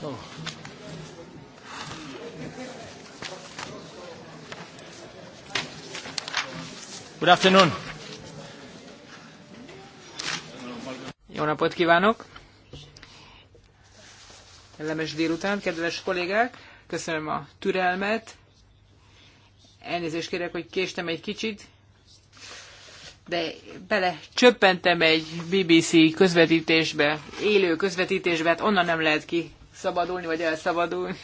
Szóval. Good afternoon. Jó napot kívánok! Kellemes délután, kedves kollégák! Köszönöm a türelmet. Elnézést kérek, hogy késtem egy kicsit, de bele csöppentem egy BBC közvetítésbe, élő közvetítésbe, hát onnan nem lehet ki szabadulni, vagy elszabadulni.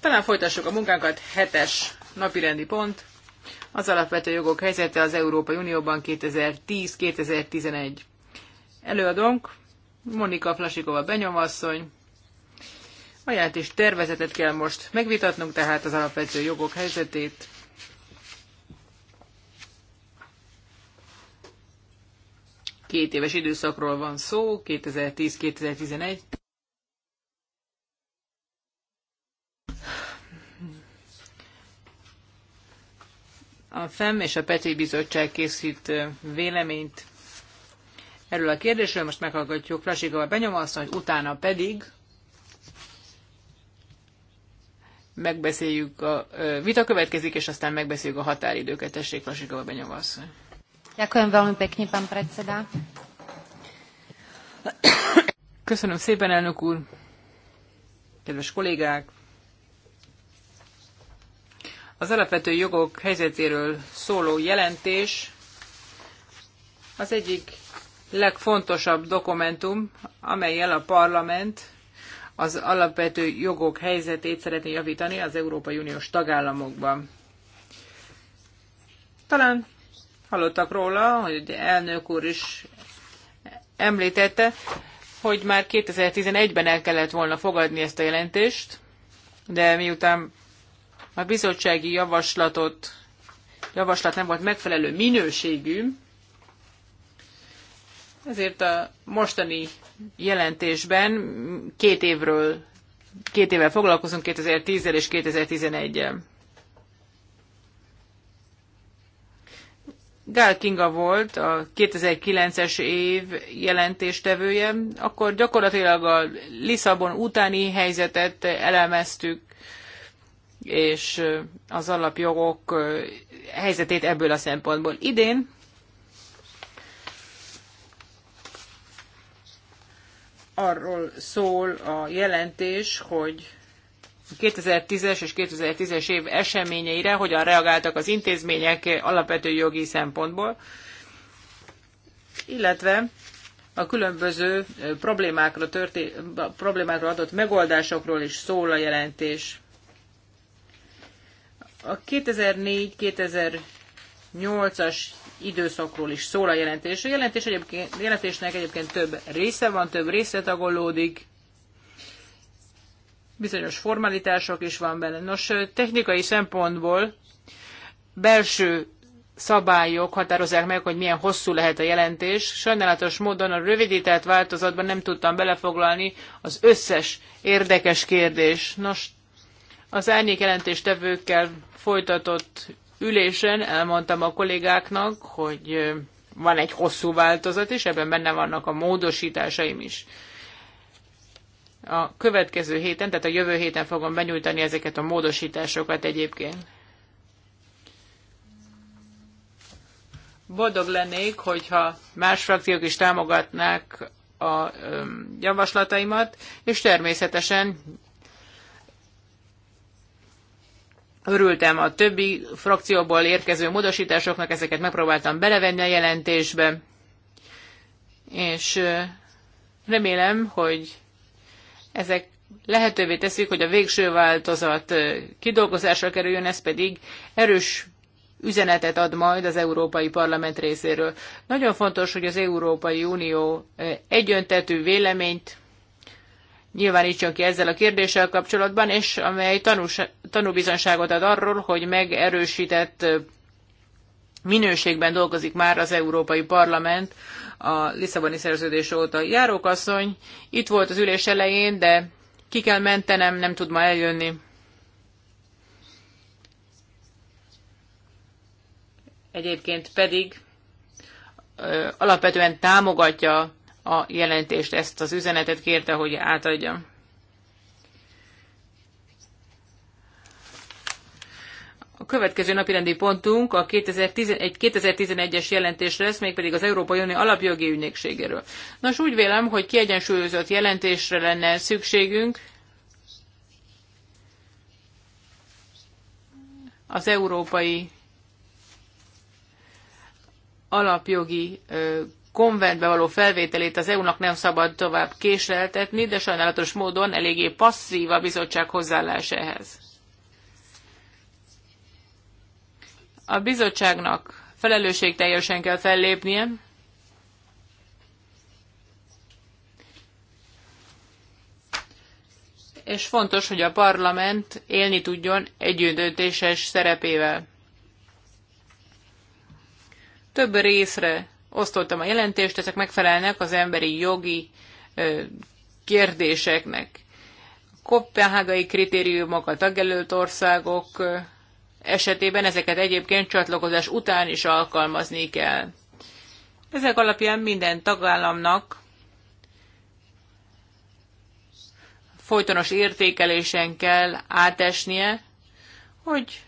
Talán folytassuk a munkánkat. Hetes napirendi pont. Az alapvető jogok helyzete az Európai Unióban 2010-2011. Előadónk Monika Flasikova benyomasszony. Ajánlás tervezetet kell most megvitatnunk, tehát az alapvető jogok helyzetét. két éves időszakról van szó, 2010-2011. A FEM és a Peti Bizottság készít véleményt erről a kérdésről. Most meghallgatjuk benyomaszt, hogy utána pedig megbeszéljük a vita következik, és aztán megbeszéljük a határidőket. Tessék, a benyomaszt. Ďakujem veľmi pekne, pán predseda. Köszönöm szépen, elnök úr! Kedves kollégák! Az alapvető jogok helyzetéről szóló jelentés az egyik legfontosabb dokumentum, amelyel a parlament az alapvető jogok helyzetét szeretné javítani az Európai Uniós tagállamokban. Talán Hallottak róla, hogy elnök úr is említette, hogy már 2011-ben el kellett volna fogadni ezt a jelentést, de miután a bizottsági javaslatot, javaslat nem volt megfelelő minőségű, ezért a mostani jelentésben két évről, két évvel foglalkozunk, 2010-el és 2011-el. Gál Kinga volt a 2009-es év jelentéstevője, akkor gyakorlatilag a Lisszabon utáni helyzetet elemeztük, és az alapjogok helyzetét ebből a szempontból. Idén arról szól a jelentés, hogy 2010-es és 2010-es év eseményeire hogyan reagáltak az intézmények alapvető jogi szempontból, illetve a különböző problémákra, történt, problémákra adott megoldásokról is szól a jelentés. A 2004-2008-as időszakról is szól a jelentés. A jelentés egyébként, jelentésnek egyébként több része van, több tagolódik bizonyos formalitások is van benne. Nos, technikai szempontból belső szabályok határozzák meg, hogy milyen hosszú lehet a jelentés. Sajnálatos módon a rövidített változatban nem tudtam belefoglalni az összes érdekes kérdés. Nos, az árnyék jelentéstevőkkel folytatott ülésen elmondtam a kollégáknak, hogy van egy hosszú változat, és ebben benne vannak a módosításaim is a következő héten, tehát a jövő héten fogom benyújtani ezeket a módosításokat egyébként. Boldog lennék, hogyha más frakciók is támogatnák a javaslataimat, és természetesen örültem a többi frakcióból érkező módosításoknak, ezeket megpróbáltam belevenni a jelentésbe, és remélem, hogy ezek lehetővé teszik, hogy a végső változat kidolgozásra kerüljön, ez pedig erős üzenetet ad majd az Európai Parlament részéről. Nagyon fontos, hogy az Európai Unió egyöntetű véleményt nyilvánítson ki ezzel a kérdéssel kapcsolatban, és amely tanús, tanúbizonságot ad arról, hogy megerősített minőségben dolgozik már az Európai Parlament a Lisszaboni szerződés óta. Járókasszony itt volt az ülés elején, de ki kell mentenem, nem tud ma eljönni. Egyébként pedig ö, alapvetően támogatja a jelentést, ezt az üzenetet kérte, hogy átadjam. A következő napirendi pontunk a 2011, 2011-es jelentés lesz, mégpedig az Európai Unió alapjogi ügynökségéről. Nos, úgy vélem, hogy kiegyensúlyozott jelentésre lenne szükségünk, az európai alapjogi konventbe való felvételét az EU-nak nem szabad tovább késleltetni, de sajnálatos módon eléggé passzív a bizottság hozzáállása ehhez. A bizottságnak felelősségteljesen kell fellépnie, és fontos, hogy a parlament élni tudjon együttdöntéses szerepével. Több részre osztottam a jelentést, ezek megfelelnek az emberi jogi kérdéseknek. Kopenhágai kritériumok, a tagjelölt országok esetében ezeket egyébként csatlakozás után is alkalmazni kell. Ezek alapján minden tagállamnak folytonos értékelésen kell átesnie, hogy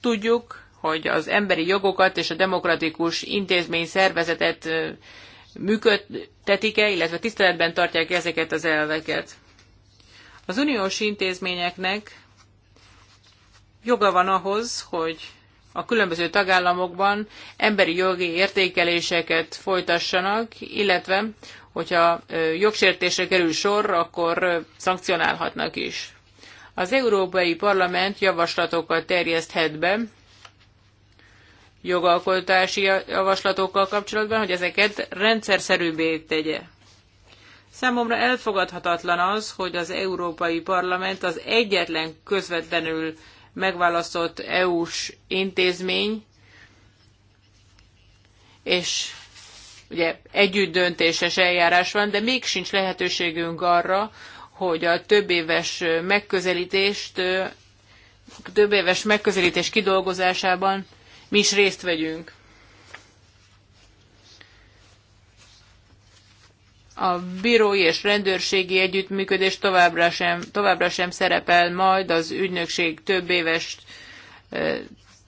tudjuk, hogy az emberi jogokat és a demokratikus intézmény szervezetet működtetik-e, illetve tiszteletben tartják ezeket az elveket. Az uniós intézményeknek joga van ahhoz, hogy a különböző tagállamokban emberi jogi értékeléseket folytassanak, illetve hogyha jogsértésre kerül sor, akkor szankcionálhatnak is. Az Európai Parlament javaslatokat terjeszthet be jogalkotási javaslatokkal kapcsolatban, hogy ezeket rendszerszerűbbé tegye. Számomra elfogadhatatlan az, hogy az Európai Parlament az egyetlen közvetlenül megválasztott EU-s intézmény, és ugye együtt döntéses eljárás van, de még sincs lehetőségünk arra, hogy a több éves megközelítést, több éves megközelítés kidolgozásában mi is részt vegyünk. a bírói és rendőrségi együttműködés továbbra sem, továbbra sem szerepel majd az ügynökség több éves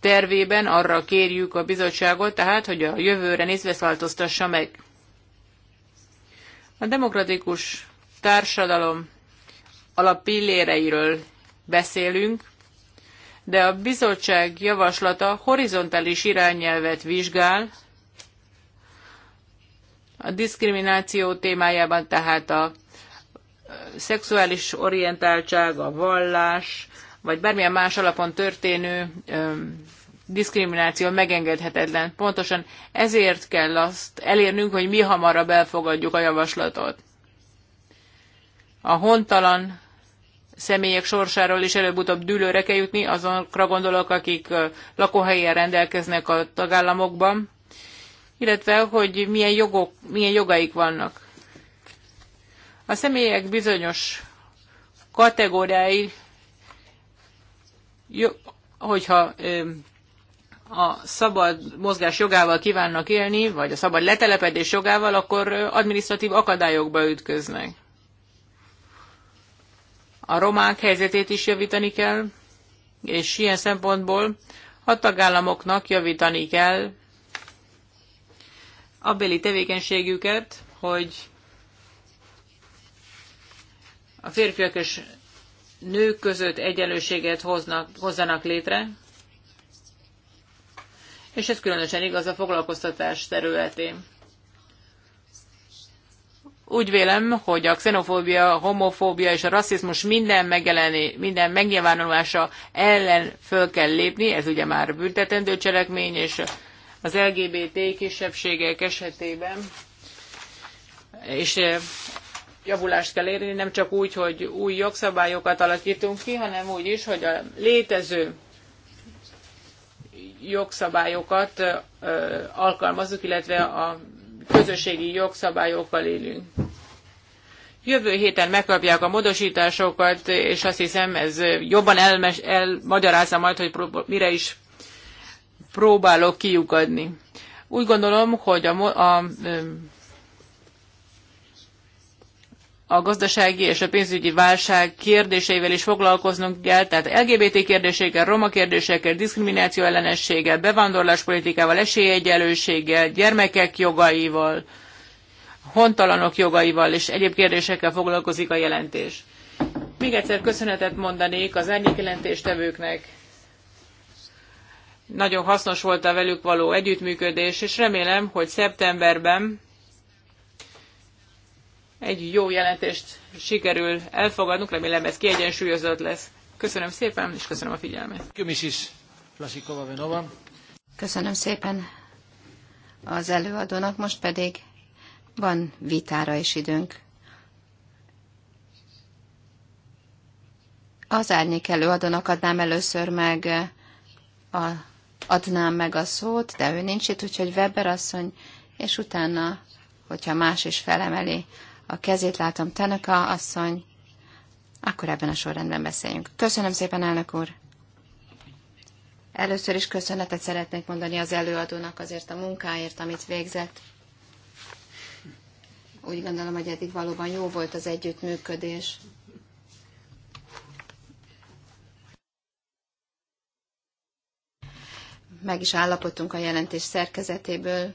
tervében, arra kérjük a bizottságot, tehát, hogy a jövőre nézve változtassa meg. A demokratikus társadalom alappilléreiről beszélünk, de a bizottság javaslata horizontális irányelvet vizsgál, a diszkrimináció témájában tehát a szexuális orientáltság, a vallás, vagy bármilyen más alapon történő diszkrimináció megengedhetetlen. Pontosan ezért kell azt elérnünk, hogy mi hamarabb elfogadjuk a javaslatot. A hontalan személyek sorsáról is előbb-utóbb dűlőre kell jutni, azokra gondolok, akik lakóhelyen rendelkeznek a tagállamokban illetve hogy milyen, jogok, milyen jogaik vannak. A személyek bizonyos kategóriái, hogyha a szabad mozgás jogával kívánnak élni, vagy a szabad letelepedés jogával, akkor administratív akadályokba ütköznek. A romák helyzetét is javítani kell, és ilyen szempontból a tagállamoknak javítani kell abbéli tevékenységüket, hogy a férfiak és nők között egyenlőséget hoznak, hozzanak létre, és ez különösen igaz a foglalkoztatás területén. Úgy vélem, hogy a xenofóbia, a homofóbia és a rasszizmus minden, megjeleni, minden megnyilvánulása ellen föl kell lépni, ez ugye már büntetendő cselekmény, és az LGBT kisebbségek esetében, és eh, javulást kell érni, nem csak úgy, hogy új jogszabályokat alakítunk ki, hanem úgy is, hogy a létező jogszabályokat eh, alkalmazzuk, illetve a közösségi jogszabályokkal élünk. Jövő héten megkapják a módosításokat, és azt hiszem ez jobban elmes, elmagyarázza majd, hogy mire is próbálok kiugadni. Úgy gondolom, hogy a, a, a gazdasági és a pénzügyi válság kérdéseivel is foglalkoznunk kell, tehát LGBT kérdésekkel, roma kérdésekkel, diszkrimináció ellenességgel, bevándorláspolitikával, esélyegyelőséggel, gyermekek jogaival, hontalanok jogaival és egyéb kérdésekkel foglalkozik a jelentés. Még egyszer köszönetet mondanék az árnyék jelentéstevőknek, nagyon hasznos volt a velük való együttműködés, és remélem, hogy szeptemberben egy jó jelentést sikerül elfogadnunk, remélem ez kiegyensúlyozott lesz. Köszönöm szépen, és köszönöm a figyelmet. Köszönöm szépen az előadónak, most pedig van vitára is időnk. Az árnyék előadónak adnám először meg a adnám meg a szót, de ő nincs itt, úgyhogy Weber asszony, és utána, hogyha más is felemeli a kezét, látom Tanaka asszony, akkor ebben a sorrendben beszéljünk. Köszönöm szépen, elnök úr! Először is köszönetet szeretnék mondani az előadónak azért a munkáért, amit végzett. Úgy gondolom, hogy eddig valóban jó volt az együttműködés meg is állapodtunk a jelentés szerkezetéből,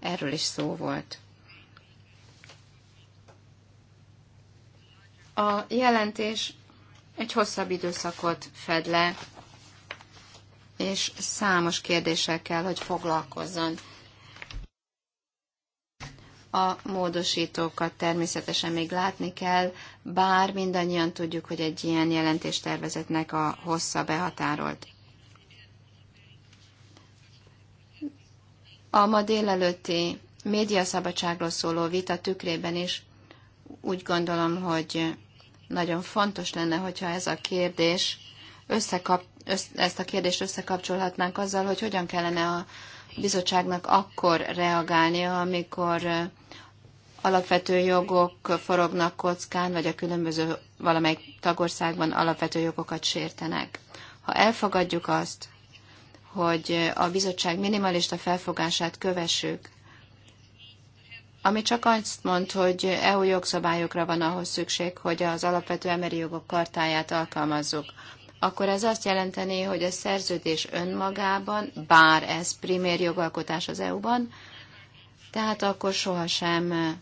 erről is szó volt. A jelentés egy hosszabb időszakot fed le, és számos kérdéssel kell, hogy foglalkozzon. A módosítókat természetesen még látni kell, bár mindannyian tudjuk, hogy egy ilyen jelentéstervezetnek a hossza behatárolt. A ma délelőtti médiaszabadságról szóló vita tükrében is úgy gondolom, hogy nagyon fontos lenne, hogyha ez a kérdés összekap, össze, ezt a kérdést összekapcsolhatnánk azzal, hogy hogyan kellene a bizottságnak akkor reagálnia, amikor eh, alapvető jogok forognak kockán, vagy a különböző valamelyik tagországban alapvető jogokat sértenek. Ha elfogadjuk azt, hogy a bizottság minimalista felfogását kövessük, ami csak azt mond, hogy EU jogszabályokra van ahhoz szükség, hogy az alapvető emberi jogok kartáját alkalmazzuk, akkor ez azt jelenteni, hogy a szerződés önmagában, bár ez primér jogalkotás az EU-ban, tehát akkor sohasem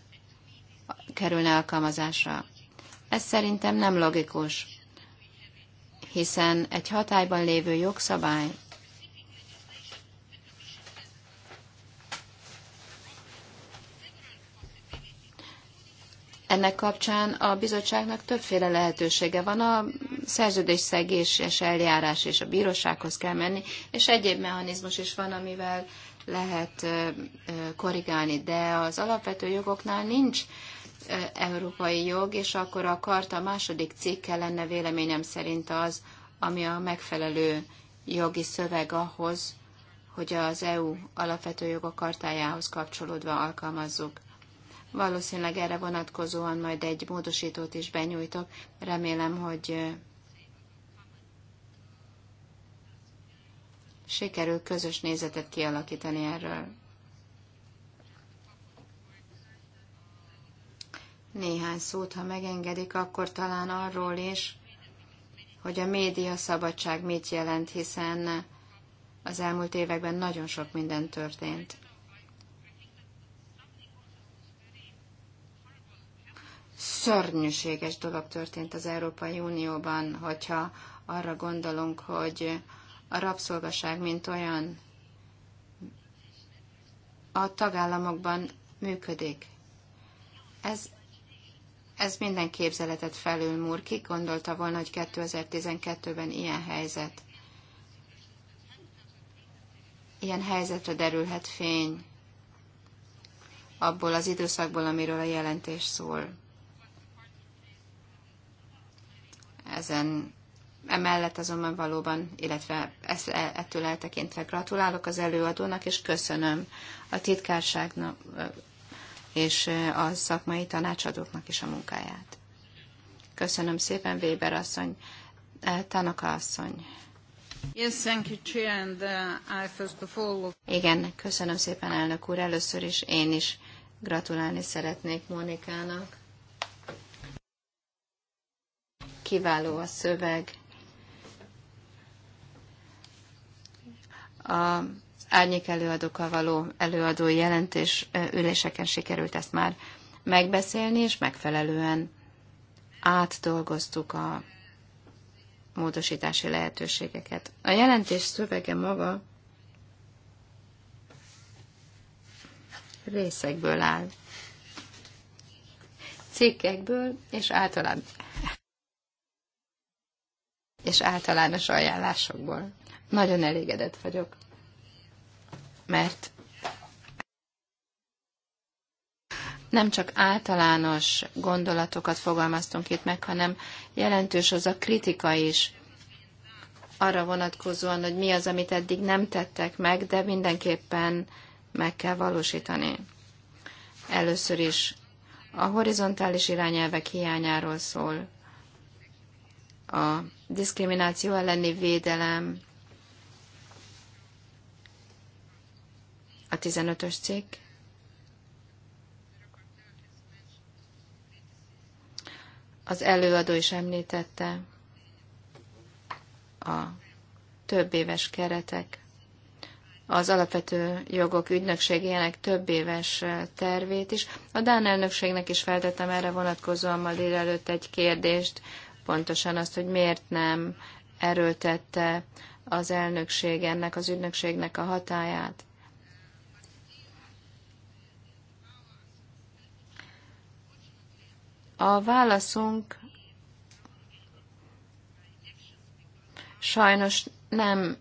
kerülne alkalmazásra. Ez szerintem nem logikus, hiszen egy hatályban lévő jogszabály Ennek kapcsán a bizottságnak többféle lehetősége van. A és eljárás és a bírósághoz kell menni, és egyéb mechanizmus is van, amivel lehet korrigálni. De az alapvető jogoknál nincs európai jog, és akkor a karta második cikke lenne véleményem szerint az, ami a megfelelő jogi szöveg ahhoz, hogy az EU alapvető jogok kartájához kapcsolódva alkalmazzuk. Valószínűleg erre vonatkozóan majd egy módosítót is benyújtok. Remélem, hogy sikerül közös nézetet kialakítani erről. Néhány szót, ha megengedik, akkor talán arról is, hogy a média szabadság mit jelent, hiszen az elmúlt években nagyon sok minden történt. szörnyűséges dolog történt az Európai Unióban, hogyha arra gondolunk, hogy a rabszolgaság, mint olyan, a tagállamokban működik. Ez, ez minden képzeletet felülmúr. Ki gondolta volna, hogy 2012-ben ilyen helyzet, ilyen helyzetre derülhet fény abból az időszakból, amiről a jelentés szól. Ezen emellett azonban valóban, illetve ezt, e, ettől eltekintve gratulálok az előadónak, és köszönöm a titkárságnak és a szakmai tanácsadóknak is a munkáját. Köszönöm szépen, Weber asszony, Tanaka asszony. Yes, thank you, Chair, and uh, I first of all... Igen, köszönöm szépen, elnök úr. Először is én is gratulálni szeretnék Monikának kiváló a szöveg. A árnyék előadókkal való előadó jelentés üléseken sikerült ezt már megbeszélni, és megfelelően átdolgoztuk a módosítási lehetőségeket. A jelentés szövege maga részekből áll. Cikkekből és általában és általános ajánlásokból. Nagyon elégedett vagyok, mert nem csak általános gondolatokat fogalmaztunk itt meg, hanem jelentős az a kritika is arra vonatkozóan, hogy mi az, amit eddig nem tettek meg, de mindenképpen meg kell valósítani. Először is a horizontális irányelvek hiányáról szól a diszkrimináció elleni védelem, a 15-ös cikk, az előadó is említette a több éves keretek, az alapvető jogok ügynökségének több éves tervét is. A Dán elnökségnek is feltettem erre vonatkozóan ma délelőtt egy kérdést, pontosan azt, hogy miért nem erőltette az elnökség ennek az ügynökségnek a hatáját. A válaszunk sajnos nem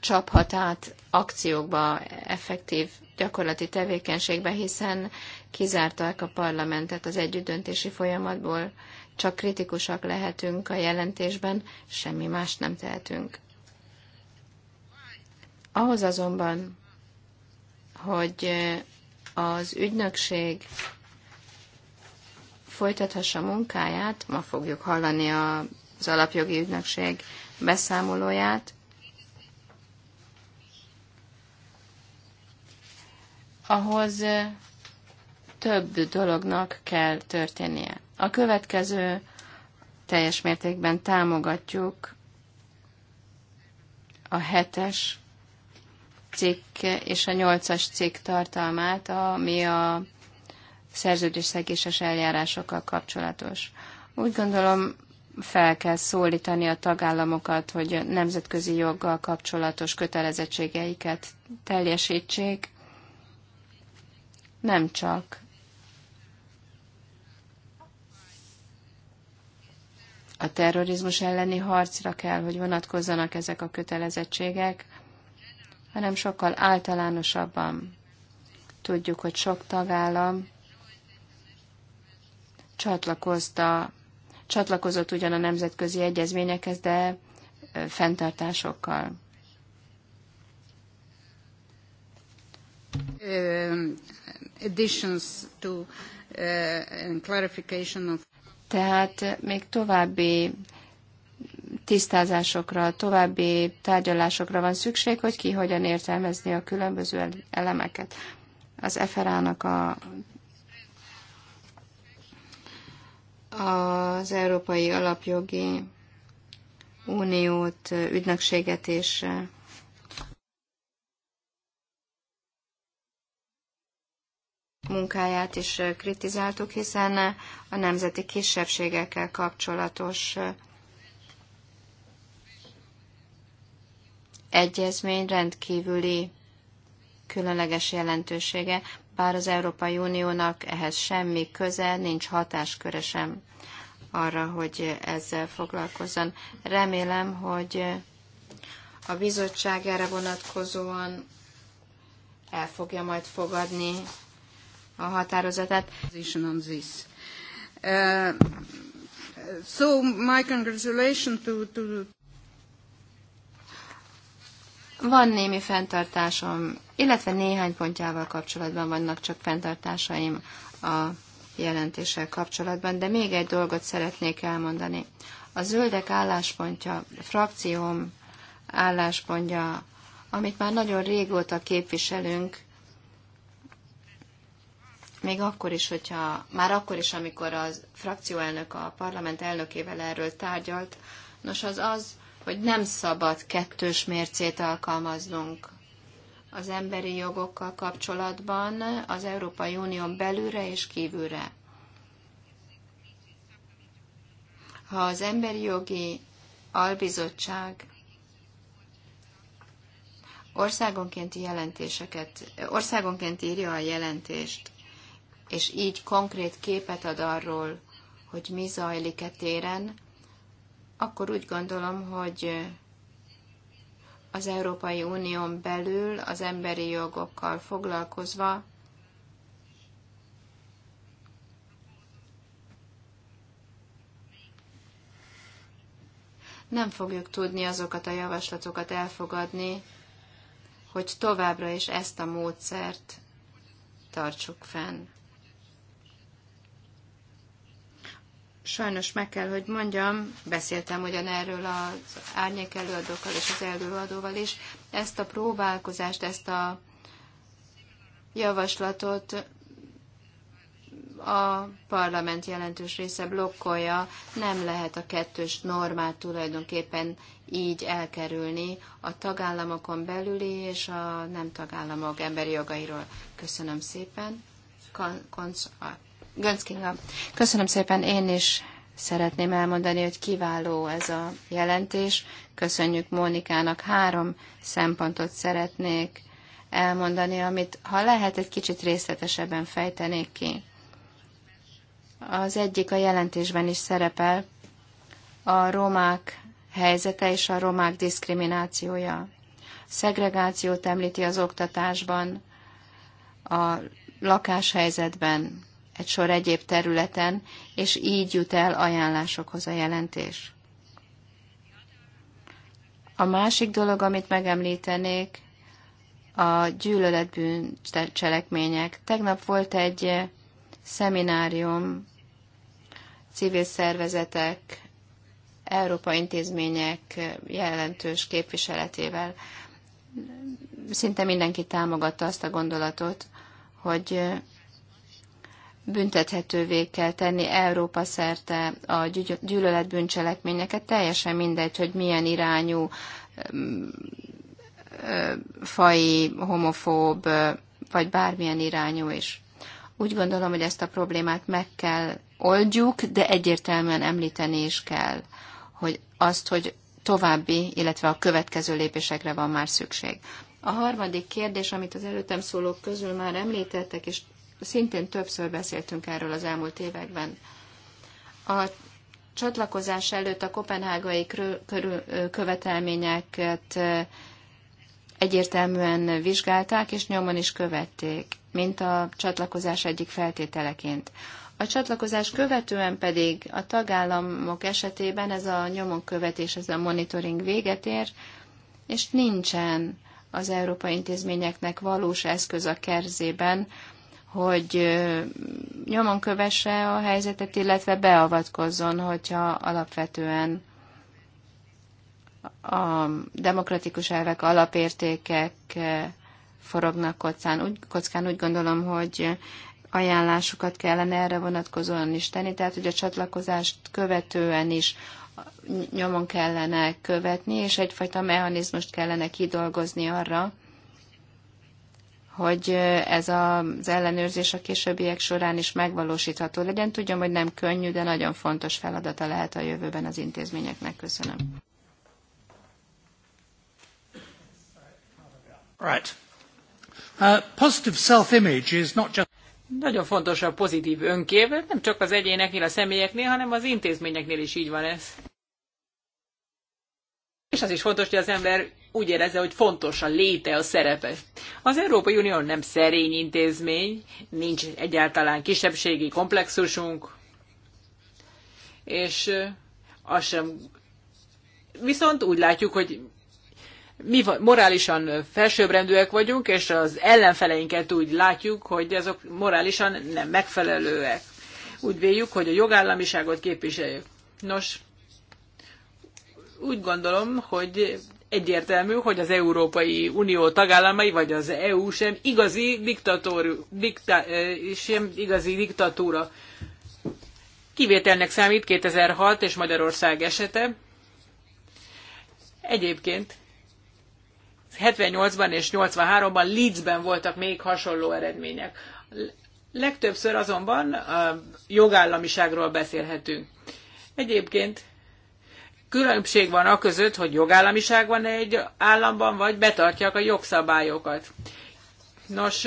csaphat át akciókba, effektív gyakorlati tevékenységbe, hiszen kizárták a parlamentet az együttdöntési folyamatból. Csak kritikusak lehetünk a jelentésben, semmi más nem tehetünk. Ahhoz azonban, hogy eh, az ügynökség folytathassa munkáját, ma fogjuk hallani az alapjogi ügynökség beszámolóját, ahhoz eh, több dolognak kell történnie. A következő teljes mértékben támogatjuk a hetes cikk és a nyolcas cikk tartalmát, ami a szerződésszegéses eljárásokkal kapcsolatos. Úgy gondolom, fel kell szólítani a tagállamokat, hogy nemzetközi joggal kapcsolatos kötelezettségeiket teljesítsék, nem csak a terrorizmus elleni harcra kell, hogy vonatkozzanak ezek a kötelezettségek, hanem sokkal általánosabban. Tudjuk, hogy sok tagállam csatlakozta, csatlakozott ugyan a nemzetközi egyezményekhez, de fenntartásokkal. Uh, additions to uh, and clarification of tehát még további tisztázásokra, további tárgyalásokra van szükség, hogy ki hogyan értelmezni a különböző elemeket. Az FRA-nak a az Európai Alapjogi Uniót, ügynökséget és munkáját is kritizáltuk, hiszen a nemzeti kisebbségekkel kapcsolatos egyezmény rendkívüli különleges jelentősége, bár az Európai Uniónak ehhez semmi köze, nincs hatásköre sem arra, hogy ezzel foglalkozzon. Remélem, hogy a bizottság erre vonatkozóan el fogja majd fogadni a határozatát. On this. Uh, so my congratulations to, to... Van némi fenntartásom, illetve néhány pontjával kapcsolatban vannak csak fenntartásaim a jelentéssel kapcsolatban, de még egy dolgot szeretnék elmondani. A zöldek álláspontja, a frakcióm álláspontja, amit már nagyon régóta képviselünk, még akkor is, hogyha már akkor is, amikor a frakcióelnök a parlament elnökével erről tárgyalt, nos az az, hogy nem szabad kettős mércét alkalmaznunk az emberi jogokkal kapcsolatban az Európai Unión belülre és kívülre. Ha az emberi jogi albizottság országonkénti jelentéseket, országonként írja a jelentést, és így konkrét képet ad arról, hogy mi zajlik-e téren, akkor úgy gondolom, hogy az Európai Unión belül az emberi jogokkal foglalkozva nem fogjuk tudni azokat a javaslatokat elfogadni, hogy továbbra is ezt a módszert tartsuk fenn. sajnos meg kell, hogy mondjam, beszéltem ugyanerről az árnyék előadókkal és az előadóval is, ezt a próbálkozást, ezt a javaslatot a parlament jelentős része blokkolja, nem lehet a kettős normát tulajdonképpen így elkerülni a tagállamokon belüli és a nem tagállamok emberi jogairól. Köszönöm szépen. Konc- Gönc Köszönöm szépen, én is szeretném elmondani, hogy kiváló ez a jelentés. Köszönjük Mónikának. Három szempontot szeretnék elmondani, amit ha lehet, egy kicsit részletesebben fejtenék ki. Az egyik a jelentésben is szerepel a romák helyzete és a romák diszkriminációja. Szegregációt említi az oktatásban, a lakáshelyzetben, egy sor egyéb területen, és így jut el ajánlásokhoz a jelentés. A másik dolog, amit megemlítenék, a gyűlöletbűn cselekmények. Tegnap volt egy szeminárium civil szervezetek, Európa intézmények jelentős képviseletével. Szinte mindenki támogatta azt a gondolatot, hogy büntethetővé kell tenni Európa szerte a gyűlöletbűncselekményeket, teljesen mindegy, hogy milyen irányú fai, homofób, vagy bármilyen irányú is. Úgy gondolom, hogy ezt a problémát meg kell oldjuk, de egyértelműen említeni is kell, hogy azt, hogy további, illetve a következő lépésekre van már szükség. A harmadik kérdés, amit az előttem szólók közül már említettek, és szintén többször beszéltünk erről az elmúlt években. A csatlakozás előtt a kopenhágai követelményeket egyértelműen vizsgálták és nyomon is követték, mint a csatlakozás egyik feltételeként. A csatlakozás követően pedig a tagállamok esetében ez a nyomon követés, ez a monitoring véget ér, és nincsen az európai intézményeknek valós eszköz a kerzében, hogy nyomon kövesse a helyzetet, illetve beavatkozzon, hogyha alapvetően a demokratikus elvek alapértékek forognak kockán. Úgy, kockán úgy gondolom, hogy ajánlásokat kellene erre vonatkozóan is tenni, tehát hogy a csatlakozást követően is nyomon kellene követni, és egyfajta mechanizmust kellene kidolgozni arra, hogy ez az ellenőrzés a későbbiek során is megvalósítható legyen. Tudjam, hogy nem könnyű, de nagyon fontos feladata lehet a jövőben az intézményeknek. Köszönöm. Right. Uh, positive self-image is not just nagyon fontos a pozitív önkép, nem csak az egyéneknél, a személyeknél, hanem az intézményeknél is így van ez. És az is fontos, hogy az ember úgy érezze, hogy fontos a léte, a szerepe. Az Európai Unió nem szerény intézmény, nincs egyáltalán kisebbségi komplexusunk, és az sem... Viszont úgy látjuk, hogy mi morálisan felsőbbrendűek vagyunk, és az ellenfeleinket úgy látjuk, hogy azok morálisan nem megfelelőek. Úgy véljük, hogy a jogállamiságot képviseljük. Nos, úgy gondolom, hogy egyértelmű, hogy az Európai Unió tagállamai, vagy az EU sem igazi, diktatór, dikta, sem igazi diktatúra. Kivételnek számít 2006 és Magyarország esete. Egyébként 78-ban és 83-ban Leedsben voltak még hasonló eredmények. Legtöbbször azonban a jogállamiságról beszélhetünk. Egyébként különbség van a között, hogy jogállamiság van egy államban, vagy betartják a jogszabályokat. Nos,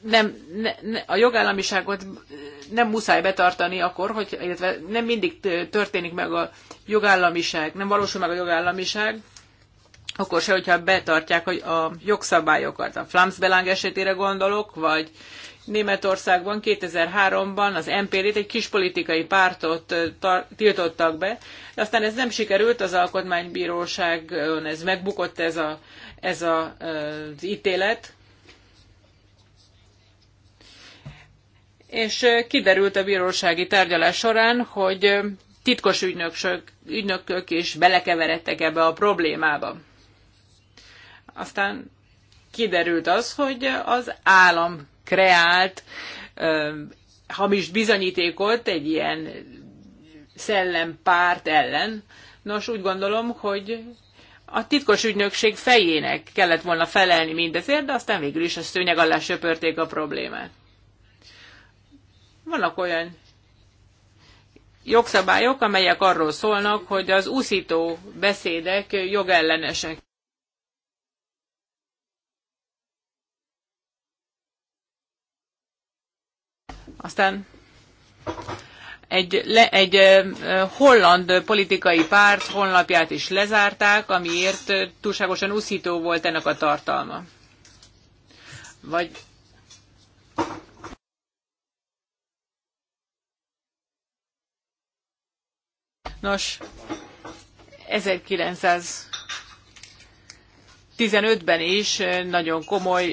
nem, ne, a jogállamiságot nem muszáj betartani akkor, hogy, illetve nem mindig történik meg a jogállamiság, nem valósul meg a jogállamiság, akkor se, hogyha betartják a, a jogszabályokat. A Flamsbelang esetére gondolok, vagy Németországban 2003-ban az MPD-t, egy kis politikai pártot tiltottak be, de aztán ez nem sikerült, az alkotmánybíróság, ez megbukott ez, a, ez a, az ítélet, és kiderült a bírósági tárgyalás során, hogy titkos ügynöksök, ügynökök is belekeveredtek ebbe a problémába. Aztán kiderült az, hogy az állam kreált hamis bizonyítékot egy ilyen szellempárt ellen. Nos, úgy gondolom, hogy a titkos ügynökség fejének kellett volna felelni mindezért, de aztán végül is a szőnyeg alá söpörték a problémát. Vannak olyan jogszabályok, amelyek arról szólnak, hogy az úszító beszédek jogellenesek. Aztán egy, le, egy holland politikai párt honlapját is lezárták, amiért túlságosan uszító volt ennek a tartalma. Vagy Nos, 1915-ben is nagyon komoly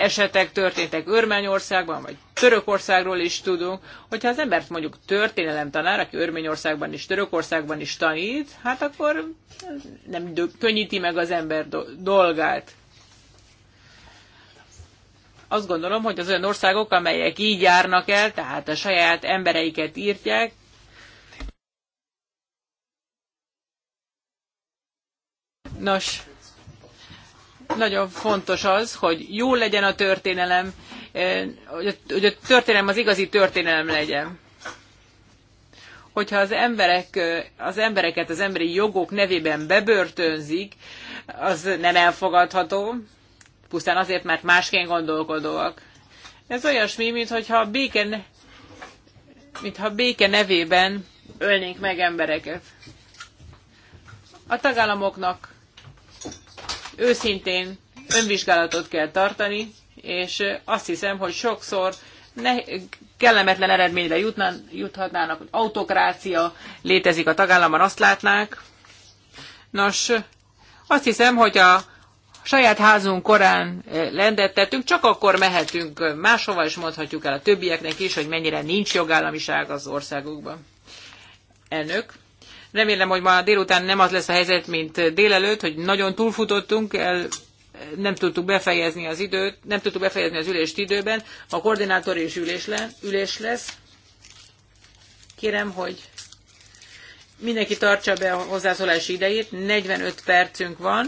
esetek történtek Örményországban, vagy Törökországról is tudunk. Hogyha az embert mondjuk történelem tanár, aki Örményországban és Törökországban is tanít, hát akkor nem könnyíti meg az ember dolgát. Azt gondolom, hogy az olyan országok, amelyek így járnak el, tehát a saját embereiket írtják, Nos, nagyon fontos az, hogy jó legyen a történelem, eh, hogy a történelem az igazi történelem legyen. Hogyha az, emberek, eh, az embereket az emberi jogok nevében bebörtönzik, az nem elfogadható, pusztán azért, mert másként gondolkodóak. Ez olyasmi, mintha a béke, mintha béke nevében ölnénk meg embereket. A tagállamoknak őszintén önvizsgálatot kell tartani, és azt hiszem, hogy sokszor ne, kellemetlen eredményre jutnán, juthatnának, hogy autokrácia létezik a tagállamban, azt látnák. Nos, azt hiszem, hogy a saját házunk korán eh, lendettetünk, csak akkor mehetünk máshova, és mondhatjuk el a többieknek is, hogy mennyire nincs jogállamiság az országokban. Elnök, Remélem, hogy ma délután nem az lesz a helyzet, mint délelőtt, hogy nagyon túlfutottunk, el, nem tudtuk befejezni az időt, nem tudtuk befejezni az ülést időben. A koordinátor is ülés, le, ülés lesz. Kérem, hogy mindenki tartsa be a hozzászólási idejét, 45 percünk van.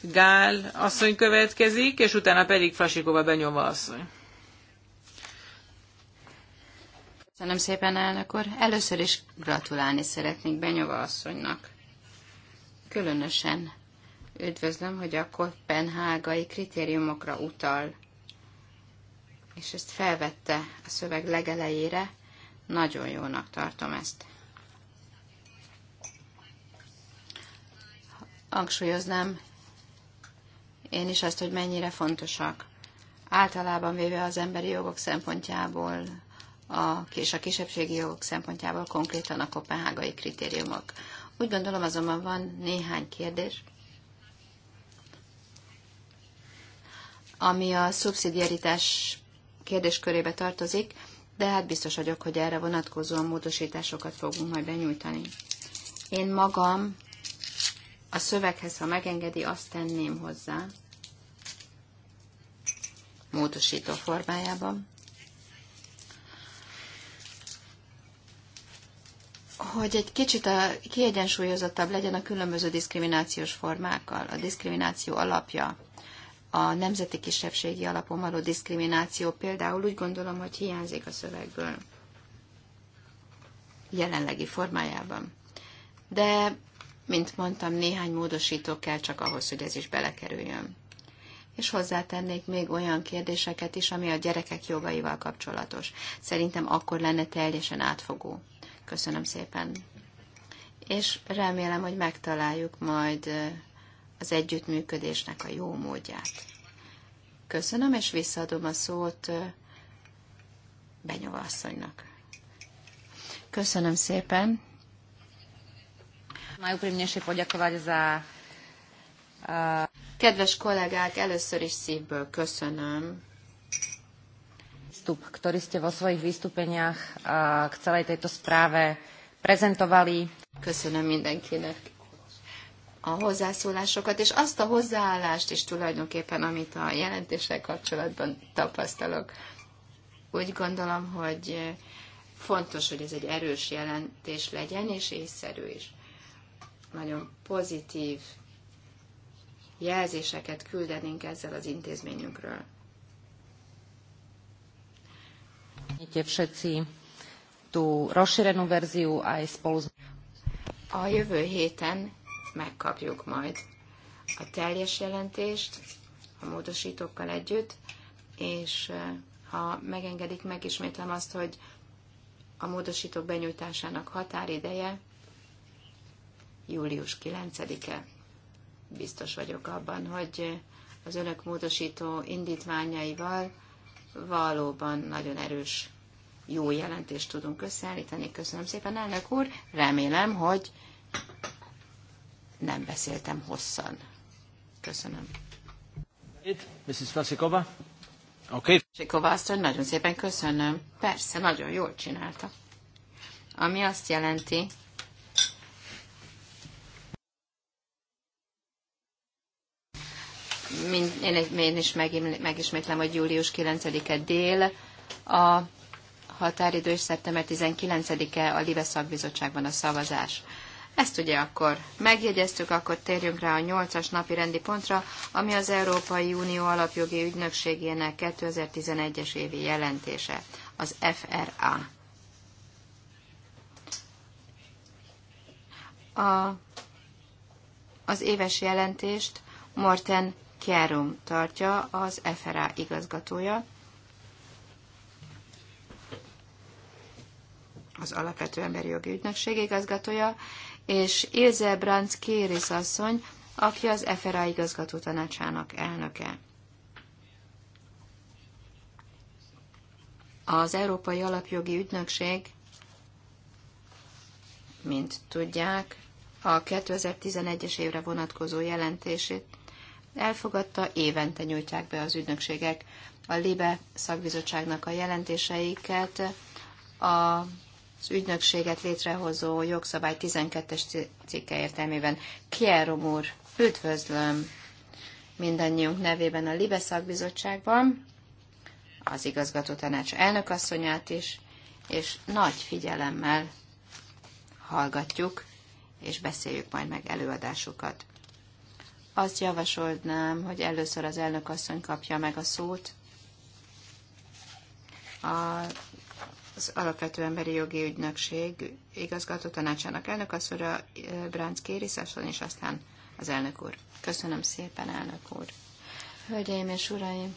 Gál asszony következik, és utána pedig Flasikova benyomva asszony. Köszönöm szépen, elnök úr. Először is gratulálni szeretnék Benyova asszonynak. Különösen üdvözlöm, hogy a kopenhágai kritériumokra utal, és ezt felvette a szöveg legelejére. Nagyon jónak tartom ezt. Hangsúlyoznám én is azt, hogy mennyire fontosak. Általában véve az emberi jogok szempontjából a, és a kisebbségi jogok szempontjából konkrétan a kopenhágai kritériumok. Úgy gondolom azonban van néhány kérdés, ami a szubszidiaritás kérdéskörébe tartozik, de hát biztos vagyok, hogy erre vonatkozóan módosításokat fogunk majd benyújtani. Én magam a szöveghez, ha megengedi, azt tenném hozzá, módosító formájában, hogy egy kicsit a, kiegyensúlyozottabb legyen a különböző diszkriminációs formákkal. A diszkrimináció alapja, a nemzeti kisebbségi alapon való diszkrimináció például úgy gondolom, hogy hiányzik a szövegből jelenlegi formájában. De, mint mondtam, néhány módosító kell csak ahhoz, hogy ez is belekerüljön. És hozzátennék még olyan kérdéseket is, ami a gyerekek jogaival kapcsolatos. Szerintem akkor lenne teljesen átfogó Köszönöm szépen. És remélem, hogy megtaláljuk majd az együttműködésnek a jó módját. Köszönöm, és visszaadom a szót Benyova asszonynak. Köszönöm szépen. Kedves kollégák, először is szívből köszönöm prístup, ktorý ste vo svojich vystúpeniach k celej tejto správe prezentovali. Köszönöm mindenkinek a hozzászólásokat, és azt a hozzáállást is tulajdonképpen, amit a jelentéssel kapcsolatban tapasztalok. Úgy gondolom, hogy fontos, hogy ez egy erős jelentés legyen, és észszerű is. Nagyon pozitív jelzéseket küldenénk ezzel az intézményünkről. Všetci tú rozšírenú verziu aj spolu A jövő héten megkapjuk majd a teljes jelentést a módosítókkal együtt, és eh, ha megengedik, megismétlem azt, hogy a módosítók benyújtásának határideje július 9-e. Biztos vagyok abban, hogy eh, az önök módosító indítványaival valóban nagyon erős, jó jelentést tudunk összeállítani. Köszönöm szépen, elnök úr. Remélem, hogy nem beszéltem hosszan. Köszönöm. Itt, Mrs. Fasikova. Oké. Okay. Vasikova nagyon szépen köszönöm. Persze, nagyon jól csinálta. Ami azt jelenti, mind, én, én is megismétlem, hogy július 9-e dél a határidő, és szeptember 19-e a Live szakbizottságban a szavazás. Ezt ugye akkor megjegyeztük, akkor térjünk rá a 8-as napi rendi pontra, ami az Európai Unió alapjogi ügynökségének 2011-es évi jelentése, az FRA. A, az éves jelentést Morten Kjárum tartja, az FRA igazgatója. az Alapvető Emberi Jogi Ügynökség igazgatója, és Ilze Brandt Kéris asszony, aki az FRA igazgató tanácsának elnöke. Az Európai Alapjogi Ügynökség, mint tudják, a 2011-es évre vonatkozó jelentését elfogadta, évente nyújtják be az ügynökségek a LIBE szakbizottságnak a jelentéseiket, a az ügynökséget létrehozó jogszabály 12-es cikke értelmében. Kierom úr, üdvözlöm mindannyiunk nevében a Libe szakbizottságban, az igazgató tanács elnökasszonyát is, és nagy figyelemmel hallgatjuk, és beszéljük majd meg előadásukat. Azt javasolnám, hogy először az elnök asszony kapja meg a szót az Alapvető Emberi Jogi Ügynökség igazgató tanácsának elnök asszonyra, Bránc Kéri asszony, és aztán az elnök úr. Köszönöm szépen, elnök úr. Hölgyeim és uraim!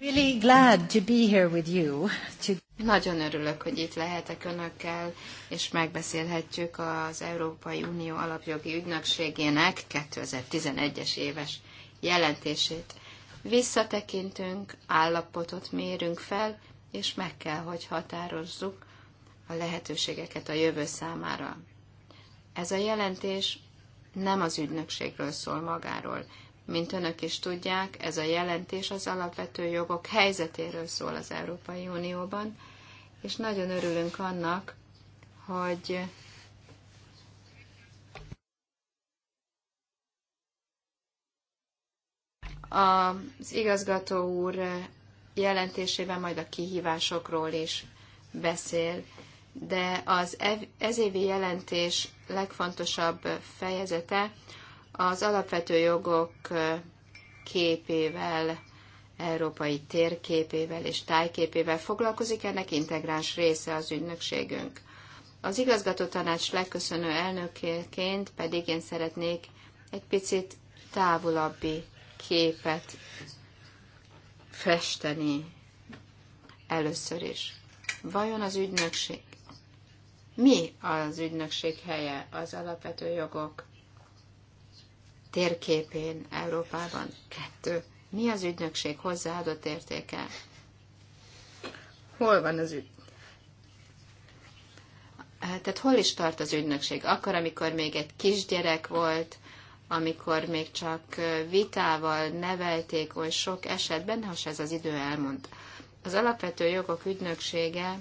Really glad to be here with you. To... Nagyon örülök, hogy itt lehetek önökkel, és megbeszélhetjük az Európai Unió Alapjogi Ügynökségének 2011-es éves jelentését. Visszatekintünk, állapotot mérünk fel, és meg kell, hogy határozzuk a lehetőségeket a jövő számára. Ez a jelentés nem az ügynökségről szól magáról, mint önök is tudják, ez a jelentés az alapvető jogok helyzetéről szól az Európai Unióban, és nagyon örülünk annak, hogy az igazgató úr jelentésében majd a kihívásokról is beszél, de az e- ezévi jelentés legfontosabb fejezete az alapvető jogok képével, európai térképével és tájképével foglalkozik, ennek integráns része az ügynökségünk. Az igazgató tanács legköszönő elnökként pedig én szeretnék egy picit távolabbi képet festeni először is. Vajon az ügynökség? Mi az ügynökség helye? Az alapvető jogok térképén Európában? Kettő. Mi az ügynökség hozzáadott értéke? Hol van az ügy? Tehát hol is tart az ügynökség? Akkor, amikor még egy kisgyerek volt, amikor még csak vitával nevelték oly sok esetben, ha ez az idő elmond. Az alapvető jogok ügynöksége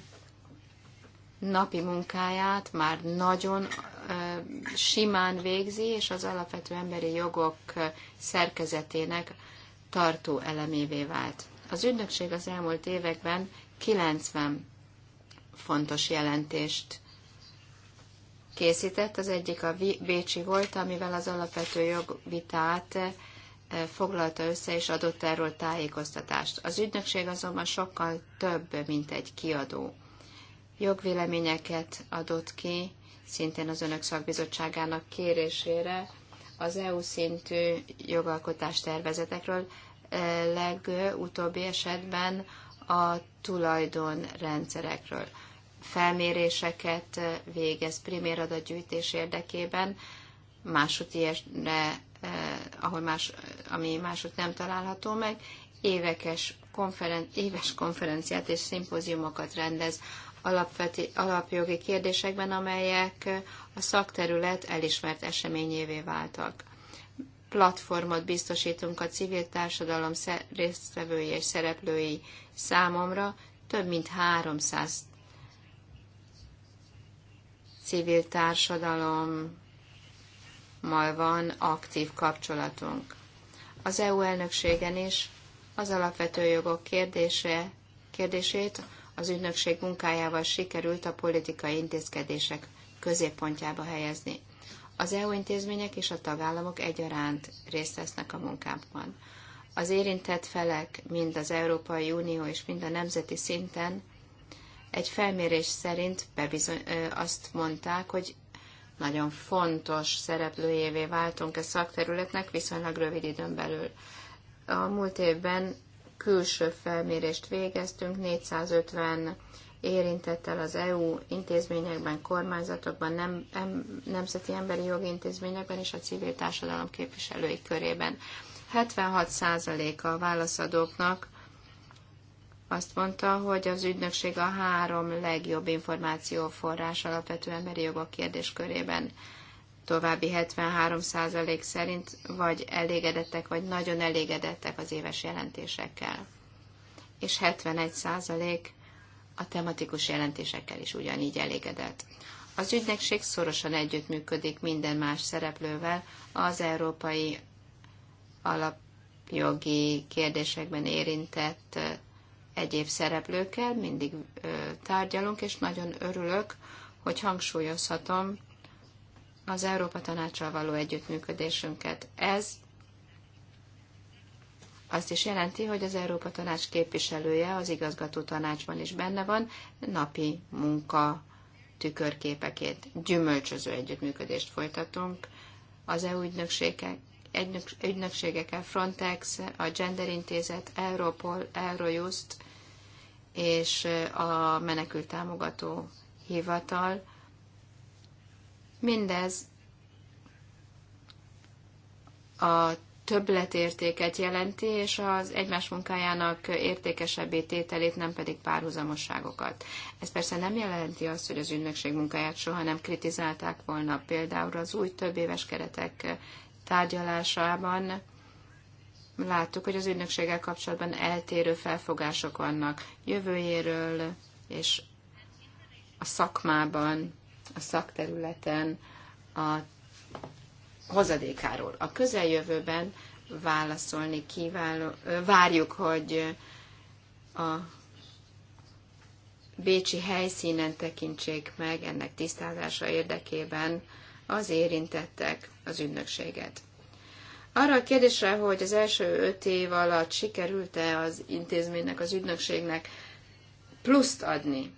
napi munkáját már nagyon simán végzi, és az alapvető emberi jogok szerkezetének tartó elemévé vált. Az ügynökség az elmúlt években 90 fontos jelentést készített. Az egyik a Bécsi volt, amivel az alapvető jogvitát foglalta össze és adott erről tájékoztatást. Az ügynökség azonban sokkal több, mint egy kiadó. Jogvéleményeket adott ki, szintén az önök szakbizottságának kérésére az EU szintű jogalkotás tervezetekről legutóbbi esetben a tulajdonrendszerekről. Felméréseket végez primér adatgyűjtés érdekében, másút ilyesre, eh, ahol más, ami másút nem található meg, évekes konferen- éves konferenciát és szimpóziumokat rendez alapveti, alapjogi kérdésekben, amelyek a szakterület elismert eseményévé váltak. Platformot biztosítunk a civil társadalom résztvevői és szereplői számomra, több mint 300 civil társadalommal van aktív kapcsolatunk. Az EU elnökségen is az alapvető jogok kérdése, kérdését az ügynökség munkájával sikerült a politikai intézkedések középpontjába helyezni. Az EU intézmények és a tagállamok egyaránt részt vesznek a munkában. Az érintett felek, mind az Európai Unió és mind a nemzeti szinten egy felmérés szerint bebizony, azt mondták, hogy nagyon fontos szereplőjévé váltunk a e szakterületnek viszonylag rövid időn belül. A múlt évben külső felmérést végeztünk, 450 érintettel az EU intézményekben, kormányzatokban, nem, em, nemzeti emberi jogi intézményekben és a civil társadalom képviselői körében. 76%-a a válaszadóknak azt mondta, hogy az ügynökség a három legjobb információforrás alapvető emberi jogok kérdéskörében további 73% szerint vagy elégedettek, vagy nagyon elégedettek az éves jelentésekkel. És 71% a tematikus jelentésekkel is ugyanígy elégedett. Az ügynökség szorosan együttműködik minden más szereplővel az európai alapjogi kérdésekben érintett egyéb szereplőkkel, mindig tárgyalunk, és nagyon örülök, hogy hangsúlyozhatom, az Európa Tanácsal való együttműködésünket. Ez azt is jelenti, hogy az Európa Tanács képviselője az igazgató tanácsban is benne van, napi munka tükörképekét, gyümölcsöző együttműködést folytatunk az EU ügynökségek, ügynökségekkel, Frontex, a Gender Intézet, Europol, Eurojust és a menekült támogató hivatal Mindez a többletértéket jelenti, és az egymás munkájának értékesebbé tételét, nem pedig párhuzamosságokat. Ez persze nem jelenti azt, hogy az ügynökség munkáját soha nem kritizálták volna. Például az új több éves keretek tárgyalásában láttuk, hogy az ügynökséggel kapcsolatban eltérő felfogások vannak jövőjéről és a szakmában a szakterületen a hozadékáról. A közeljövőben válaszolni kívánó, várjuk, hogy a Bécsi helyszínen tekintsék meg ennek tisztázása érdekében az érintettek az ügynökséget. Arra a kérdésre, hogy az első öt év alatt sikerült-e az intézménynek, az ügynökségnek pluszt adni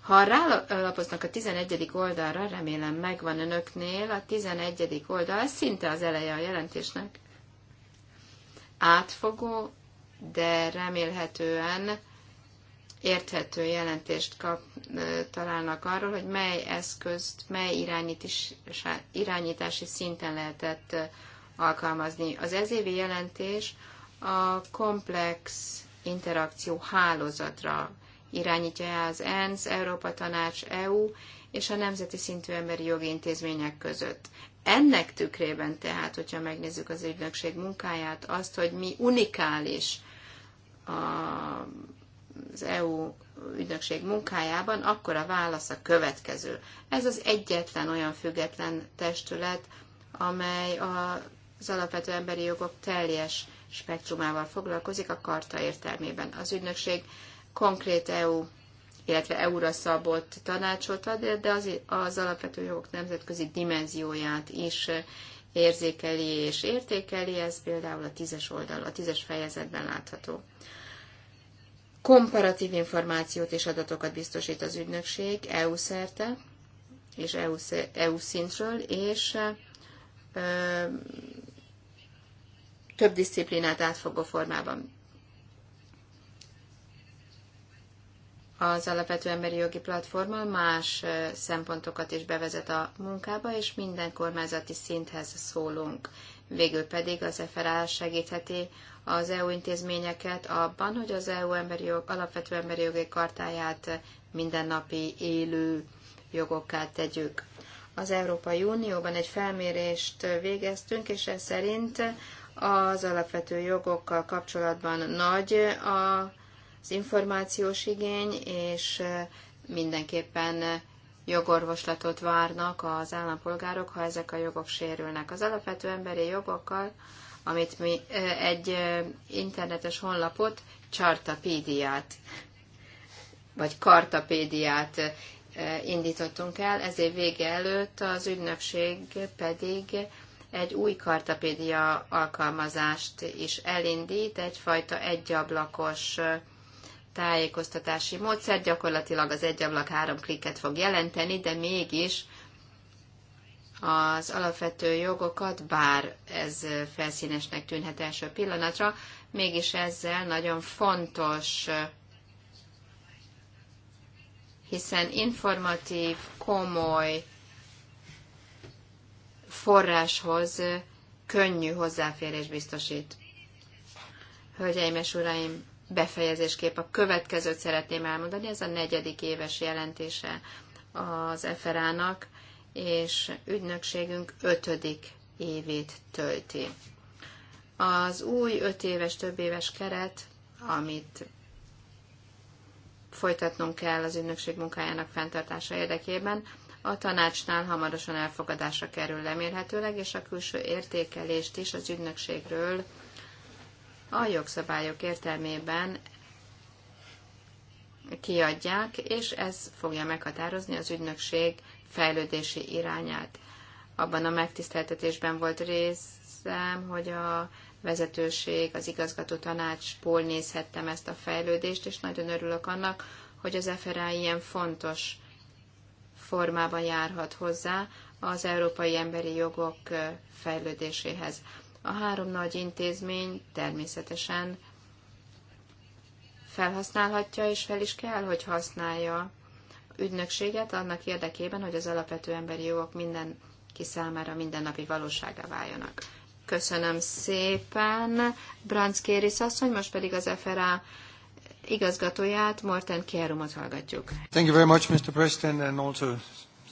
ha rálapoznak a 11. oldalra, remélem megvan önöknél, a 11. oldal szinte az eleje a jelentésnek. Átfogó, de remélhetően érthető jelentést kap, találnak arról, hogy mely eszközt, mely irányítási szinten lehetett alkalmazni. Az ezévi jelentés a komplex interakció hálózatra irányítja el az ENSZ, Európa Tanács, EU és a nemzeti szintű emberi jogi intézmények között. Ennek tükrében tehát, hogyha megnézzük az ügynökség munkáját, azt, hogy mi unikális az EU ügynökség munkájában, akkor a válasz a következő. Ez az egyetlen olyan független testület, amely az alapvető emberi jogok teljes spektrumával foglalkozik a karta értelmében. Az ügynökség konkrét EU, illetve EU-ra szabott tanácsot ad, de az, az alapvető jogok nemzetközi dimenzióját is érzékeli és értékeli, ez például a tízes oldal, a tízes fejezetben látható. Komparatív információt és adatokat biztosít az ügynökség EU szerte és EU, EU szintről, és ö, több disziplinát átfogó formában. az alapvető emberi jogi Platforma más szempontokat is bevezet a munkába, és minden kormányzati szinthez szólunk. Végül pedig az FRA segítheti az EU intézményeket abban, hogy az EU emberi jog, alapvető emberi jogi kartáját mindennapi élő jogokká tegyük. Az Európai Unióban egy felmérést végeztünk, és ez szerint az alapvető jogokkal kapcsolatban nagy a az információs igény, és mindenképpen jogorvoslatot várnak az állampolgárok, ha ezek a jogok sérülnek. Az alapvető emberi jogokkal, amit mi egy internetes honlapot, Chartapédiát, vagy Kartapédiát indítottunk el, ez vége előtt az ügynökség pedig egy új kartapédia alkalmazást is elindít, egyfajta egyablakos tájékoztatási módszer gyakorlatilag az egy ablak három klikket fog jelenteni, de mégis az alapvető jogokat, bár ez felszínesnek tűnhet első pillanatra, mégis ezzel nagyon fontos, hiszen informatív, komoly forráshoz könnyű hozzáférés biztosít. Hölgyeim és uraim, befejezésképp a következőt szeretném elmondani, ez a negyedik éves jelentése az Eferának, és ügynökségünk ötödik évét tölti. Az új öt éves, több éves keret, amit folytatnunk kell az ügynökség munkájának fenntartása érdekében, a tanácsnál hamarosan elfogadásra kerül remélhetőleg, és a külső értékelést is az ügynökségről a jogszabályok értelmében kiadják, és ez fogja meghatározni az ügynökség fejlődési irányát. Abban a megtiszteltetésben volt részem, hogy a vezetőség, az igazgató tanácsból nézhettem ezt a fejlődést, és nagyon örülök annak, hogy az FRA ilyen fontos formában járhat hozzá az európai emberi jogok fejlődéséhez. A három nagy intézmény természetesen felhasználhatja, és fel is kell, hogy használja ügynökséget annak érdekében, hogy az alapvető emberi jogok mindenki számára mindennapi valósága váljanak. Köszönöm szépen, Branc Kéris asszony, most pedig az FRA igazgatóját, Morten Kierumot hallgatjuk. Thank you very much, Mr. President, and also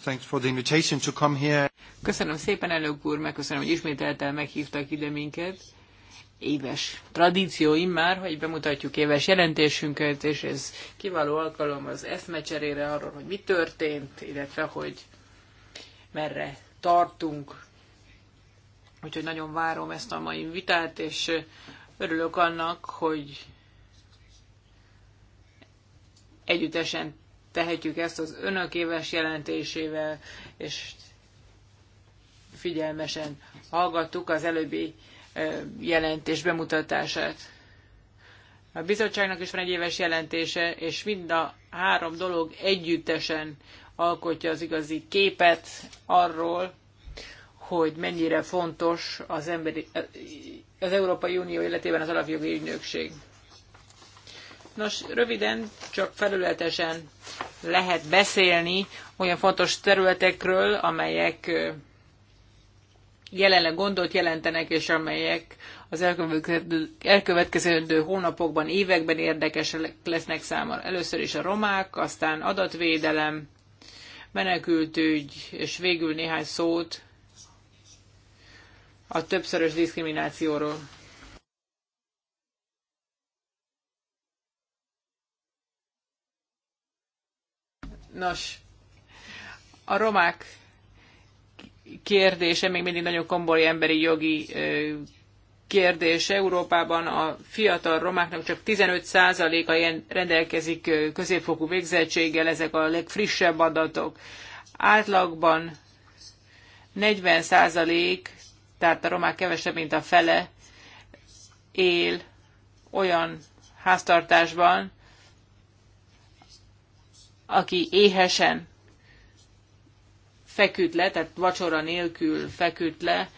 thanks for the invitation to come here. Köszönöm szépen, elnök úr, megköszönöm, hogy ismételten meghívtak ide minket. Éves tradícióim már, hogy bemutatjuk éves jelentésünket, és ez kiváló alkalom az eszmecserére arról, hogy mi történt, illetve hogy merre tartunk. Úgyhogy nagyon várom ezt a mai vitát, és örülök annak, hogy együttesen tehetjük ezt az önök éves jelentésével, és figyelmesen hallgattuk az előbbi jelentés bemutatását. A bizottságnak is van egy éves jelentése, és mind a három dolog együttesen alkotja az igazi képet arról, hogy mennyire fontos az, emberi, az Európai Unió életében az alapjogi ügynökség. Nos, röviden, csak felületesen lehet beszélni olyan fontos területekről, amelyek jelenleg gondot jelentenek, és amelyek az elkövetkezendő hónapokban, években érdekesek lesznek számára. Először is a romák, aztán adatvédelem, menekültügy, és végül néhány szót a többszörös diszkriminációról. Nos, a romák kérdése még mindig nagyon komoly emberi jogi kérdés. Európában a fiatal romáknak csak 15%-a rendelkezik középfokú végzettséggel, ezek a legfrissebb adatok. Átlagban 40%, tehát a romák kevesebb, mint a fele él olyan háztartásban, aki éhesen feküdt le, tehát vacsora nélkül feküdt le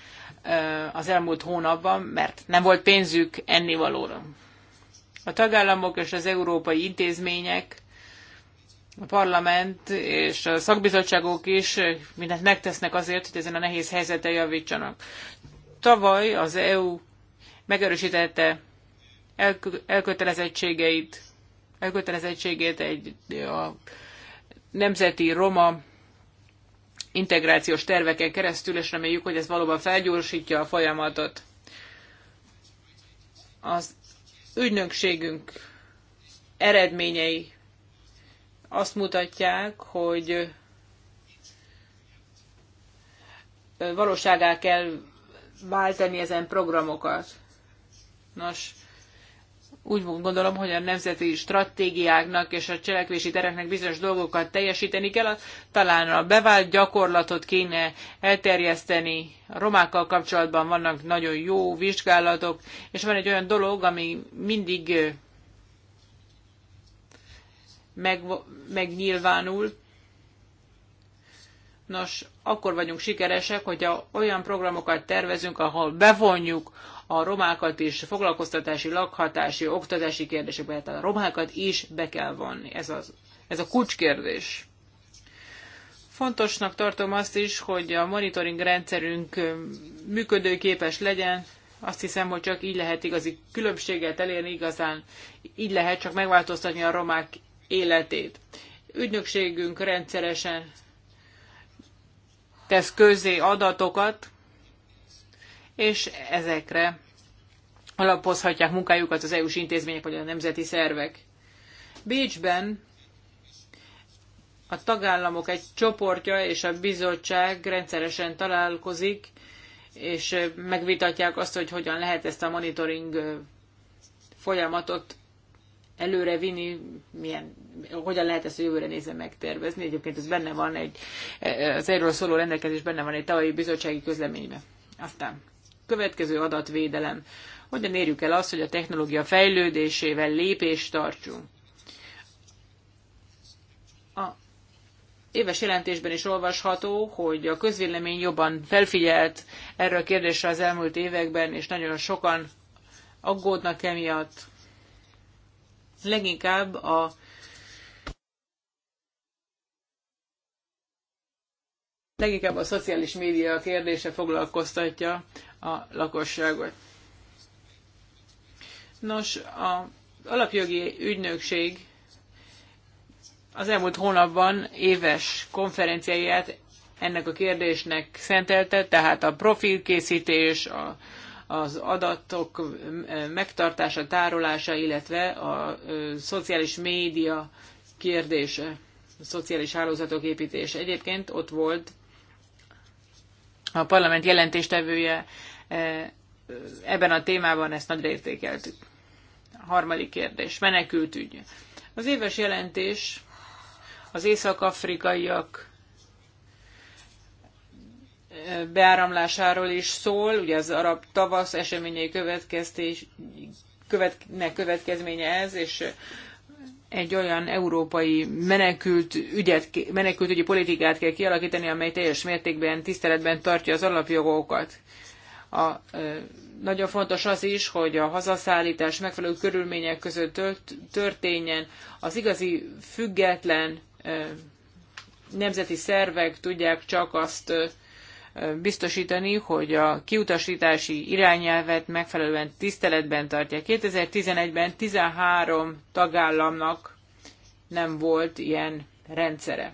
az elmúlt hónapban, mert nem volt pénzük ennivalóra. A tagállamok és az európai intézmények, a parlament és a szakbizottságok is mindent megtesznek azért, hogy ezen a nehéz helyzeten javítsanak. Tavaly az EU megerősítette elkötelezettségeit, elkötelezettségét egy a nemzeti roma integrációs terveken keresztül, és reméljük, hogy ez valóban felgyorsítja a folyamatot. Az ügynökségünk eredményei azt mutatják, hogy valóságá kell váltani ezen programokat. Nos, úgy gondolom, hogy a nemzeti stratégiáknak és a cselekvési tereknek bizonyos dolgokat teljesíteni kell, talán a bevált gyakorlatot kéne elterjeszteni. A romákkal kapcsolatban vannak nagyon jó vizsgálatok, és van egy olyan dolog, ami mindig meg, megnyilvánul. Nos, akkor vagyunk sikeresek, hogyha olyan programokat tervezünk, ahol bevonjuk a romákat is foglalkoztatási, lakhatási, oktatási kérdésekbe, tehát a romákat is be kell vonni. Ez, az, ez a kulcskérdés. Fontosnak tartom azt is, hogy a monitoring rendszerünk működőképes legyen, azt hiszem, hogy csak így lehet igazi különbséget elérni igazán, így lehet csak megváltoztatni a romák életét. Ügynökségünk rendszeresen tesz közé adatokat, és ezekre alapozhatják munkájukat az EU-s intézmények vagy a nemzeti szervek. Bécsben a tagállamok egy csoportja és a bizottság rendszeresen találkozik, és megvitatják azt, hogy hogyan lehet ezt a monitoring folyamatot előre vinni, milyen, hogyan lehet ezt a jövőre nézve megtervezni. Egyébként ez benne van egy, az erről szóló rendelkezés benne van egy tavalyi bizottsági közleményben. Aztán Következő adatvédelem. Hogyan érjük el azt, hogy a technológia fejlődésével lépést tartsunk? A éves jelentésben is olvasható, hogy a közvélemény jobban felfigyelt erre a kérdésre az elmúlt években, és nagyon sokan aggódnak emiatt. Leginkább a leginkább a szociális média kérdése foglalkoztatja a lakosságot. Nos, az alapjogi ügynökség az elmúlt hónapban éves konferenciáját ennek a kérdésnek szentelte, tehát a profilkészítés, a, az adatok megtartása, tárolása, illetve a, a szociális média kérdése, a szociális hálózatok építése. Egyébként ott volt a parlament jelentéstevője e, e, ebben a témában ezt nagyra értékeltük. A harmadik kérdés, menekültügy. Az éves jelentés az észak-afrikaiak e, beáramlásáról is szól, ugye az arab tavasz eseményei következtés, ne, következménye ez, és egy olyan európai menekült ügyet, menekültügyi politikát kell kialakítani, amely teljes mértékben tiszteletben tartja az alapjogokat. A, nagyon fontos az is, hogy a hazaszállítás megfelelő körülmények között történjen. Az igazi független nemzeti szervek tudják csak azt biztosítani, hogy a kiutasítási irányelvet megfelelően tiszteletben tartják. 2011-ben 13 tagállamnak nem volt ilyen rendszere.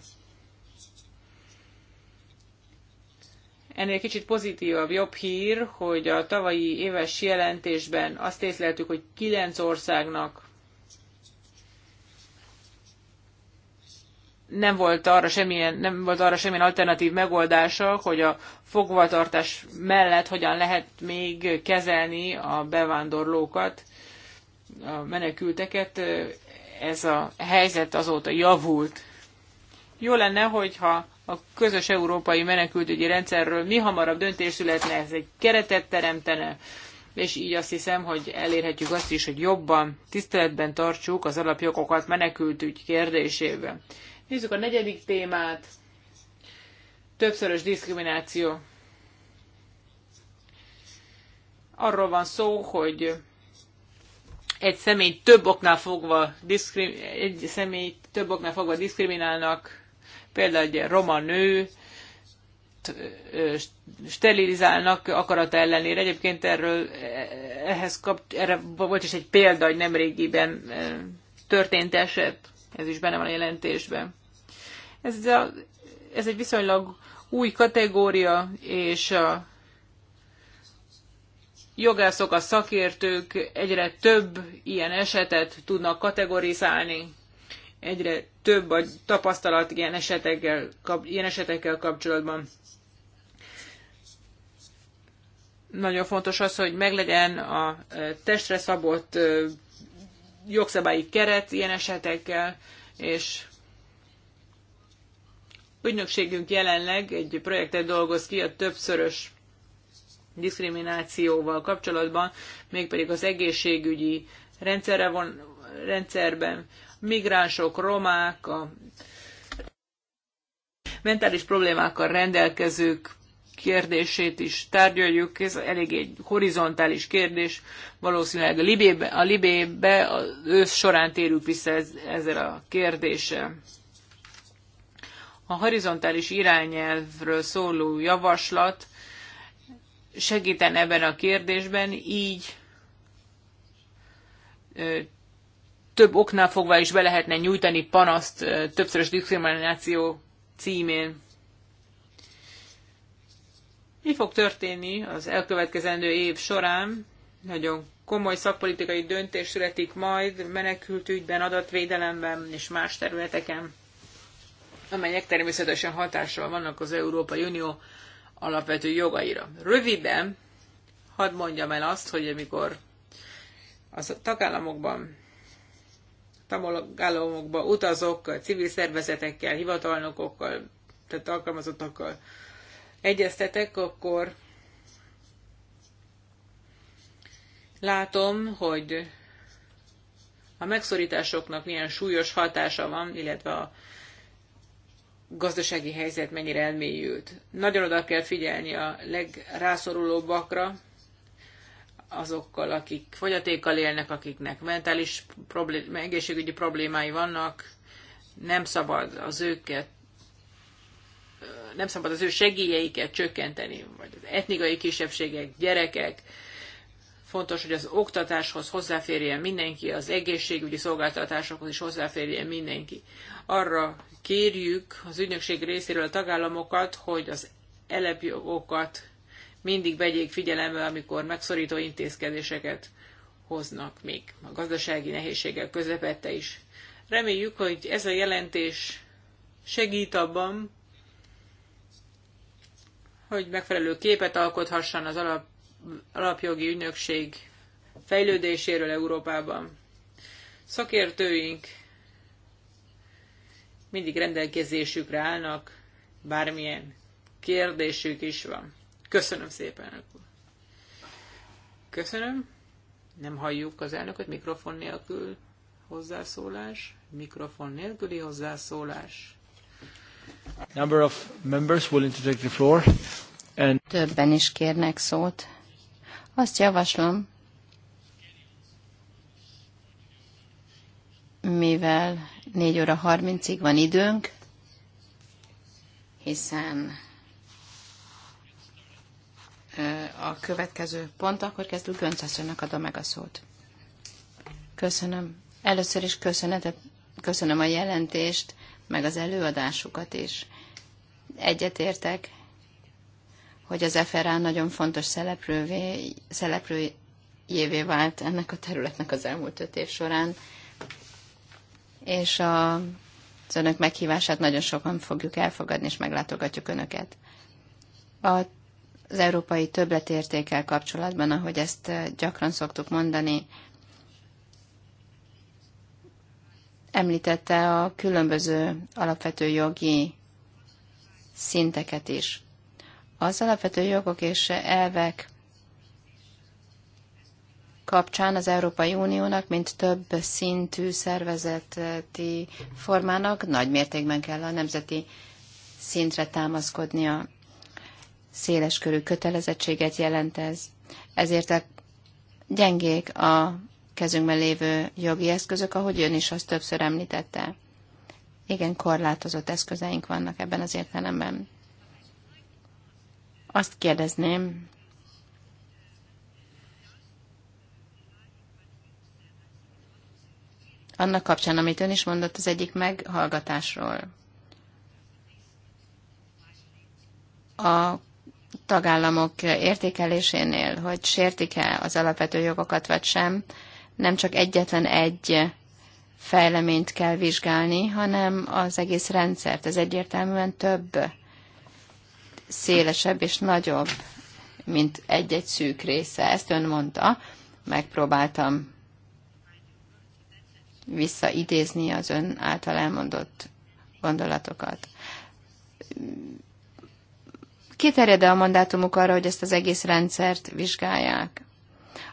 Ennél kicsit pozitívabb, jobb hír, hogy a tavalyi éves jelentésben azt észleltük, hogy kilenc országnak nem volt arra semmilyen, nem volt arra semmilyen alternatív megoldása, hogy a fogvatartás mellett hogyan lehet még kezelni a bevándorlókat, a menekülteket. Ez a helyzet azóta javult. Jó lenne, hogyha a közös európai menekültügyi rendszerről mi hamarabb döntés születne, ez egy keretet teremtene, és így azt hiszem, hogy elérhetjük azt is, hogy jobban tiszteletben tartsuk az alapjogokat menekültügy kérdésével. Nézzük a negyedik témát. Többszörös diszkrimináció. Arról van szó, hogy egy személy több oknál fogva, diszkrim, egy személy több oknál fogva diszkriminálnak, például egy roma nő, sterilizálnak akarata ellenére. Egyébként erről ehhez kap, erre volt is egy példa, hogy nemrégiben történt eset. Ez is benne van a jelentésben. Ez, a, ez egy viszonylag új kategória, és a jogászok, a szakértők egyre több ilyen esetet tudnak kategorizálni, egyre több a tapasztalat ilyen esetekkel, ilyen esetekkel kapcsolatban. Nagyon fontos az, hogy meglegyen a eh, testre szabott eh, jogszabályi keret ilyen esetekkel, és ügynökségünk jelenleg egy projektet dolgoz ki a többszörös diszkriminációval kapcsolatban, mégpedig az egészségügyi rendszerre von, rendszerben migránsok, romák, a mentális problémákkal rendelkezők kérdését is tárgyaljuk, ez elég egy horizontális kérdés, valószínűleg a libébe, a libébe az ősz során térünk vissza ez, ezzel a kérdéssel. A horizontális irányelvről szóló javaslat segíten ebben a kérdésben, így több oknál fogva is be lehetne nyújtani panaszt többszörös diszkrimináció címén. Mi fog történni az elkövetkezendő év során? Nagyon komoly szakpolitikai döntés születik majd menekültügyben, adatvédelemben és más területeken, amelyek természetesen hatással vannak az Európai Unió alapvető jogaira. Röviden hadd mondjam el azt, hogy amikor az a tagállamokban utazok, civil szervezetekkel, hivatalnokokkal, tehát alkalmazottakkal egyeztetek, akkor látom, hogy a megszorításoknak milyen súlyos hatása van, illetve a gazdasági helyzet mennyire elmélyült. Nagyon oda kell figyelni a legrászorulóbbakra, azokkal, akik fogyatékkal élnek, akiknek mentális problé- egészségügyi problémái vannak, nem szabad az őket nem szabad az ő segélyeiket csökkenteni, vagy az etnikai kisebbségek, gyerekek. Fontos, hogy az oktatáshoz hozzáférjen mindenki, az egészségügyi szolgáltatásokhoz is hozzáférjen mindenki. Arra kérjük az ügynökség részéről a tagállamokat, hogy az elepjogokat mindig vegyék figyelembe, amikor megszorító intézkedéseket hoznak még a gazdasági nehézségek közepette is. Reméljük, hogy ez a jelentés segít abban, hogy megfelelő képet alkothasson az alap, alapjogi ügynökség fejlődéséről Európában. Szakértőink mindig rendelkezésükre állnak, bármilyen kérdésük is van. Köszönöm szépen, akkor. Köszönöm. Nem halljuk az elnököt, mikrofon nélkül hozzászólás, mikrofon nélküli hozzászólás. Number of members willing to take the floor. And... Többen is kérnek szót. Azt javaslom, mivel 4 óra 30-ig van időnk, hiszen a következő pont, akkor kezdünk Göncasszonynak adom meg a szót. Köszönöm. Először is köszönetet, köszönöm a jelentést, meg az előadásukat is. Egyetértek, hogy az FRA nagyon fontos szereplővé, szereplőjévé vált ennek a területnek az elmúlt öt év során, és a, az önök meghívását nagyon sokan fogjuk elfogadni, és meglátogatjuk önöket. A, az európai többletértékkel kapcsolatban, ahogy ezt gyakran szoktuk mondani, említette a különböző alapvető jogi szinteket is. Az alapvető jogok és elvek kapcsán az Európai Uniónak, mint több szintű szervezeti formának nagy mértékben kell a nemzeti szintre támaszkodnia. Széleskörű kötelezettséget jelent ez. Ezért a gyengék a kezünkben lévő jogi eszközök, ahogy ön is azt többször említette. Igen, korlátozott eszközeink vannak ebben az értelemben. Azt kérdezném, annak kapcsán, amit ön is mondott az egyik meghallgatásról. A tagállamok értékelésénél, hogy sértik-e az alapvető jogokat vagy sem, nem csak egyetlen egy fejleményt kell vizsgálni, hanem az egész rendszert. Ez egyértelműen több, szélesebb és nagyobb, mint egy-egy szűk része. Ezt ön mondta, megpróbáltam visszaidézni az ön által elmondott gondolatokat. Kiterjed a mandátumuk arra, hogy ezt az egész rendszert vizsgálják?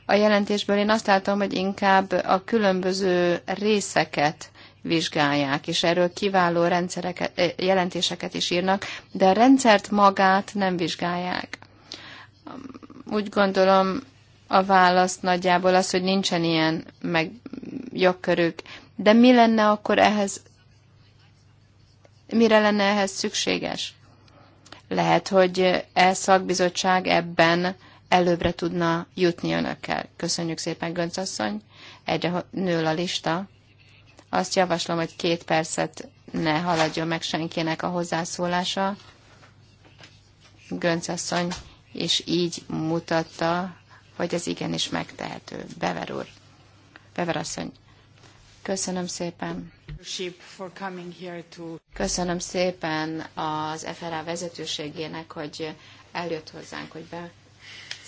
A jelentésből én azt látom, hogy inkább a különböző részeket vizsgálják, és erről kiváló rendszereket, eh, jelentéseket is írnak, de a rendszert magát nem vizsgálják. Úgy gondolom, a válasz nagyjából az, hogy nincsen ilyen meg jogkörük. De mi lenne akkor ehhez, mire lenne ehhez szükséges? Lehet, hogy e szakbizottság ebben előbbre tudna jutni önökkel. Köszönjük szépen, Gönc asszony. Egyre nő a lista. Azt javaslom, hogy két percet ne haladjon meg senkinek a hozzászólása. Gönc asszony, és így mutatta, hogy ez igenis megtehető. Bever úr. Bever asszony. Köszönöm szépen. Köszönöm szépen az FRA vezetőségének, hogy eljött hozzánk, hogy be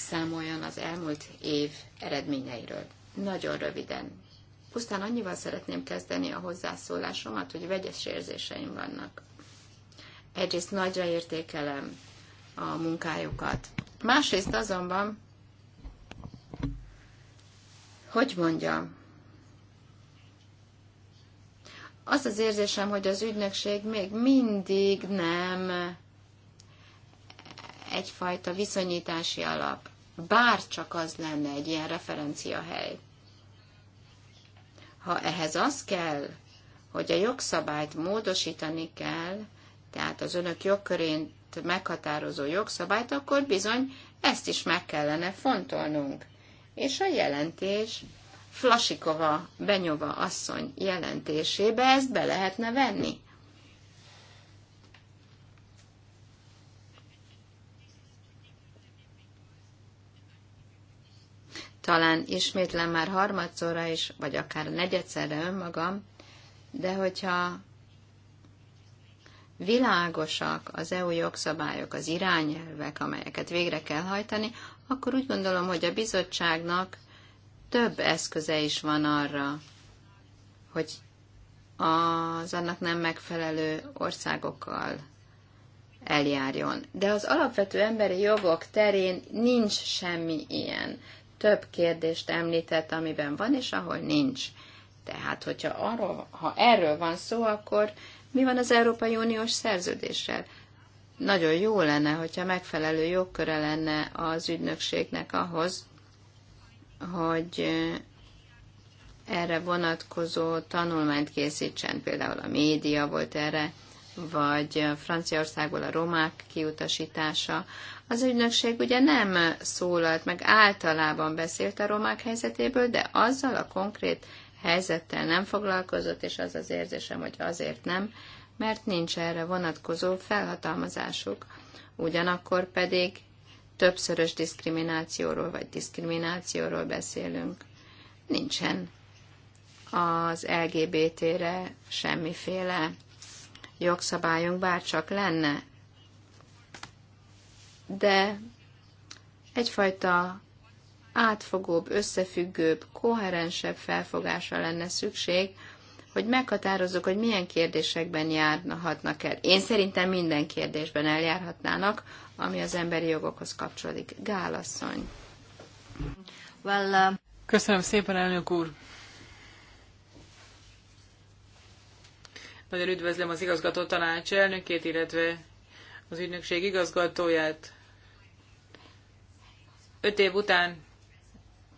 számoljon az elmúlt év eredményeiről. Nagyon röviden. Pusztán annyival szeretném kezdeni a hozzászólásomat, hogy vegyes érzéseim vannak. Egyrészt nagyra értékelem a munkájukat. Másrészt azonban, hogy mondjam, az az érzésem, hogy az ügynökség még mindig nem egyfajta viszonyítási alap bár csak az lenne egy ilyen referenciahely. Ha ehhez az kell, hogy a jogszabályt módosítani kell, tehát az önök jogkörént meghatározó jogszabályt, akkor bizony ezt is meg kellene fontolnunk. És a jelentés Flasikova Benyova asszony jelentésébe ezt be lehetne venni. talán ismétlem már harmadszorra is, vagy akár negyedszerre önmagam, de hogyha világosak az EU jogszabályok, az irányelvek, amelyeket végre kell hajtani, akkor úgy gondolom, hogy a bizottságnak több eszköze is van arra, hogy az annak nem megfelelő országokkal eljárjon. De az alapvető emberi jogok terén nincs semmi ilyen több kérdést említett, amiben van és ahol nincs. Tehát, hogyha arról, ha erről van szó, akkor mi van az Európai Uniós szerződéssel? Nagyon jó lenne, hogyha megfelelő jogköre lenne az ügynökségnek ahhoz, hogy erre vonatkozó tanulmányt készítsen. Például a média volt erre vagy Franciaországból a romák kiutasítása. Az ügynökség ugye nem szólalt, meg általában beszélt a romák helyzetéből, de azzal a konkrét helyzettel nem foglalkozott, és az az érzésem, hogy azért nem, mert nincs erre vonatkozó felhatalmazásuk. Ugyanakkor pedig többszörös diszkriminációról vagy diszkriminációról beszélünk. Nincsen az LGBT-re semmiféle jogszabályunk csak lenne, de egyfajta átfogóbb, összefüggőbb, koherensebb felfogásra lenne szükség, hogy meghatározzuk, hogy milyen kérdésekben járhatnak el. Én szerintem minden kérdésben eljárhatnának, ami az emberi jogokhoz kapcsolódik. Gálasszony. Well, uh... Köszönöm szépen, elnök úr! Nagyon üdvözlöm az igazgató tanács elnökét, illetve az ügynökség igazgatóját. Öt év után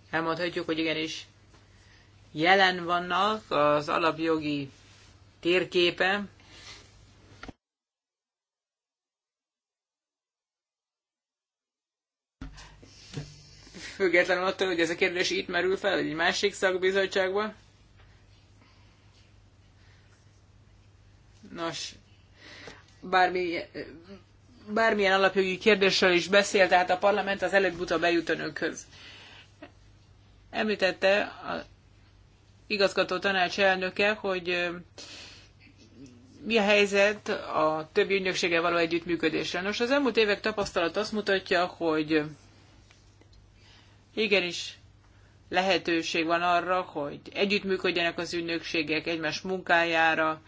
elmondhatjuk, hogy igenis jelen vannak az alapjogi térképe. Függetlenül attól, hogy ez a kérdés itt merül fel, egy másik szakbizottságban. Nos, bármi, bármilyen alapjogi kérdésről is beszélt, tehát a parlament az előbb buta bejut önökhöz. Említette a igazgató tanács elnöke, hogy mi a helyzet a többi ügynökséggel való együttműködésre. Nos, az elmúlt évek tapasztalat azt mutatja, hogy igenis lehetőség van arra, hogy együttműködjenek az ügynökségek egymás munkájára,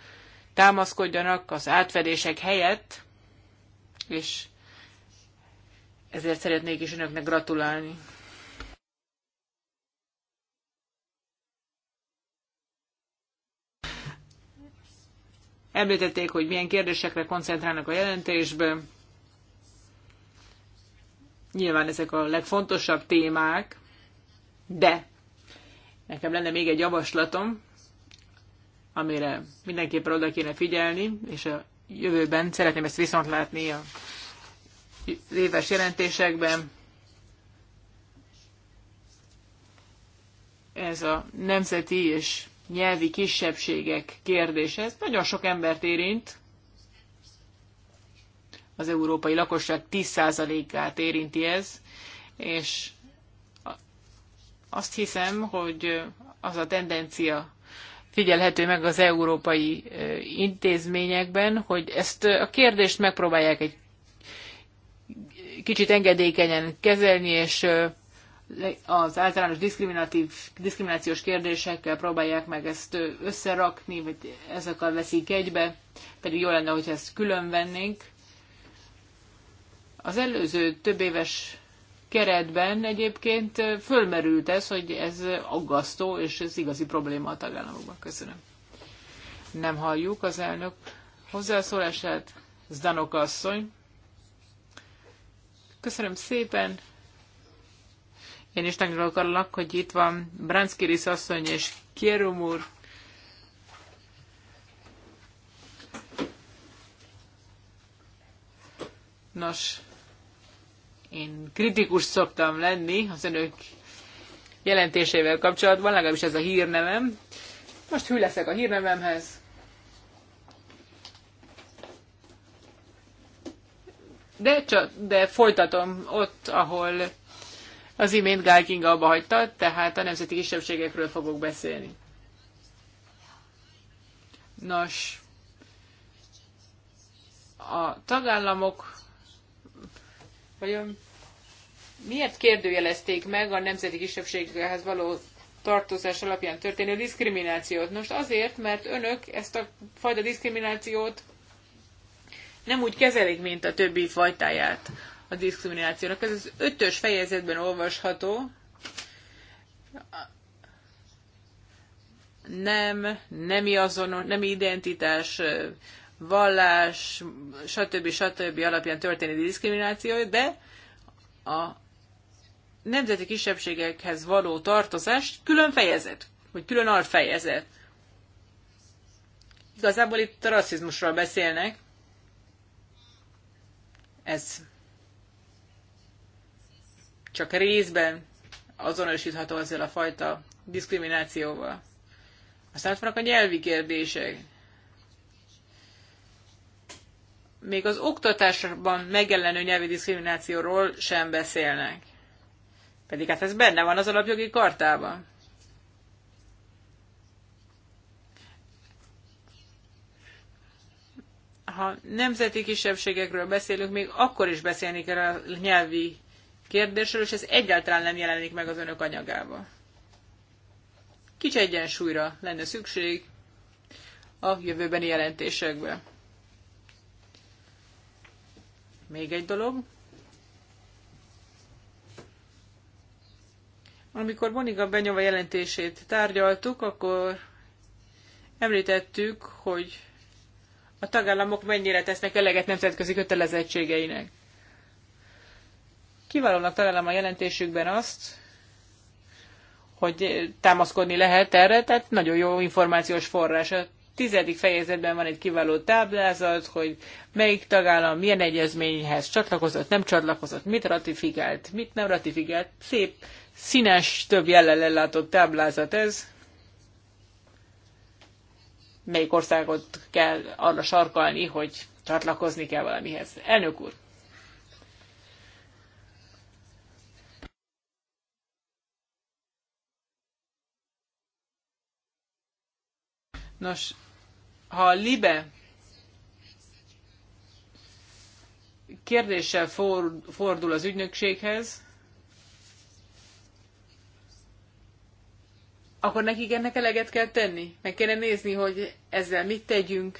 támaszkodjanak az átfedések helyett, és ezért szeretnék is önöknek gratulálni. Említették, hogy milyen kérdésekre koncentrálnak a jelentésbe. Nyilván ezek a legfontosabb témák, de nekem lenne még egy javaslatom amire mindenképpen oda kéne figyelni, és a jövőben szeretném ezt viszont látni a éves jelentésekben. Ez a nemzeti és nyelvi kisebbségek kérdése, ez nagyon sok embert érint, az európai lakosság 10%-át érinti ez, és azt hiszem, hogy az a tendencia figyelhető meg az európai intézményekben, hogy ezt a kérdést megpróbálják egy kicsit engedékenyen kezelni, és az általános diszkriminatív, diszkriminációs kérdésekkel próbálják meg ezt összerakni, vagy ezekkel veszik egybe, pedig jó lenne, hogy ezt külön vennénk. Az előző több éves keretben egyébként fölmerült ez, hogy ez aggasztó, és ez igazi probléma a tagállamokban. Köszönöm. Nem halljuk az elnök hozzászólását. Zdanok asszony. Köszönöm szépen. Én is nagyon annak, hogy itt van Branskiris asszony és Kierum úr. Nos, én kritikus szoktam lenni az önök jelentésével kapcsolatban, legalábbis ez a hírnevem. Most hű leszek a hírnevemhez. De, csak, de folytatom ott, ahol az imént Gál Kinga abba hagyta, tehát a nemzeti kisebbségekről fogok beszélni. Nos, a tagállamok Vajon miért kérdőjelezték meg a nemzeti kisebbséghez való tartozás alapján történő diszkriminációt? Most azért, mert önök ezt a fajta diszkriminációt nem úgy kezelik, mint a többi fajtáját a diszkriminációnak. Ez az ötös fejezetben olvasható. Nem, nem azonos, nem identitás, vallás, stb. stb. alapján történő diszkrimináció, de a nemzeti kisebbségekhez való tartozást külön fejezet, vagy külön alfejezet. Igazából itt a rasszizmusról beszélnek. Ez csak részben azonosítható ezzel a fajta diszkriminációval. Aztán ott vannak a nyelvi kérdések. még az oktatásban megjelenő nyelvi diszkriminációról sem beszélnek. Pedig hát ez benne van az alapjogi kartában. Ha nemzeti kisebbségekről beszélünk, még akkor is beszélni kell a nyelvi kérdésről, és ez egyáltalán nem jelenik meg az önök anyagában. Kicsi egyensúlyra lenne szükség a jövőbeni jelentésekben. Még egy dolog. Amikor Monika Benyova jelentését tárgyaltuk, akkor említettük, hogy a tagállamok mennyire tesznek eleget nemzetközi kötelezettségeinek. Kiválónak találom a jelentésükben azt, hogy támaszkodni lehet erre, tehát nagyon jó információs forrás a tizedik fejezetben van egy kiváló táblázat, hogy melyik tagállam milyen egyezményhez csatlakozott, nem csatlakozott, mit ratifikált, mit nem ratifikált. Szép, színes, több jellel ellátott táblázat ez. Melyik országot kell arra sarkalni, hogy csatlakozni kell valamihez. Elnök úr! Nos, ha a LIBE kérdéssel fordul az ügynökséghez, akkor nekik ennek eleget kell tenni. Meg kéne nézni, hogy ezzel mit tegyünk,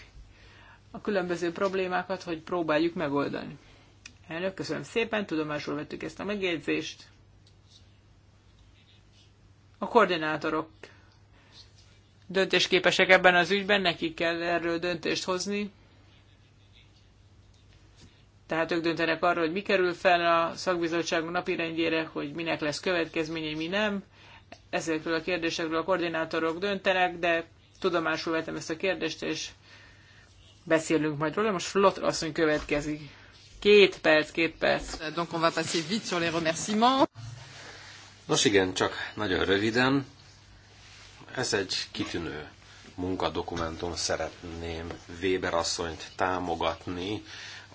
a különböző problémákat, hogy próbáljuk megoldani. Elnök, köszönöm szépen, tudomásul vettük ezt a megjegyzést. A koordinátorok döntésképesek ebben az ügyben, nekik kell erről döntést hozni. Tehát ők döntenek arról, hogy mi kerül fel a szakbizottságunk napirendjére, hogy minek lesz következménye, mi nem. Ezekről a kérdésekről a koordinátorok döntenek, de tudomásul vettem ezt a kérdést, és beszélünk majd róla. Most Flott asszony következik. Két perc, két perc. Donc on va passer vite sur les remerciements. Nos igen, csak nagyon röviden ez egy kitűnő munkadokumentum, szeretném Weber asszonyt támogatni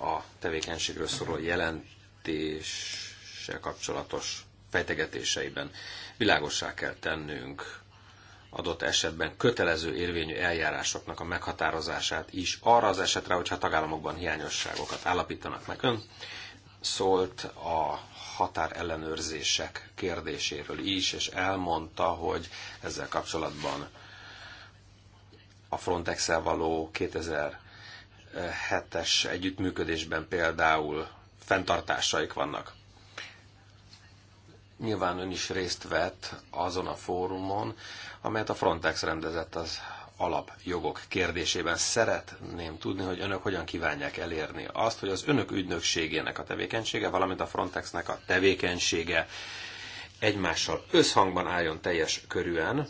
a tevékenységről szóló jelentéssel kapcsolatos fejtegetéseiben. Világossá kell tennünk adott esetben kötelező érvényű eljárásoknak a meghatározását is arra az esetre, hogyha tagállamokban hiányosságokat állapítanak meg ön. Szólt a határellenőrzések kérdéséről is, és elmondta, hogy ezzel kapcsolatban a frontex való 2007-es együttműködésben például fenntartásaik vannak. Nyilván ön is részt vett azon a fórumon, amelyet a Frontex rendezett az alapjogok kérdésében. Szeretném tudni, hogy önök hogyan kívánják elérni azt, hogy az önök ügynökségének a tevékenysége, valamint a Frontexnek a tevékenysége egymással összhangban álljon teljes körűen,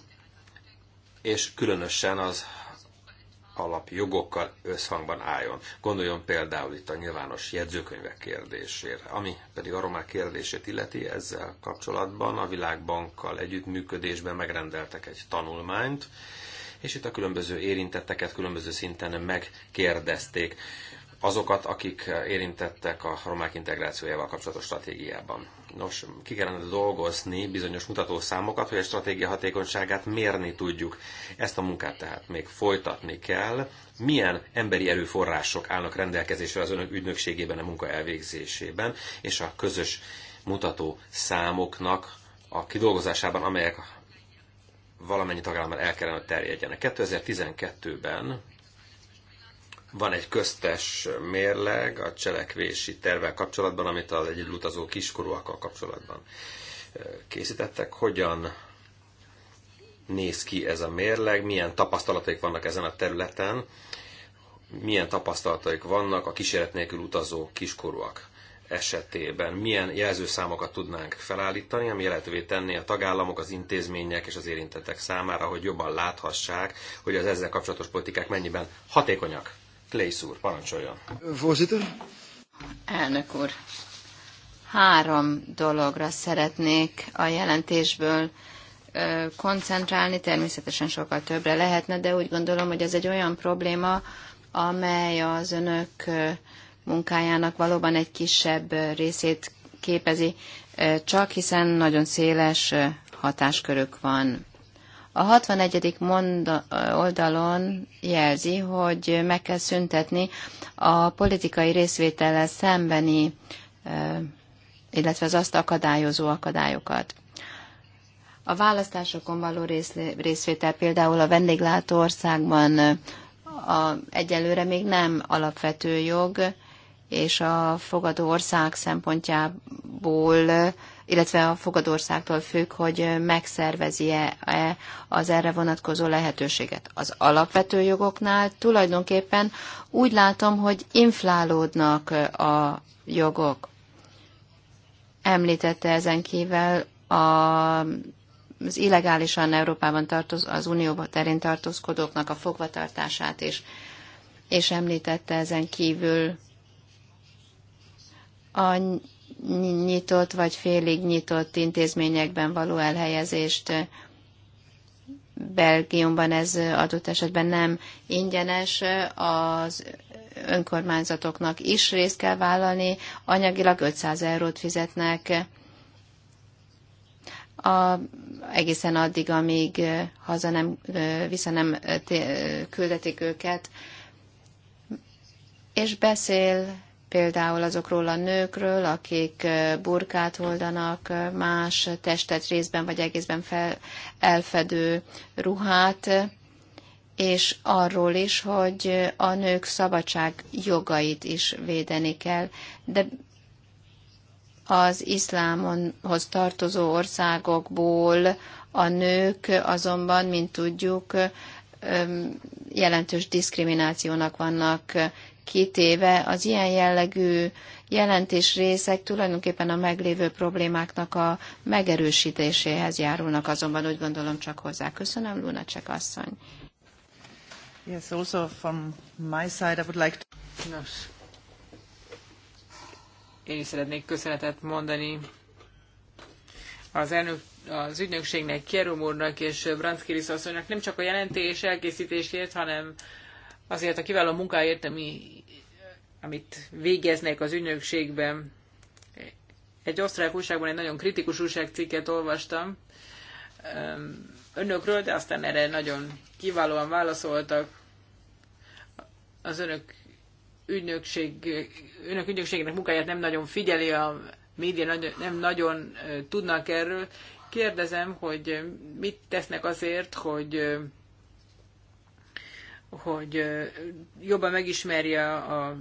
és különösen az alapjogokkal összhangban álljon. Gondoljon például itt a nyilvános jegyzőkönyvek kérdésére, ami pedig a romák kérdését illeti, ezzel kapcsolatban a Világbankkal együttműködésben megrendeltek egy tanulmányt, és itt a különböző érintetteket különböző szinten megkérdezték azokat, akik érintettek a romák integrációjával kapcsolatos stratégiában. Nos, ki kellene dolgozni bizonyos mutatószámokat, hogy a stratégia hatékonyságát mérni tudjuk. Ezt a munkát tehát még folytatni kell. Milyen emberi erőforrások állnak rendelkezésre az önök ügynökségében, a munka elvégzésében, és a közös mutató számoknak a kidolgozásában, amelyek valamennyi tagállammal el kellene, hogy terjedjenek. 2012-ben van egy köztes mérleg a cselekvési tervvel kapcsolatban, amit az utazó kiskorúakkal kapcsolatban készítettek. Hogyan néz ki ez a mérleg, milyen tapasztalataik vannak ezen a területen, milyen tapasztalataik vannak a kísérlet nélkül utazó kiskorúak esetében milyen jelzőszámokat tudnánk felállítani, ami lehetővé tenni a tagállamok, az intézmények és az érintettek számára, hogy jobban láthassák, hogy az ezzel kapcsolatos politikák mennyiben hatékonyak. Klész úr, parancsoljon. Fózitő? Elnök úr, három dologra szeretnék a jelentésből koncentrálni, természetesen sokkal többre lehetne, de úgy gondolom, hogy ez egy olyan probléma, amely az önök munkájának valóban egy kisebb részét képezi, csak hiszen nagyon széles hatáskörük van. A 61. Monda, oldalon jelzi, hogy meg kell szüntetni a politikai részvétellel szembeni, illetve az azt akadályozó akadályokat. A választásokon való részvétel például a vendéglátó országban a, egyelőre még nem alapvető jog, és a fogadó ország szempontjából, illetve a fogadó országtól függ, hogy megszervezi-e az erre vonatkozó lehetőséget. Az alapvető jogoknál tulajdonképpen úgy látom, hogy inflálódnak a jogok. Említette ezen kívül a az illegálisan Európában tartoz, az Unióba terén tartózkodóknak a fogvatartását is, és említette ezen kívül a nyitott vagy félig nyitott intézményekben való elhelyezést. Belgiumban ez adott esetben nem ingyenes, az önkormányzatoknak is részt kell vállalni, anyagilag 500 eurót fizetnek a, egészen addig, amíg haza nem, vissza nem küldetik őket, és beszél például azokról a nőkről, akik burkát oldanak, más testet részben vagy egészben fel, elfedő ruhát, és arról is, hogy a nők szabadság jogait is védeni kell. De az iszlámonhoz tartozó országokból a nők azonban, mint tudjuk, jelentős diszkriminációnak vannak kitéve az ilyen jellegű jelentés részek tulajdonképpen a meglévő problémáknak a megerősítéséhez járulnak, azonban úgy gondolom csak hozzá. Köszönöm, Luna Csek asszony. Yes, also from my side I would like to... Nos, én is szeretnék köszönetet mondani az elnök az ügynökségnek, Kierum úrnak és Brandskiris asszonynak nem csak a jelentés elkészítésért, hanem azért a kiváló munkáért, ami, amit végeznek az ügynökségben. Egy osztrák újságban egy nagyon kritikus újságcikket olvastam um, önökről, de aztán erre nagyon kiválóan válaszoltak. Az önök ügynökség, önök ügynökségnek munkáját nem nagyon figyeli, a média nem nagyon tudnak erről. Kérdezem, hogy mit tesznek azért, hogy hogy jobban megismerje a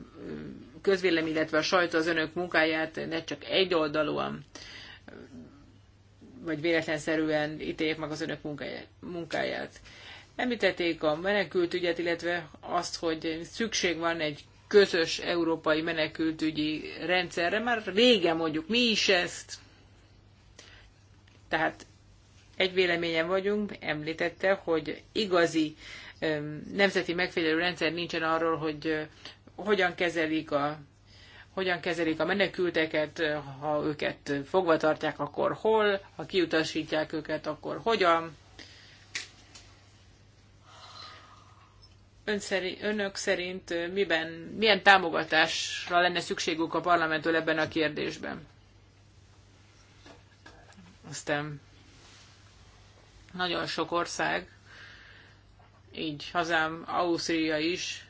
közvélem, illetve a sajtó az önök munkáját, ne csak egy oldalúan, vagy véletlenszerűen ítéljék meg az önök munkáját. Említették a menekültügyet, illetve azt, hogy szükség van egy közös európai menekültügyi rendszerre, már régen mondjuk mi is ezt. Tehát egy véleményen vagyunk, említette, hogy igazi nemzeti megfelelő rendszer nincsen arról, hogy hogyan kezelik a hogyan kezelik a menekülteket, ha őket fogva tartják, akkor hol, ha kiutasítják őket, akkor hogyan. Ön szerint, önök szerint miben, milyen támogatásra lenne szükségük a parlamenttől ebben a kérdésben? Aztán nagyon sok ország így hazám Ausztria is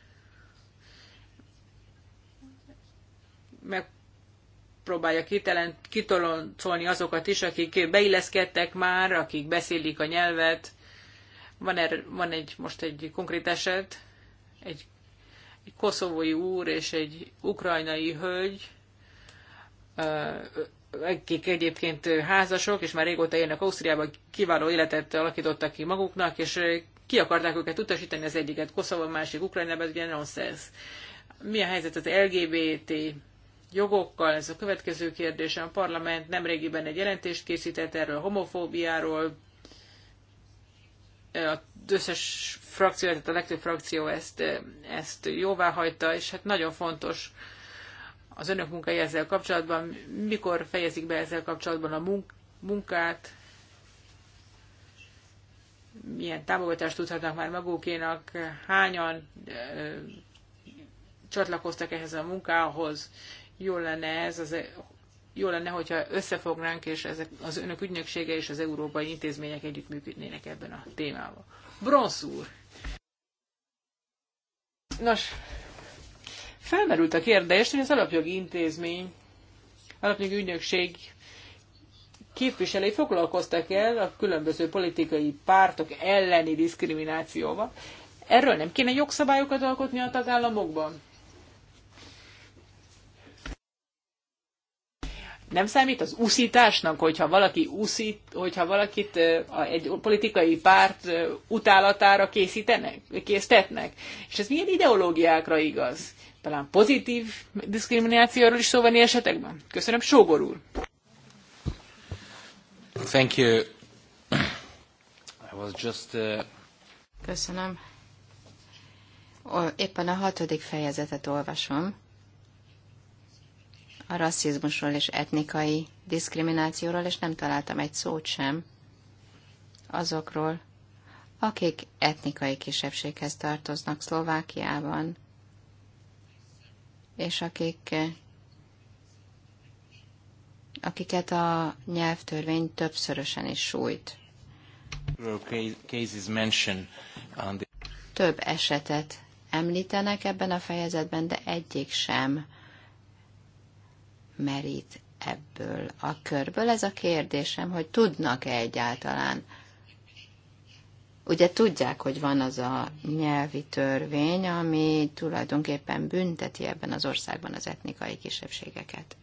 megpróbálja kitelen, kitoloncolni azokat is, akik beilleszkedtek már, akik beszélik a nyelvet. Van, er, van egy, most egy konkrét eset, egy, egy koszovói úr és egy ukrajnai hölgy, akik egyébként házasok, és már régóta élnek Ausztriában, kiváló életet alakítottak ki maguknak, és ki akarták őket utasítani, az egyiket Koszova, másik Ukrajnában, ez ugye nonsense. Mi a helyzet az LGBT jogokkal? Ez a következő kérdés. A parlament nemrégiben egy jelentést készített erről a homofóbiáról. Az összes frakció, tehát a legtöbb frakció ezt, ezt jóvá hagyta, és hát nagyon fontos az önök munkája ezzel kapcsolatban. Mikor fejezik be ezzel kapcsolatban a munkát? milyen támogatást tudhatnak már magukénak, hányan csatlakoztak ehhez a munkához. Jó lenne ez, az, e, jó lenne, hogyha összefognánk, és ezek az önök ügynöksége és az európai intézmények együttműködnének ebben a témában. Bronz úr! Nos, felmerült a kérdés, hogy az alapjogi intézmény, alapjogi ügynökség képviselői foglalkoztak el a különböző politikai pártok elleni diszkriminációval. Erről nem kéne jogszabályokat alkotni a tagállamokban? nem számít az úszításnak, hogyha valaki úszít, hogyha valakit egy politikai párt utálatára készítenek, késztetnek. És ez milyen ideológiákra igaz? Talán pozitív diszkriminációról is szó van esetekben? Köszönöm, Sógor úr! Thank you. I was just, uh... Köszönöm. Éppen a hatodik fejezetet olvasom. A rasszizmusról és etnikai diszkriminációról, és nem találtam egy szót sem azokról, akik etnikai kisebbséghez tartoznak Szlovákiában, és akik akiket a nyelvtörvény többszörösen is sújt. Több esetet említenek ebben a fejezetben, de egyik sem merít ebből a körből. Ez a kérdésem, hogy tudnak-e egyáltalán. Ugye tudják, hogy van az a nyelvi törvény, ami tulajdonképpen bünteti ebben az országban az etnikai kisebbségeket.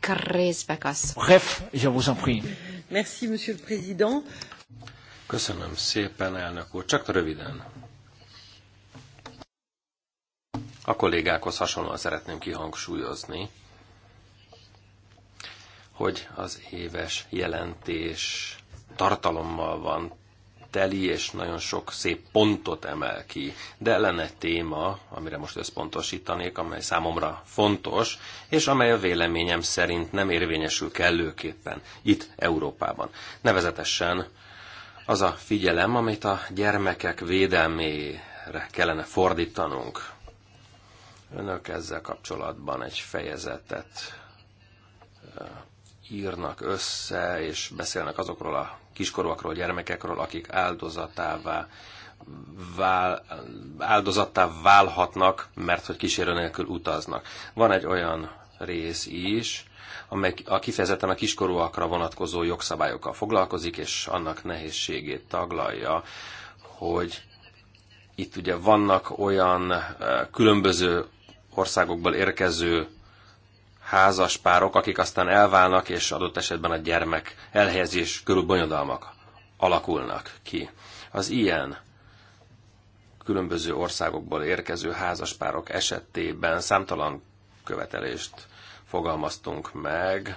Grészbekasz. Bref, je vous en prie. Merci, monsieur le président. Köszönöm szépen, elnök úr. Csak röviden. A kollégákhoz hasonlóan szeretném kihangsúlyozni, hogy az éves jelentés tartalommal van teli, és nagyon sok szép pontot emel ki. De lenne egy téma, amire most összpontosítanék, amely számomra fontos, és amely a véleményem szerint nem érvényesül kellőképpen itt Európában. Nevezetesen az a figyelem, amit a gyermekek védelmére kellene fordítanunk. Önök ezzel kapcsolatban egy fejezetet írnak össze, és beszélnek azokról a kiskorúakról, gyermekekről, akik áldozatává vál, áldozattá válhatnak, mert hogy kísérő nélkül utaznak. Van egy olyan rész is, amely a kifejezetten a kiskorúakra vonatkozó jogszabályokkal foglalkozik, és annak nehézségét taglalja, hogy itt ugye vannak olyan eh, különböző országokból érkező házas párok, akik aztán elválnak, és adott esetben a gyermek elhelyezés körül bonyodalmak alakulnak ki. Az ilyen különböző országokból érkező házaspárok esetében számtalan követelést fogalmaztunk meg,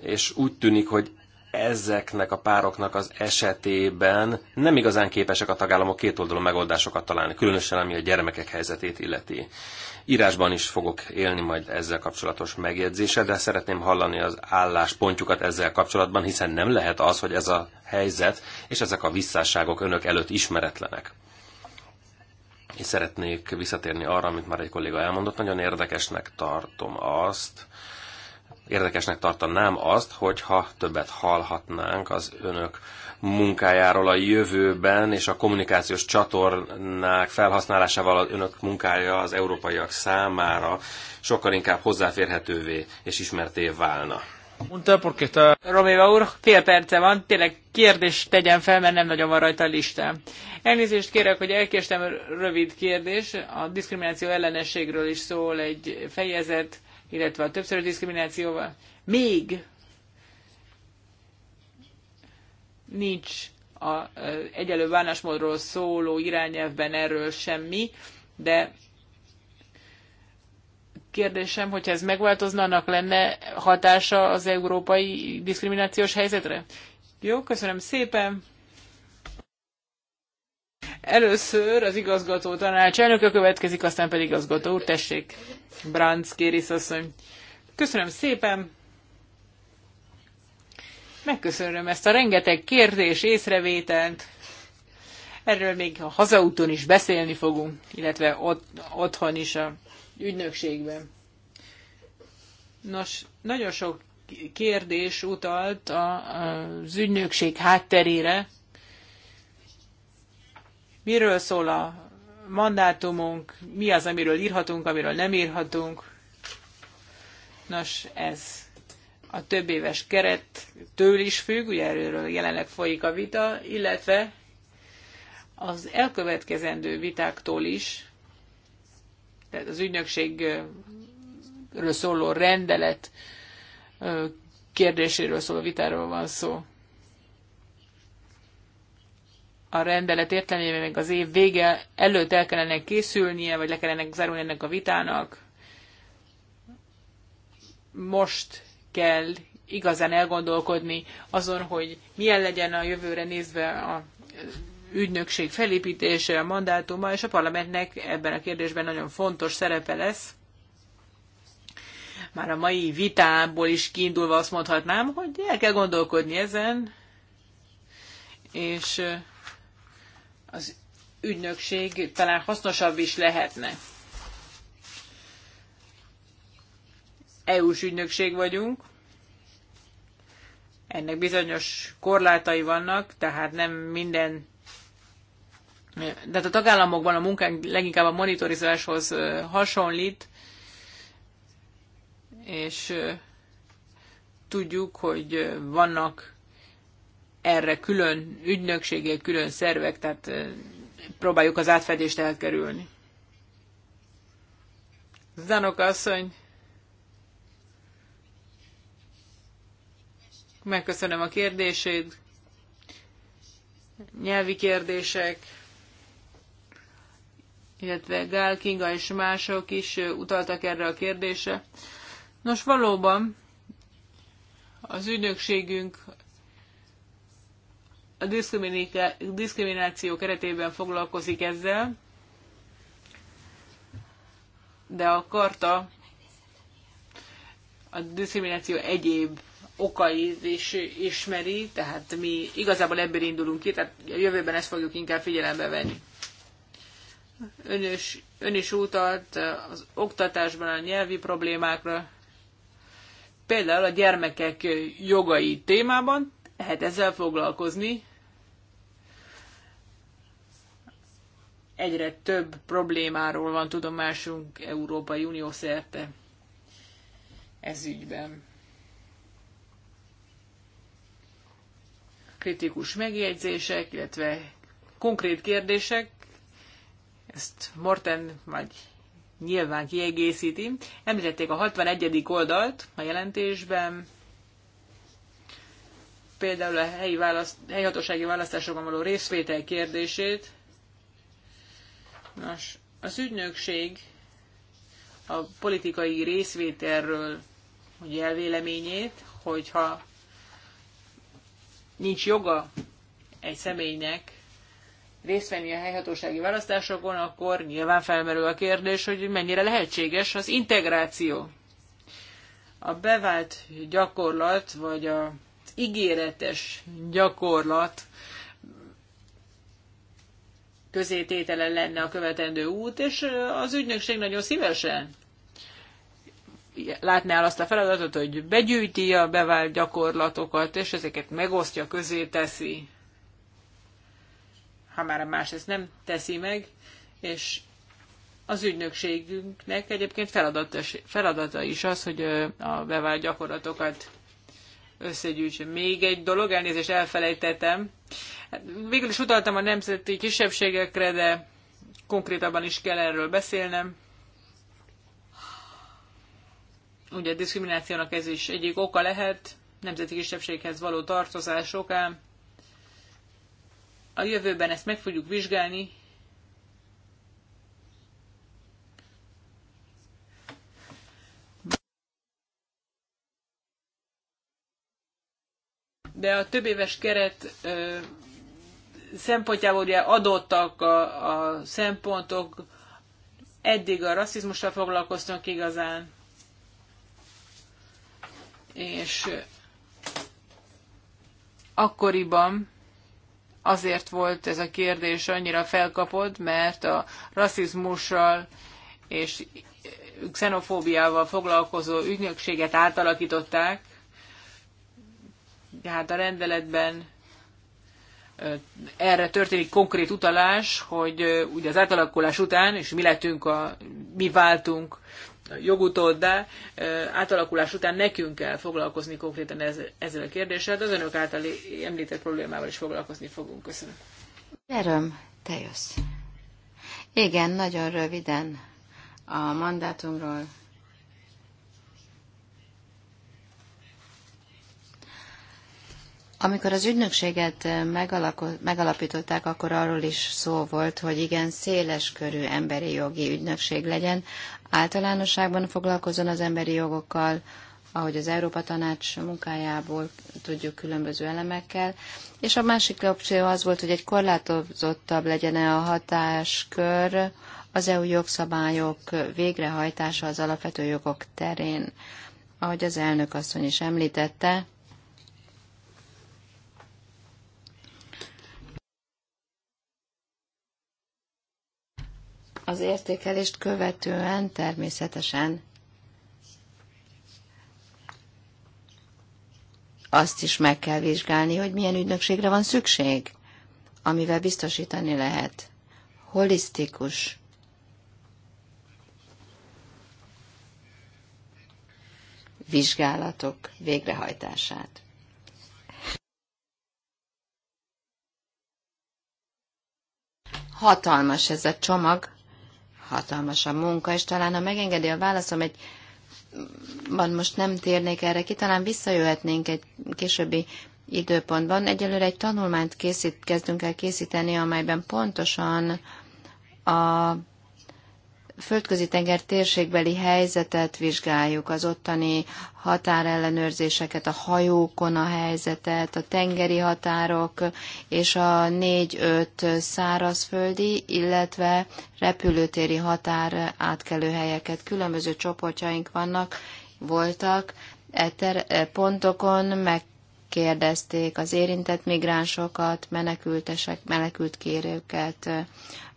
és úgy tűnik, hogy ezeknek a pároknak az esetében nem igazán képesek a tagállamok kétoldalú megoldásokat találni, különösen ami a gyermekek helyzetét illeti. Írásban is fogok élni majd ezzel kapcsolatos megjegyzése, de szeretném hallani az álláspontjukat ezzel kapcsolatban, hiszen nem lehet az, hogy ez a helyzet és ezek a visszásságok önök előtt ismeretlenek. És szeretnék visszatérni arra, amit már egy kolléga elmondott. Nagyon érdekesnek tartom azt, érdekesnek tartanám azt, hogyha többet hallhatnánk az önök munkájáról a jövőben és a kommunikációs csatornák felhasználásával az önök munkája az európaiak számára sokkal inkább hozzáférhetővé és ismerté válna. Roméva úr, fél perce van, tényleg kérdést tegyen fel, mert nem nagyon van rajta a listám. Elnézést kérek, hogy elkéstem rövid kérdés. A diszkrimináció ellenességről is szól egy fejezet, illetve a többszörös diszkriminációval. Még nincs a egyelő bánásmódról szóló irányelvben erről semmi, de kérdésem, hogy ez megváltozna, annak lenne hatása az európai diszkriminációs helyzetre? Jó, köszönöm szépen! Először az igazgató tanács elnöke következik, aztán pedig igazgató úr, tessék, Brandt, kéri asszony. Köszönöm szépen! Megköszönöm ezt a rengeteg kérdés, észrevételt. Erről még a hazaúton is beszélni fogunk, illetve ott, otthon is a ügynökségben. Nos, nagyon sok kérdés utalt a, az ügynökség hátterére. Miről szól a mandátumunk, mi az, amiről írhatunk, amiről nem írhatunk. Nos, ez a több éves kerettől is függ, ugye erről jelenleg folyik a vita, illetve az elkövetkezendő vitáktól is, tehát az ügynökségről szóló rendelet kérdéséről szóló vitáról van szó. A rendelet értelmében még az év vége előtt el kellene készülnie, vagy le kellene zárulni ennek a vitának. Most kell igazán elgondolkodni azon, hogy milyen legyen a jövőre nézve a ügynökség felépítése, a mandátuma, és a parlamentnek ebben a kérdésben nagyon fontos szerepe lesz. Már a mai vitából is kiindulva azt mondhatnám, hogy el kell gondolkodni ezen, és az ügynökség talán hasznosabb is lehetne. EU-s ügynökség vagyunk, ennek bizonyos korlátai vannak, tehát nem minden de a tagállamokban a munkánk leginkább a monitorizáshoz hasonlít, és tudjuk, hogy vannak erre külön ügynökségek, külön szervek, tehát próbáljuk az átfedést elkerülni. Zanok asszony Megköszönöm a kérdését. Nyelvi kérdések, illetve Gál Kinga és mások is utaltak erre a kérdésre. Nos, valóban az ügynökségünk a diszkrimináció keretében foglalkozik ezzel, de a karta a diszkrimináció egyéb okait is ismeri, tehát mi igazából ebből indulunk ki, tehát a jövőben ezt fogjuk inkább figyelembe venni. Ön is, ön is utalt az oktatásban a nyelvi problémákra, például a gyermekek jogai témában lehet ezzel foglalkozni. Egyre több problémáról van tudomásunk Európai Unió szerte ez ügyben. kritikus megjegyzések, illetve konkrét kérdések, ezt Morten majd nyilván kiegészíti. Említették a 61. oldalt a jelentésben, például a helyi, választ, helyi hatósági választásokon való részvétel kérdését. Nos, az ügynökség a politikai részvételről ugye elvéleményét, hogyha nincs joga egy személynek részt venni a helyhatósági választásokon, akkor nyilván felmerül a kérdés, hogy mennyire lehetséges az integráció. A bevált gyakorlat, vagy az ígéretes gyakorlat közététele lenne a követendő út, és az ügynökség nagyon szívesen látná el azt a feladatot, hogy begyűjti a bevált gyakorlatokat, és ezeket megosztja, közé teszi. Ha már más ezt nem teszi meg, és az ügynökségünknek egyébként feladata, feladata is az, hogy a bevált gyakorlatokat összegyűjtse. Még egy dolog, elnézést elfelejtettem. Hát végül is utaltam a nemzeti kisebbségekre, de konkrétabban is kell erről beszélnem. Ugye a diszkriminációnak ez is egyik oka lehet, nemzeti kisebbséghez való tartozás A jövőben ezt meg fogjuk vizsgálni. De a több éves keret ö, szempontjából ugye adottak a, a szempontok, eddig a rasszizmussal foglalkoztunk igazán, és akkoriban azért volt ez a kérdés annyira felkapott, mert a rasszizmussal és xenofóbiával foglalkozó ügynökséget átalakították, tehát a rendeletben erre történik konkrét utalás, hogy ugye az átalakulás után, és mi lettünk, a, mi váltunk jogutóddá átalakulás után nekünk kell foglalkozni konkrétan ezzel a kérdéssel, de az önök által említett problémával is foglalkozni fogunk. Köszönöm. Öröm, te jössz. Igen, nagyon röviden a mandátumról. Amikor az ügynökséget megalapították, akkor arról is szó volt, hogy igen, széles körű emberi jogi ügynökség legyen, általánosságban foglalkozzon az emberi jogokkal, ahogy az Európa Tanács munkájából tudjuk különböző elemekkel. És a másik opció az volt, hogy egy korlátozottabb legyen -e a hatáskör az EU jogszabályok végrehajtása az alapvető jogok terén. Ahogy az elnök asszony is említette, Az értékelést követően természetesen azt is meg kell vizsgálni, hogy milyen ügynökségre van szükség, amivel biztosítani lehet holisztikus vizsgálatok végrehajtását. Hatalmas ez a csomag, hatalmas a munka, és talán, ha megengedi a válaszom, egy van most nem térnék erre ki, talán visszajöhetnénk egy későbbi időpontban. Egyelőre egy tanulmányt készít, kezdünk el készíteni, amelyben pontosan a földközi tenger térségbeli helyzetet vizsgáljuk, az ottani határellenőrzéseket, a hajókon a helyzetet, a tengeri határok és a 4-5 szárazföldi, illetve repülőtéri határ átkelő helyeket. Különböző csoportjaink vannak, voltak, Eter e pontokon meg kérdezték az érintett migránsokat, menekültesek, menekült kérőket,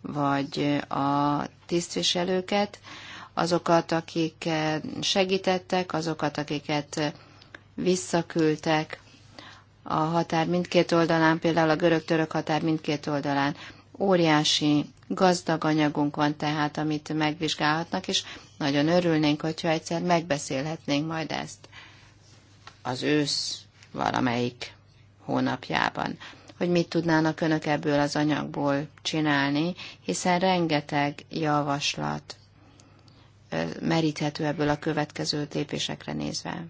vagy a tisztviselőket, azokat, akik segítettek, azokat, akiket visszaküldtek a határ mindkét oldalán, például a görög-török határ mindkét oldalán. Óriási gazdag anyagunk van tehát, amit megvizsgálhatnak, és nagyon örülnénk, hogyha egyszer megbeszélhetnénk majd ezt az ősz valamelyik hónapjában hogy mit tudnának önök ebből az anyagból csinálni, hiszen rengeteg javaslat meríthető ebből a következő lépésekre nézve.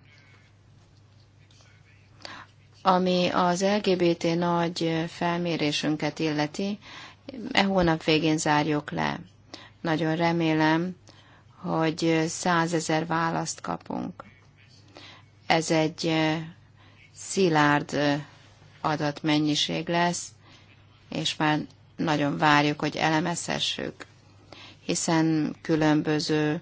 Ami az LGBT nagy felmérésünket illeti, e hónap végén zárjuk le. Nagyon remélem, hogy százezer választ kapunk. Ez egy szilárd adatmennyiség lesz, és már nagyon várjuk, hogy elemezhessük, hiszen különböző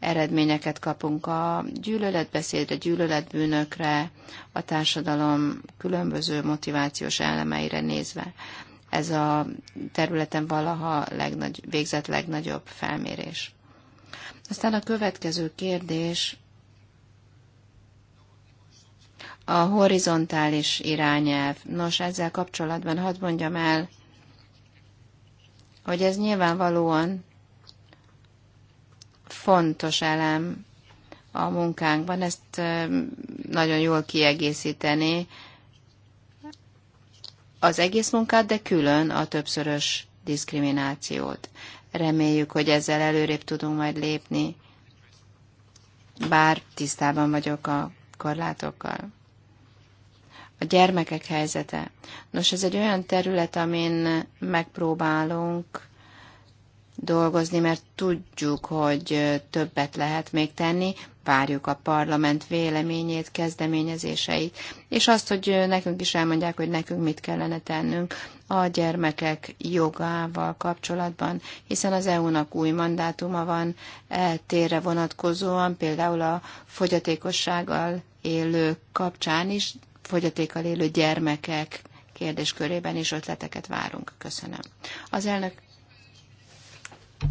eredményeket kapunk a gyűlöletbeszédre, gyűlöletbűnökre, a társadalom különböző motivációs elemeire nézve. Ez a területen valaha legnagy, végzett legnagyobb felmérés. Aztán a következő kérdés a horizontális irányelv. Nos, ezzel kapcsolatban hadd mondjam el, hogy ez nyilvánvalóan fontos elem a munkánkban, ezt nagyon jól kiegészíteni az egész munkát, de külön a többszörös diszkriminációt. Reméljük, hogy ezzel előrébb tudunk majd lépni, bár tisztában vagyok a korlátokkal a gyermekek helyzete. Nos, ez egy olyan terület, amin megpróbálunk dolgozni, mert tudjuk, hogy többet lehet még tenni, várjuk a parlament véleményét, kezdeményezéseit, és azt, hogy nekünk is elmondják, hogy nekünk mit kellene tennünk a gyermekek jogával kapcsolatban, hiszen az EU-nak új mandátuma van e térre vonatkozóan, például a fogyatékossággal élők kapcsán is, fogyatékkal élő gyermekek kérdéskörében is ötleteket várunk. Köszönöm. Az elnök...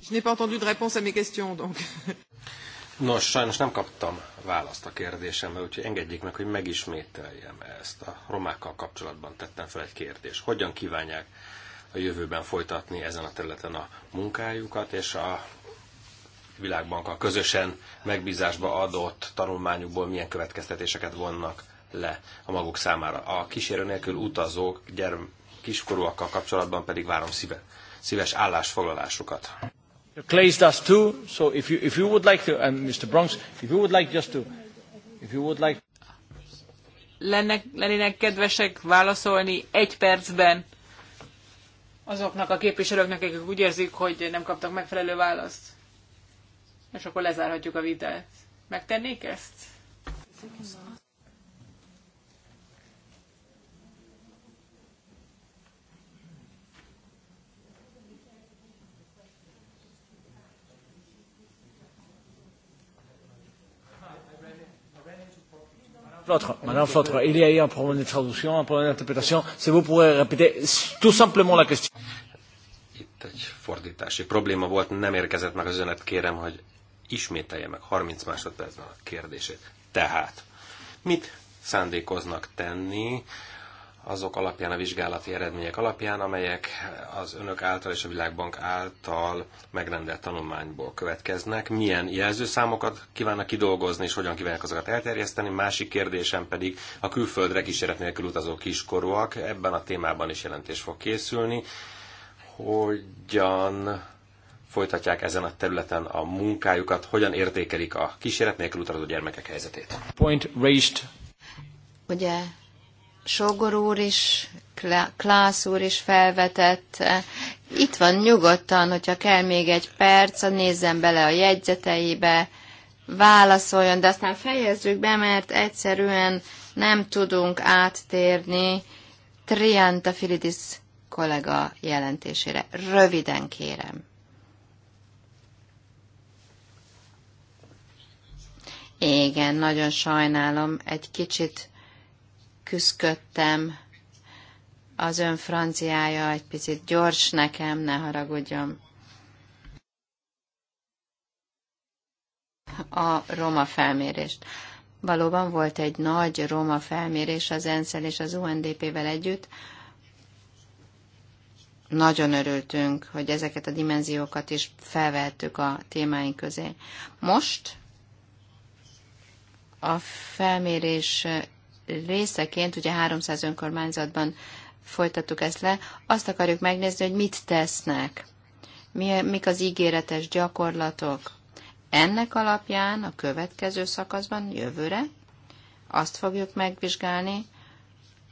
Je n'ai pas entendu de réponse à mes questions, donc. Nos, sajnos nem kaptam választ a kérdésemre, úgyhogy engedjék meg, hogy megismételjem ezt. A romákkal kapcsolatban tettem fel egy kérdést. Hogyan kívánják a jövőben folytatni ezen a területen a munkájukat, és a világbankkal közösen megbízásba adott tanulmányukból milyen következtetéseket vonnak le a maguk számára. A kísérő nélkül utazók, gyerm, kiskorúakkal kapcsolatban pedig várom szíve, szíves állásfoglalásukat. Clay Clays does too, so if you, if you would like to, and Mr. Bronx, if you would like just to, if you would like... Lennek, lennének kedvesek válaszolni egy percben azoknak a képviselőknek, akik úgy érzik, hogy nem kaptak megfelelő választ. És akkor lezárhatjuk a vitát. Megtennék ezt? Köszönöm. L'autre, Madame Flotre, il y a eu un problème de traduction, un problème d'interprétation. Si vous pouvez répéter tout simplement la question. Itt egy fordítási probléma volt, nem érkezett meg az üzenet, kérem, hogy ismételje meg 30 másodpercben a kérdését. Tehát, mit szándékoznak tenni azok alapján, a vizsgálati eredmények alapján, amelyek az önök által és a Világbank által megrendelt tanulmányból következnek. Milyen jelzőszámokat kívánnak kidolgozni, és hogyan kívánnak azokat elterjeszteni? Másik kérdésem pedig a külföldre kísérlet nélkül utazó kiskorúak. Ebben a témában is jelentés fog készülni. Hogyan folytatják ezen a területen a munkájukat, hogyan értékelik a kísérlet nélkül utazó gyermekek helyzetét? Point raised. Ugye Sogor úr is, Klász úr is felvetett. Itt van nyugodtan, hogyha kell még egy perc, nézzen bele a jegyzeteibe, válaszoljon, de aztán fejezzük be, mert egyszerűen nem tudunk áttérni Trianta Filidis kollega jelentésére. Röviden kérem. Igen, nagyon sajnálom, egy kicsit küzdködtem. Az ön franciája egy picit gyors nekem, ne haragudjon. A roma felmérést. Valóban volt egy nagy roma felmérés az ensz és az UNDP-vel együtt. Nagyon örültünk, hogy ezeket a dimenziókat is felvettük a témáink közé. Most a felmérés részeként, ugye 300 önkormányzatban folytattuk ezt le, azt akarjuk megnézni, hogy mit tesznek, mi, mik az ígéretes gyakorlatok. Ennek alapján a következő szakaszban, jövőre, azt fogjuk megvizsgálni,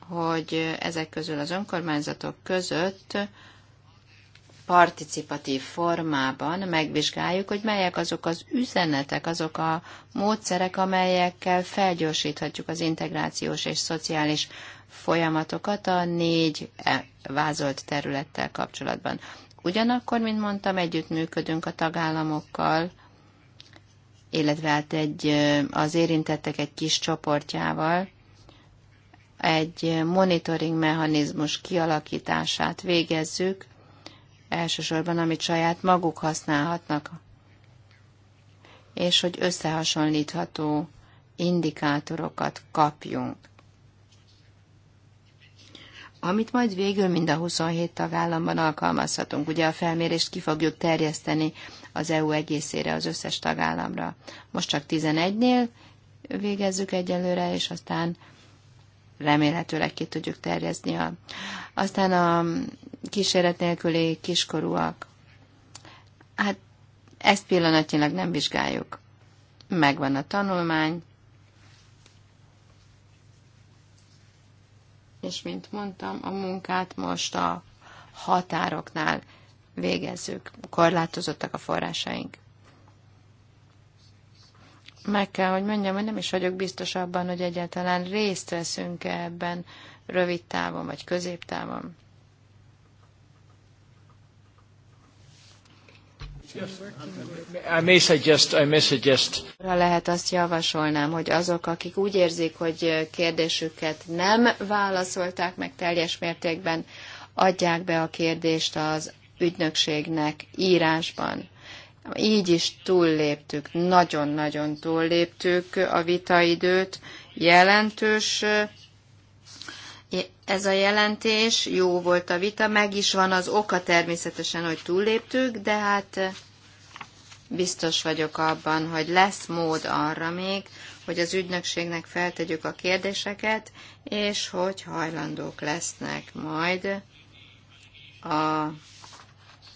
hogy ezek közül az önkormányzatok között participatív formában megvizsgáljuk, hogy melyek azok az üzenetek, azok a módszerek, amelyekkel felgyorsíthatjuk az integrációs és szociális folyamatokat a négy e- vázolt területtel kapcsolatban. Ugyanakkor, mint mondtam, együttműködünk a tagállamokkal, illetve hát egy, az érintettek egy kis csoportjával, egy monitoring mechanizmus kialakítását végezzük, elsősorban, amit saját maguk használhatnak, és hogy összehasonlítható indikátorokat kapjunk. Amit majd végül mind a 27 tagállamban alkalmazhatunk. Ugye a felmérést ki fogjuk terjeszteni az EU egészére, az összes tagállamra. Most csak 11-nél végezzük egyelőre, és aztán remélhetőleg ki tudjuk terjezni. A, aztán a kíséret nélküli kiskorúak. Hát ezt pillanatnyilag nem vizsgáljuk. Megvan a tanulmány, és mint mondtam, a munkát most a határoknál végezzük. Korlátozottak a forrásaink. Meg kell, hogy mondjam, hogy nem is vagyok biztos abban, hogy egyáltalán részt veszünk -e ebben rövid távon vagy középtávon. Lehet azt javasolnám, hogy azok, akik úgy érzik, hogy kérdésüket nem válaszolták meg teljes mértékben, adják be a kérdést az ügynökségnek írásban. Így is túlléptük, nagyon-nagyon túlléptük a vitaidőt, jelentős ez a jelentés, jó volt a vita, meg is van az oka természetesen, hogy túlléptük, de hát eh, biztos vagyok abban, hogy lesz mód arra még, hogy az ügynökségnek feltegyük a kérdéseket, és hogy hajlandók lesznek majd a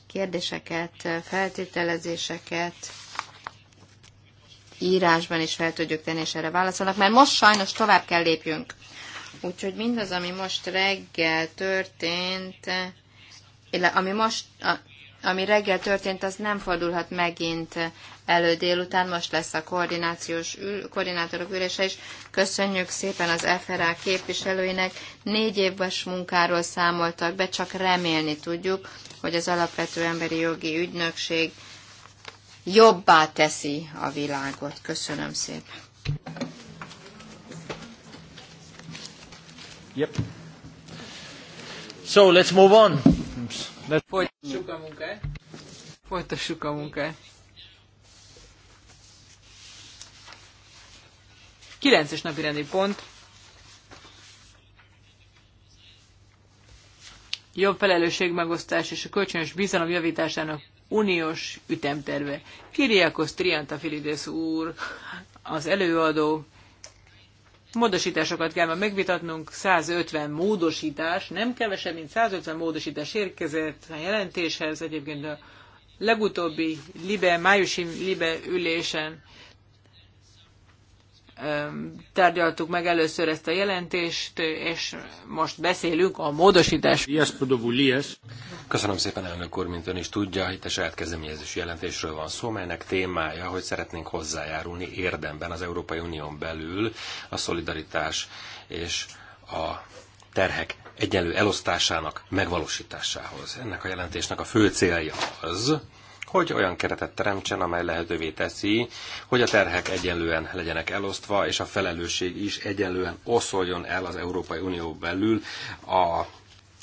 kérdéseket, feltételezéseket írásban is fel tudjuk tenni, és erre válaszolnak, mert most sajnos tovább kell lépjünk. Úgyhogy mindaz, ami most reggel történt, ami most, ami reggel történt, az nem fordulhat megint elő délután. Most lesz a koordinációs ül, koordinátorok ülése is. Köszönjük szépen az FRA képviselőinek. Négy éves munkáról számoltak be, csak remélni tudjuk, hogy az alapvető emberi jogi ügynökség jobbá teszi a világot. Köszönöm szépen. Yep. So, let's move on. Let's... Folytassuk a munkát. Folytassuk a munkát. 9-es napi rendi pont. Jobb felelősség megosztás és a kölcsönös bizalom javításának uniós ütemterve. Kiriakos Trianta úr, az előadó Módosításokat kell ma megvitatnunk, 150 módosítás, nem kevesebb, mint 150 módosítás érkezett a jelentéshez, egyébként a legutóbbi Libe, májusi Libe ülésen tárgyaltuk meg először ezt a jelentést, és most beszélünk a módosításról. Köszönöm szépen, elnök úr, mint ön is tudja, itt a saját kezdeményezési jelentésről van szó, melynek témája, hogy szeretnénk hozzájárulni érdemben az Európai Unión belül a szolidaritás és a terhek egyenlő elosztásának megvalósításához. Ennek a jelentésnek a fő célja az, hogy olyan keretet teremtsen, amely lehetővé teszi, hogy a terhek egyenlően legyenek elosztva, és a felelősség is egyenlően oszoljon el az Európai Unió belül a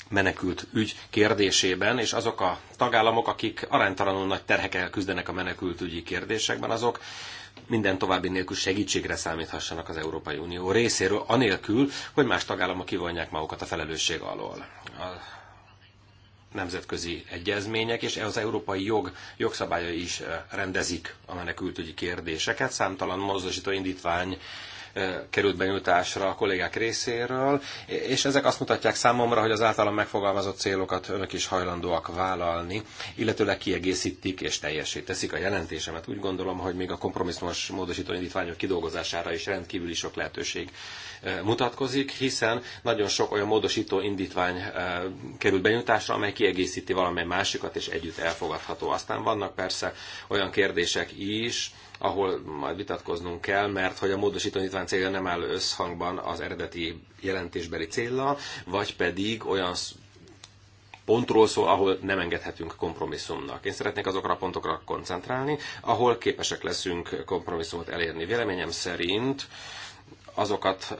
menekült ügy kérdésében, és azok a tagállamok, akik aránytalanul nagy terhekkel küzdenek a menekült ügyi kérdésekben, azok minden további nélkül segítségre számíthassanak az Európai Unió részéről, anélkül, hogy más tagállamok kivonják magukat a felelősség alól. A nemzetközi egyezmények, és az európai jog jogszabályai is eh, rendezik a menekültügyi kérdéseket. Számtalan mozdosító indítvány került benyújtásra a kollégák részéről, és ezek azt mutatják számomra, hogy az általam megfogalmazott célokat önök is hajlandóak vállalni, illetőleg kiegészítik és teljesé teszik a jelentésemet. Úgy gondolom, hogy még a kompromisszumos módosító indítványok kidolgozására is rendkívüli sok lehetőség mutatkozik, hiszen nagyon sok olyan módosító indítvány került benyújtásra, amely kiegészíti valamely másikat, és együtt elfogadható. Aztán vannak persze olyan kérdések is, ahol majd vitatkoznunk kell, mert hogy a módosítanítvány célja nem áll összhangban az eredeti jelentésbeli célra, vagy pedig olyan pontról szól, ahol nem engedhetünk kompromisszumnak. Én szeretnék azokra a pontokra koncentrálni, ahol képesek leszünk kompromisszumot elérni. Véleményem szerint azokat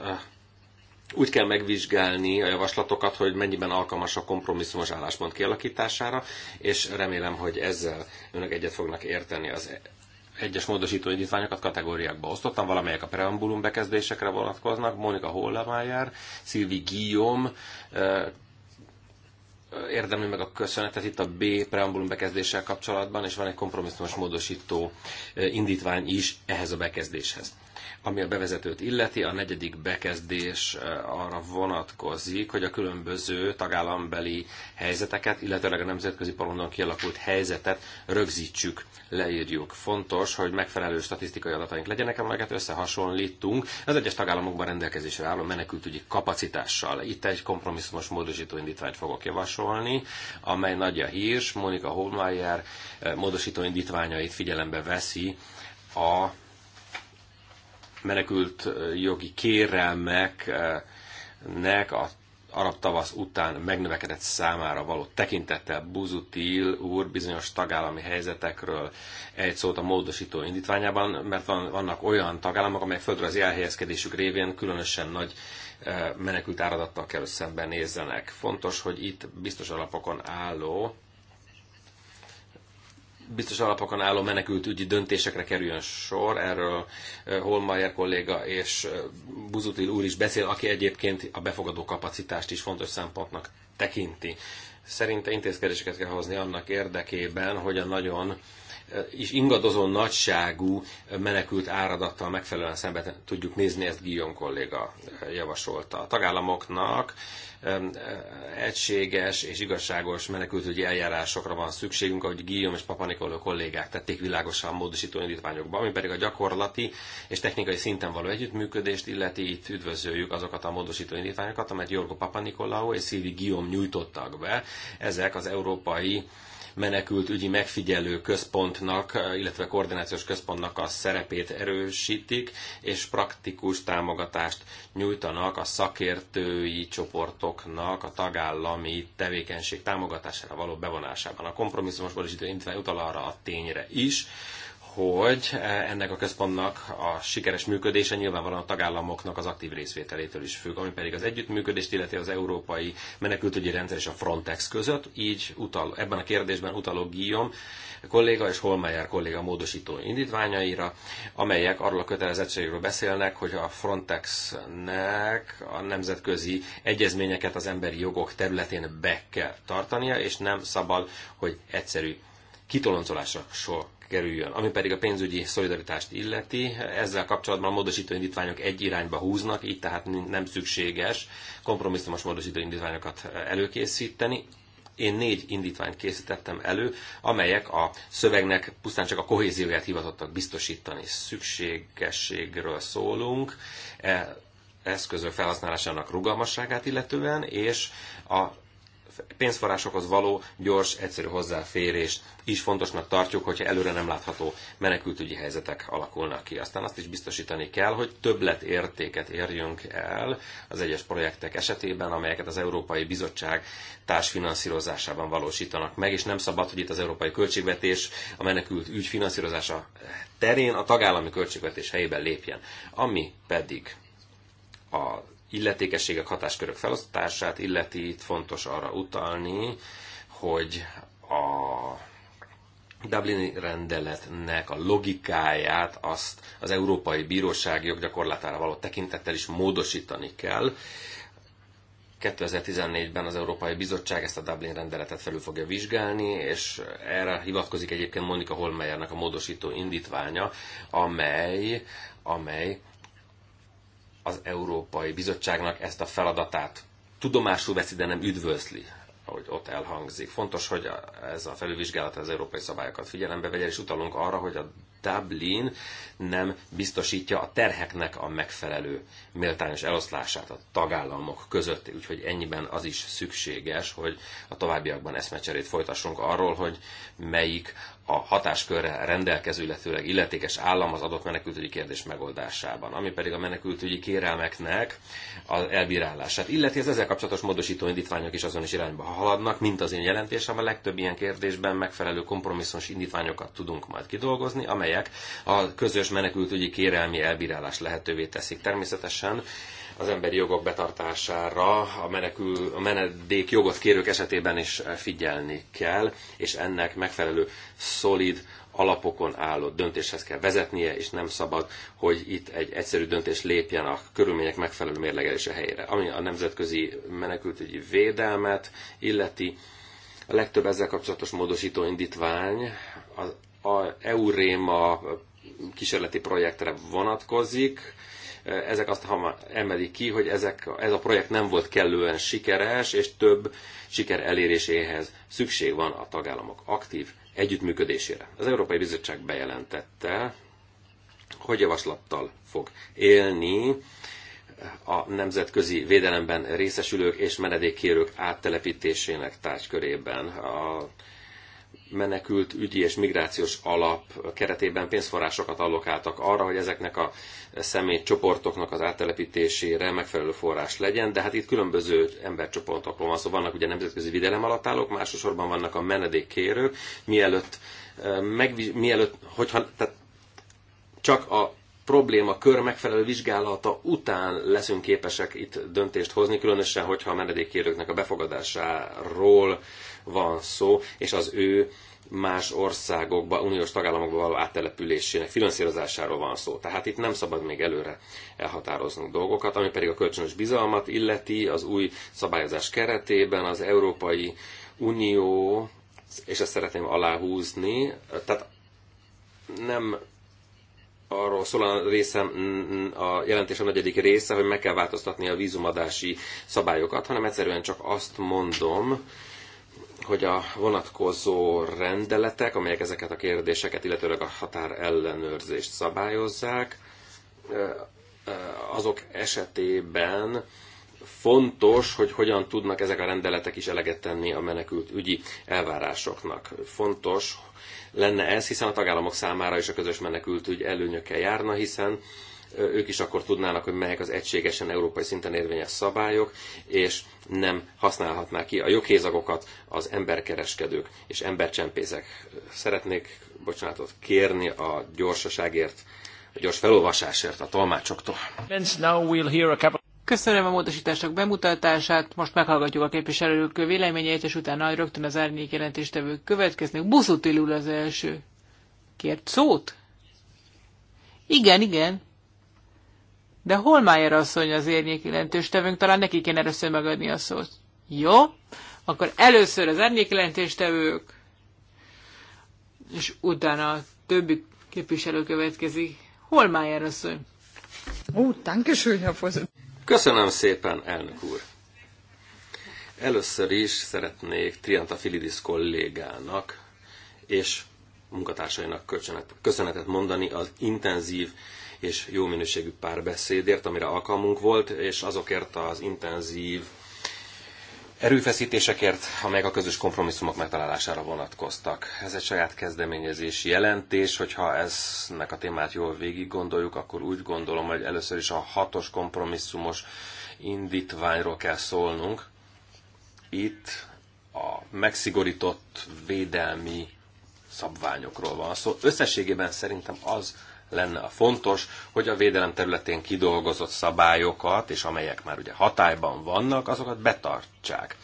úgy kell megvizsgálni a javaslatokat, hogy mennyiben alkalmas a kompromisszumos álláspont kialakítására, és remélem, hogy ezzel önök egyet fognak érteni. Az egyes módosító indítványokat kategóriákba osztottam, valamelyek a preambulum bekezdésekre vonatkoznak, Monika Hollamájár, Szilvi Guillaume, érdemli meg a köszönetet itt a B preambulum bekezdéssel kapcsolatban, és van egy kompromisszumos módosító indítvány is ehhez a bekezdéshez. Ami a bevezetőt illeti, a negyedik bekezdés eh, arra vonatkozik, hogy a különböző tagállambeli helyzeteket, illetőleg a nemzetközi porondon kialakult helyzetet rögzítsük, leírjuk. Fontos, hogy megfelelő statisztikai adataink legyenek, amelyeket összehasonlítunk az egyes tagállamokban rendelkezésre álló menekültügyi kapacitással. Itt egy kompromisszumos módosító indítványt fogok javasolni, amely Nagyja Hírs, Monika Holmeyer eh, módosító indítványait figyelembe veszi a menekült jogi kérelmeknek a arab tavasz után megnövekedett számára való tekintettel Buzutil úr bizonyos tagállami helyzetekről egy szót a módosító indítványában, mert van, vannak olyan tagállamok, amelyek földrajzi elhelyezkedésük révén különösen nagy menekült áradattal kell, szemben nézzenek. Fontos, hogy itt biztos alapokon álló biztos alapokon álló menekült ügyi döntésekre kerüljön sor. Erről eh, Holmeyer kolléga és eh, Buzutil úr is beszél, aki egyébként a befogadó kapacitást is fontos szempontnak tekinti. Szerinte intézkedéseket kell hozni annak érdekében, hogy a nagyon és ingadozó nagyságú menekült áradattal megfelelően szemben tudjuk nézni, ezt Guillaume kolléga javasolta. A tagállamoknak egységes és igazságos menekültügyi eljárásokra van szükségünk, ahogy Guillaume és Papanikoló kollégák tették világosan módosító indítványokba, ami pedig a gyakorlati és technikai szinten való együttműködést illeti, itt üdvözöljük azokat a módosító indítványokat, amelyet Jorgo Papanikolaou és Szilvi Guillaume nyújtottak be. Ezek az európai menekült ügyi megfigyelő központnak, illetve koordinációs központnak a szerepét erősítik, és praktikus támogatást nyújtanak a szakértői csoportoknak a tagállami tevékenység támogatására való bevonásában. A kompromisszumos módosító utal arra a tényre is, hogy ennek a központnak a sikeres működése nyilvánvalóan a tagállamoknak az aktív részvételétől is függ, ami pedig az együttműködést illeti az európai menekültügyi rendszer és a Frontex között. Így utal, ebben a kérdésben utalok Guillaume kolléga és Holmeyer kolléga módosító indítványaira, amelyek arról a kötelezettségről beszélnek, hogy a Frontexnek a nemzetközi egyezményeket az emberi jogok területén be kell tartania, és nem szabad, hogy egyszerű kitoloncolásra sor kerüljön. Ami pedig a pénzügyi szolidaritást illeti, ezzel kapcsolatban a módosító indítványok egy irányba húznak, így tehát nem szükséges kompromisszumos módosító indítványokat e, előkészíteni. Én négy indítványt készítettem elő, amelyek a szövegnek pusztán csak a kohézióját hivatottak biztosítani. Szükségességről szólunk, e eszközök felhasználásának rugalmasságát illetően, és a pénzforrásokhoz való gyors, egyszerű hozzáférést is fontosnak tartjuk, hogyha előre nem látható menekültügyi helyzetek alakulnak ki. Aztán azt is biztosítani kell, hogy többlet értéket érjünk el az egyes projektek esetében, amelyeket az Európai Bizottság társfinanszírozásában valósítanak meg, és nem szabad, hogy itt az európai költségvetés a menekült ügy finanszírozása terén a tagállami költségvetés helyében lépjen. Ami pedig a illetékességek, hatáskörök felosztását illeti, itt fontos arra utalni, hogy a Dublini rendeletnek a logikáját azt az Európai Bíróság joggyakorlatára való tekintettel is módosítani kell. 2014-ben az Európai Bizottság ezt a Dublin rendeletet felül fogja vizsgálni, és erre hivatkozik egyébként Monika Holmeyernek a módosító indítványa, amely, amely az Európai Bizottságnak ezt a feladatát tudomásul veszi, de nem üdvözli, ahogy ott elhangzik. Fontos, hogy ez a felülvizsgálat az európai szabályokat figyelembe vegye, és utalunk arra, hogy a Dublin nem biztosítja a terheknek a megfelelő méltányos eloszlását a tagállamok között. Úgyhogy ennyiben az is szükséges, hogy a továbbiakban eszmecserét folytassunk arról, hogy melyik a hatáskörre rendelkező, illetőleg illetékes állam az adott menekültügyi kérdés megoldásában, ami pedig a menekültügyi kérelmeknek az elbírálását. Illeti az ezzel kapcsolatos módosító indítványok is azon is irányba haladnak, mint az én jelentésem, a legtöbb ilyen kérdésben megfelelő kompromisszons indítványokat tudunk majd kidolgozni, amelyek amelyek a közös menekültügyi kérelmi elbírálás lehetővé teszik. Természetesen az emberi jogok betartására a, menekül, a menedék jogot kérők esetében is figyelni kell, és ennek megfelelő szolid alapokon álló döntéshez kell vezetnie, és nem szabad, hogy itt egy egyszerű döntés lépjen a körülmények megfelelő mérlegelése helyére. Ami a nemzetközi menekültügyi védelmet illeti, a legtöbb ezzel kapcsolatos módosító indítvány az a Euréma kísérleti projektre vonatkozik. Ezek azt emelik ki, hogy ezek, ez a projekt nem volt kellően sikeres, és több siker eléréséhez szükség van a tagállamok aktív együttműködésére. Az Európai Bizottság bejelentette, hogy javaslattal fog élni a nemzetközi védelemben részesülők és menedékkérők áttelepítésének tárgykörében. A menekült ügyi és migrációs alap keretében pénzforrásokat allokáltak arra, hogy ezeknek a személy csoportoknak az áttelepítésére megfelelő forrás legyen, de hát itt különböző embercsoportokról van szó. Szóval vannak ugye nemzetközi videlem alatt állók, másosorban vannak a menedékkérők, mielőtt, meg, mielőtt hogyha tehát csak a probléma kör megfelelő vizsgálata után leszünk képesek itt döntést hozni, különösen, hogyha a menedékkérőknek a befogadásáról van szó, és az ő más országokba, uniós tagállamokba való áttelepülésének finanszírozásáról van szó. Tehát itt nem szabad még előre elhatároznunk dolgokat, ami pedig a kölcsönös bizalmat illeti az új szabályozás keretében az Európai Unió, és ezt szeretném aláhúzni, tehát nem arról szól a részem, a jelentés a negyedik része, hogy meg kell változtatni a vízumadási szabályokat, hanem egyszerűen csak azt mondom, hogy a vonatkozó rendeletek, amelyek ezeket a kérdéseket, illetőleg a határ ellenőrzést szabályozzák, azok esetében fontos, hogy hogyan tudnak ezek a rendeletek is eleget tenni a menekült ügyi elvárásoknak. Fontos lenne ez, hiszen a tagállamok számára is a közös ügy előnyökkel járna, hiszen ők is akkor tudnának, hogy melyek az egységesen európai szinten érvényes szabályok, és nem használhatnák ki a joghézagokat az emberkereskedők és embercsempészek. Szeretnék bocsánatot kérni a gyorsaságért, a gyors felolvasásért a tolmácsoktól. Köszönöm a módosítások bemutatását, most meghallgatjuk a képviselők véleményeit, és utána rögtön az árnyék jelentéstevők következnek. Buszutilul az első. Kért szót? Igen, igen. De Holmájer asszony az érnyék jelentős tevünk, talán neki kéne először megadni a szót. Jó? Akkor először az árnyék jelentős tevők, és utána a többi képviselő következik. Holmájer asszony. Ó, tankesülj, Köszönöm szépen, elnök úr. Először is szeretnék Trianta Filidis kollégának és munkatársainak köszönetet mondani az intenzív és jó minőségű párbeszédért, amire alkalmunk volt, és azokért az intenzív erőfeszítésekért, amelyek a közös kompromisszumok megtalálására vonatkoztak. Ez egy saját kezdeményezési jelentés, hogyha eznek a témát jól végig gondoljuk, akkor úgy gondolom, hogy először is a hatos kompromisszumos indítványról kell szólnunk. Itt a megszigorított védelmi szabványokról van szó. Szóval összességében szerintem az lenne a fontos, hogy a védelem területén kidolgozott szabályokat, és amelyek már ugye hatályban vannak, azokat betartsák.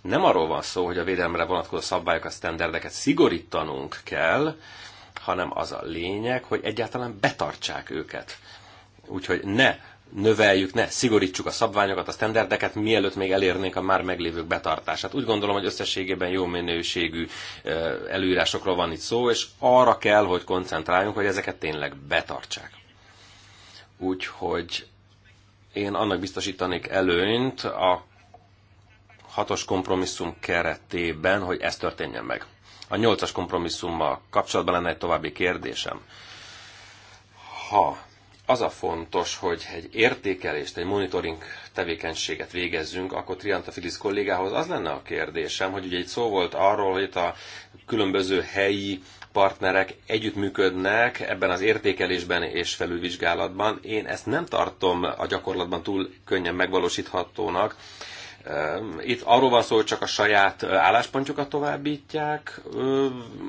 Nem arról van szó, hogy a védelemre vonatkozó szabályokat, sztenderdeket szigorítanunk kell, hanem az a lényeg, hogy egyáltalán betartsák őket. Úgyhogy ne növeljük, ne szigorítsuk a szabványokat, a standardeket, mielőtt még elérnénk a már meglévők betartását. Úgy gondolom, hogy összességében jó minőségű előírásokról van itt szó, és arra kell, hogy koncentráljunk, hogy ezeket tényleg betartsák. Úgyhogy én annak biztosítanék előnyt a hatos kompromisszum keretében, hogy ez történjen meg. A nyolcas kompromisszummal kapcsolatban lenne egy további kérdésem. Ha az a fontos, hogy egy értékelést, egy monitoring tevékenységet végezzünk, akkor Trianta Filiz kollégához az lenne a kérdésem, hogy ugye egy szó volt arról, hogy itt a különböző helyi partnerek együttműködnek ebben az értékelésben és felülvizsgálatban. Én ezt nem tartom a gyakorlatban túl könnyen megvalósíthatónak itt arról van szó, hogy csak a saját álláspontjukat továbbítják,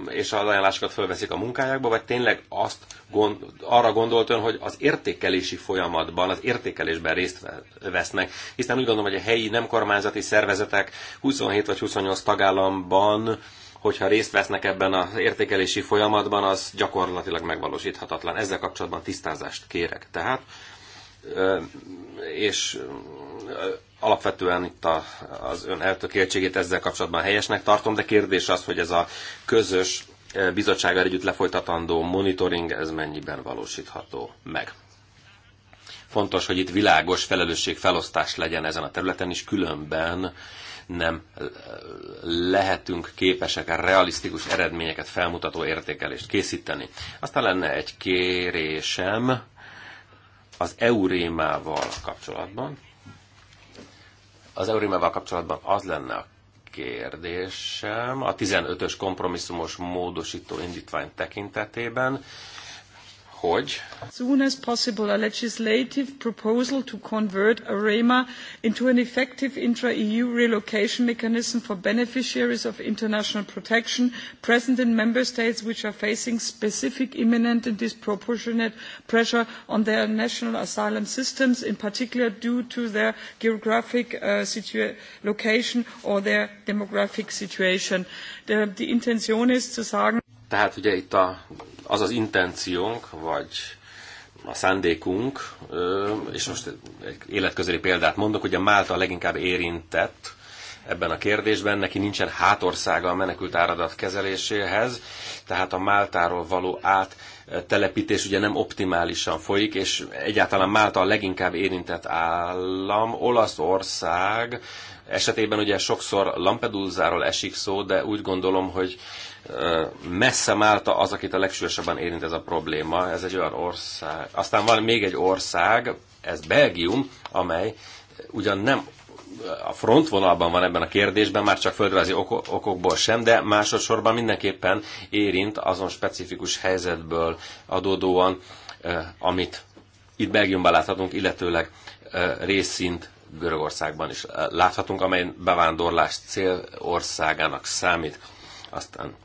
és az ajánlásokat fölveszik a munkájákba, vagy tényleg azt gond, arra gondolt ön, hogy az értékelési folyamatban, az értékelésben részt vesznek. Hiszen úgy gondolom, hogy a helyi nem kormányzati szervezetek 27 vagy 28 tagállamban hogyha részt vesznek ebben az értékelési folyamatban, az gyakorlatilag megvalósíthatatlan. Ezzel kapcsolatban tisztázást kérek. Tehát és alapvetően itt a, az ön eltökéltségét ezzel kapcsolatban helyesnek tartom, de kérdés az, hogy ez a közös eh, bizottsággal együtt lefolytatandó monitoring, ez mennyiben valósítható meg. Fontos, hogy itt világos felelősségfelosztás legyen ezen a területen is, különben nem eh, lehetünk képesek a realisztikus eredményeket felmutató értékelést készíteni. Aztán lenne egy kérésem az eurémával kapcsolatban az Eurimával kapcsolatban az lenne a kérdésem a 15-ös kompromisszumos módosító indítvány tekintetében hogy soon as possible a legislative proposal to convert AREMA into an effective intra-EU relocation mechanism for beneficiaries of international protection present in member states which are facing specific imminent and disproportionate pressure on their national asylum systems, in particular due to their geographic uh, location or their demographic situation. Die Intention ist zu sagen, Tehát ugye itt a az az intenciónk, vagy a szándékunk, és most egy életközeli példát mondok, hogy a Málta a leginkább érintett, ebben a kérdésben, neki nincsen hátországa a menekült áradat kezeléséhez, tehát a Máltáról való áttelepítés ugye nem optimálisan folyik, és egyáltalán Málta a leginkább érintett állam, Olaszország esetében ugye sokszor lampedúzáról esik szó, de úgy gondolom, hogy messze Málta az, akit a legsúlyosabban érint ez a probléma. Ez egy olyan ország. Aztán van még egy ország, ez Belgium, amely ugyan nem a frontvonalban van ebben a kérdésben, már csak földrajzi okokból sem, de másodszorban mindenképpen érint azon specifikus helyzetből adódóan, amit itt Belgiumban láthatunk, illetőleg részszint Görögországban is láthatunk, amely bevándorlás országának számít. Aztán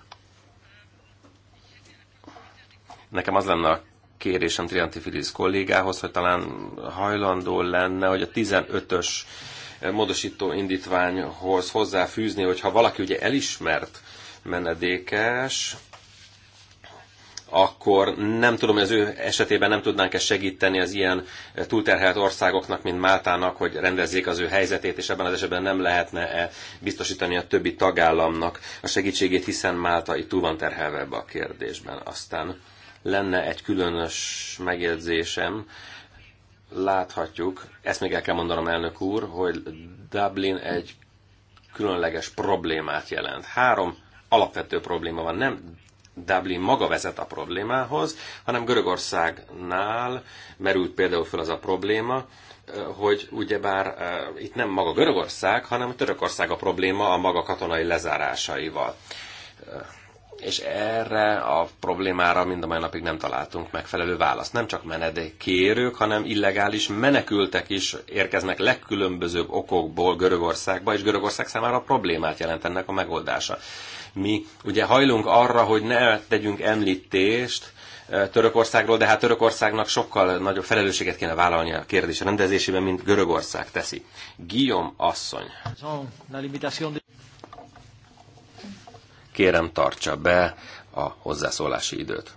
nekem az lenne a kérésem Filiz kollégához, hogy talán hajlandó lenne, hogy a 15-ös módosító indítványhoz hozzáfűzni, hogyha valaki ugye elismert menedékes, akkor nem tudom, hogy az ő esetében nem tudnánk-e segíteni az ilyen túlterhelt országoknak, mint Máltának, hogy rendezzék az ő helyzetét, és ebben az esetben nem lehetne -e biztosítani a többi tagállamnak a segítségét, hiszen Málta itt túl van terhelve ebbe a kérdésben. Aztán lenne egy különös megjegyzésem láthatjuk, ezt még el kell mondanom, elnök úr, hogy Dublin egy különleges problémát jelent. Három alapvető probléma van. Nem Dublin maga vezet a problémához, hanem Görögországnál merült például fel az a probléma, eh, hogy ugyebár eh, itt nem maga Görögország, hanem Törökország a probléma a maga katonai lezárásaival. Eh, és erre a problémára mind a mai napig nem találtunk megfelelő választ. Nem csak menedékkérők, hanem illegális menekültek is érkeznek legkülönbözőbb okokból Görögországba, és Görögország számára problémát jelent ennek a megoldása. Mi ugye hajlunk arra, hogy ne tegyünk említést eh, Törökországról, de hát Törökországnak sokkal nagyobb felelősséget kéne vállalni a kérdés rendezésében, mint Görögország teszi. Guillaume asszony kérem tartsa be a hozzászólási időt.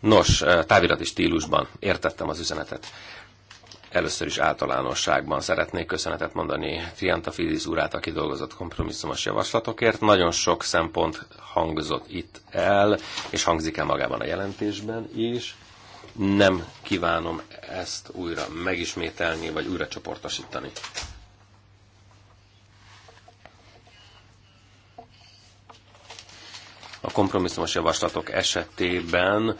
Nos, eh, távirati stílusban értettem az üzenetet. Először is általánosságban szeretnék köszönetet mondani Trianta Fidis úrát, aki dolgozott kompromisszumos javaslatokért. Nagyon sok szempont hangzott itt el, és hangzik el magában a jelentésben is. Nem kívánom ezt újra megismételni, vagy újra csoportosítani. a kompromisszumos javaslatok esetében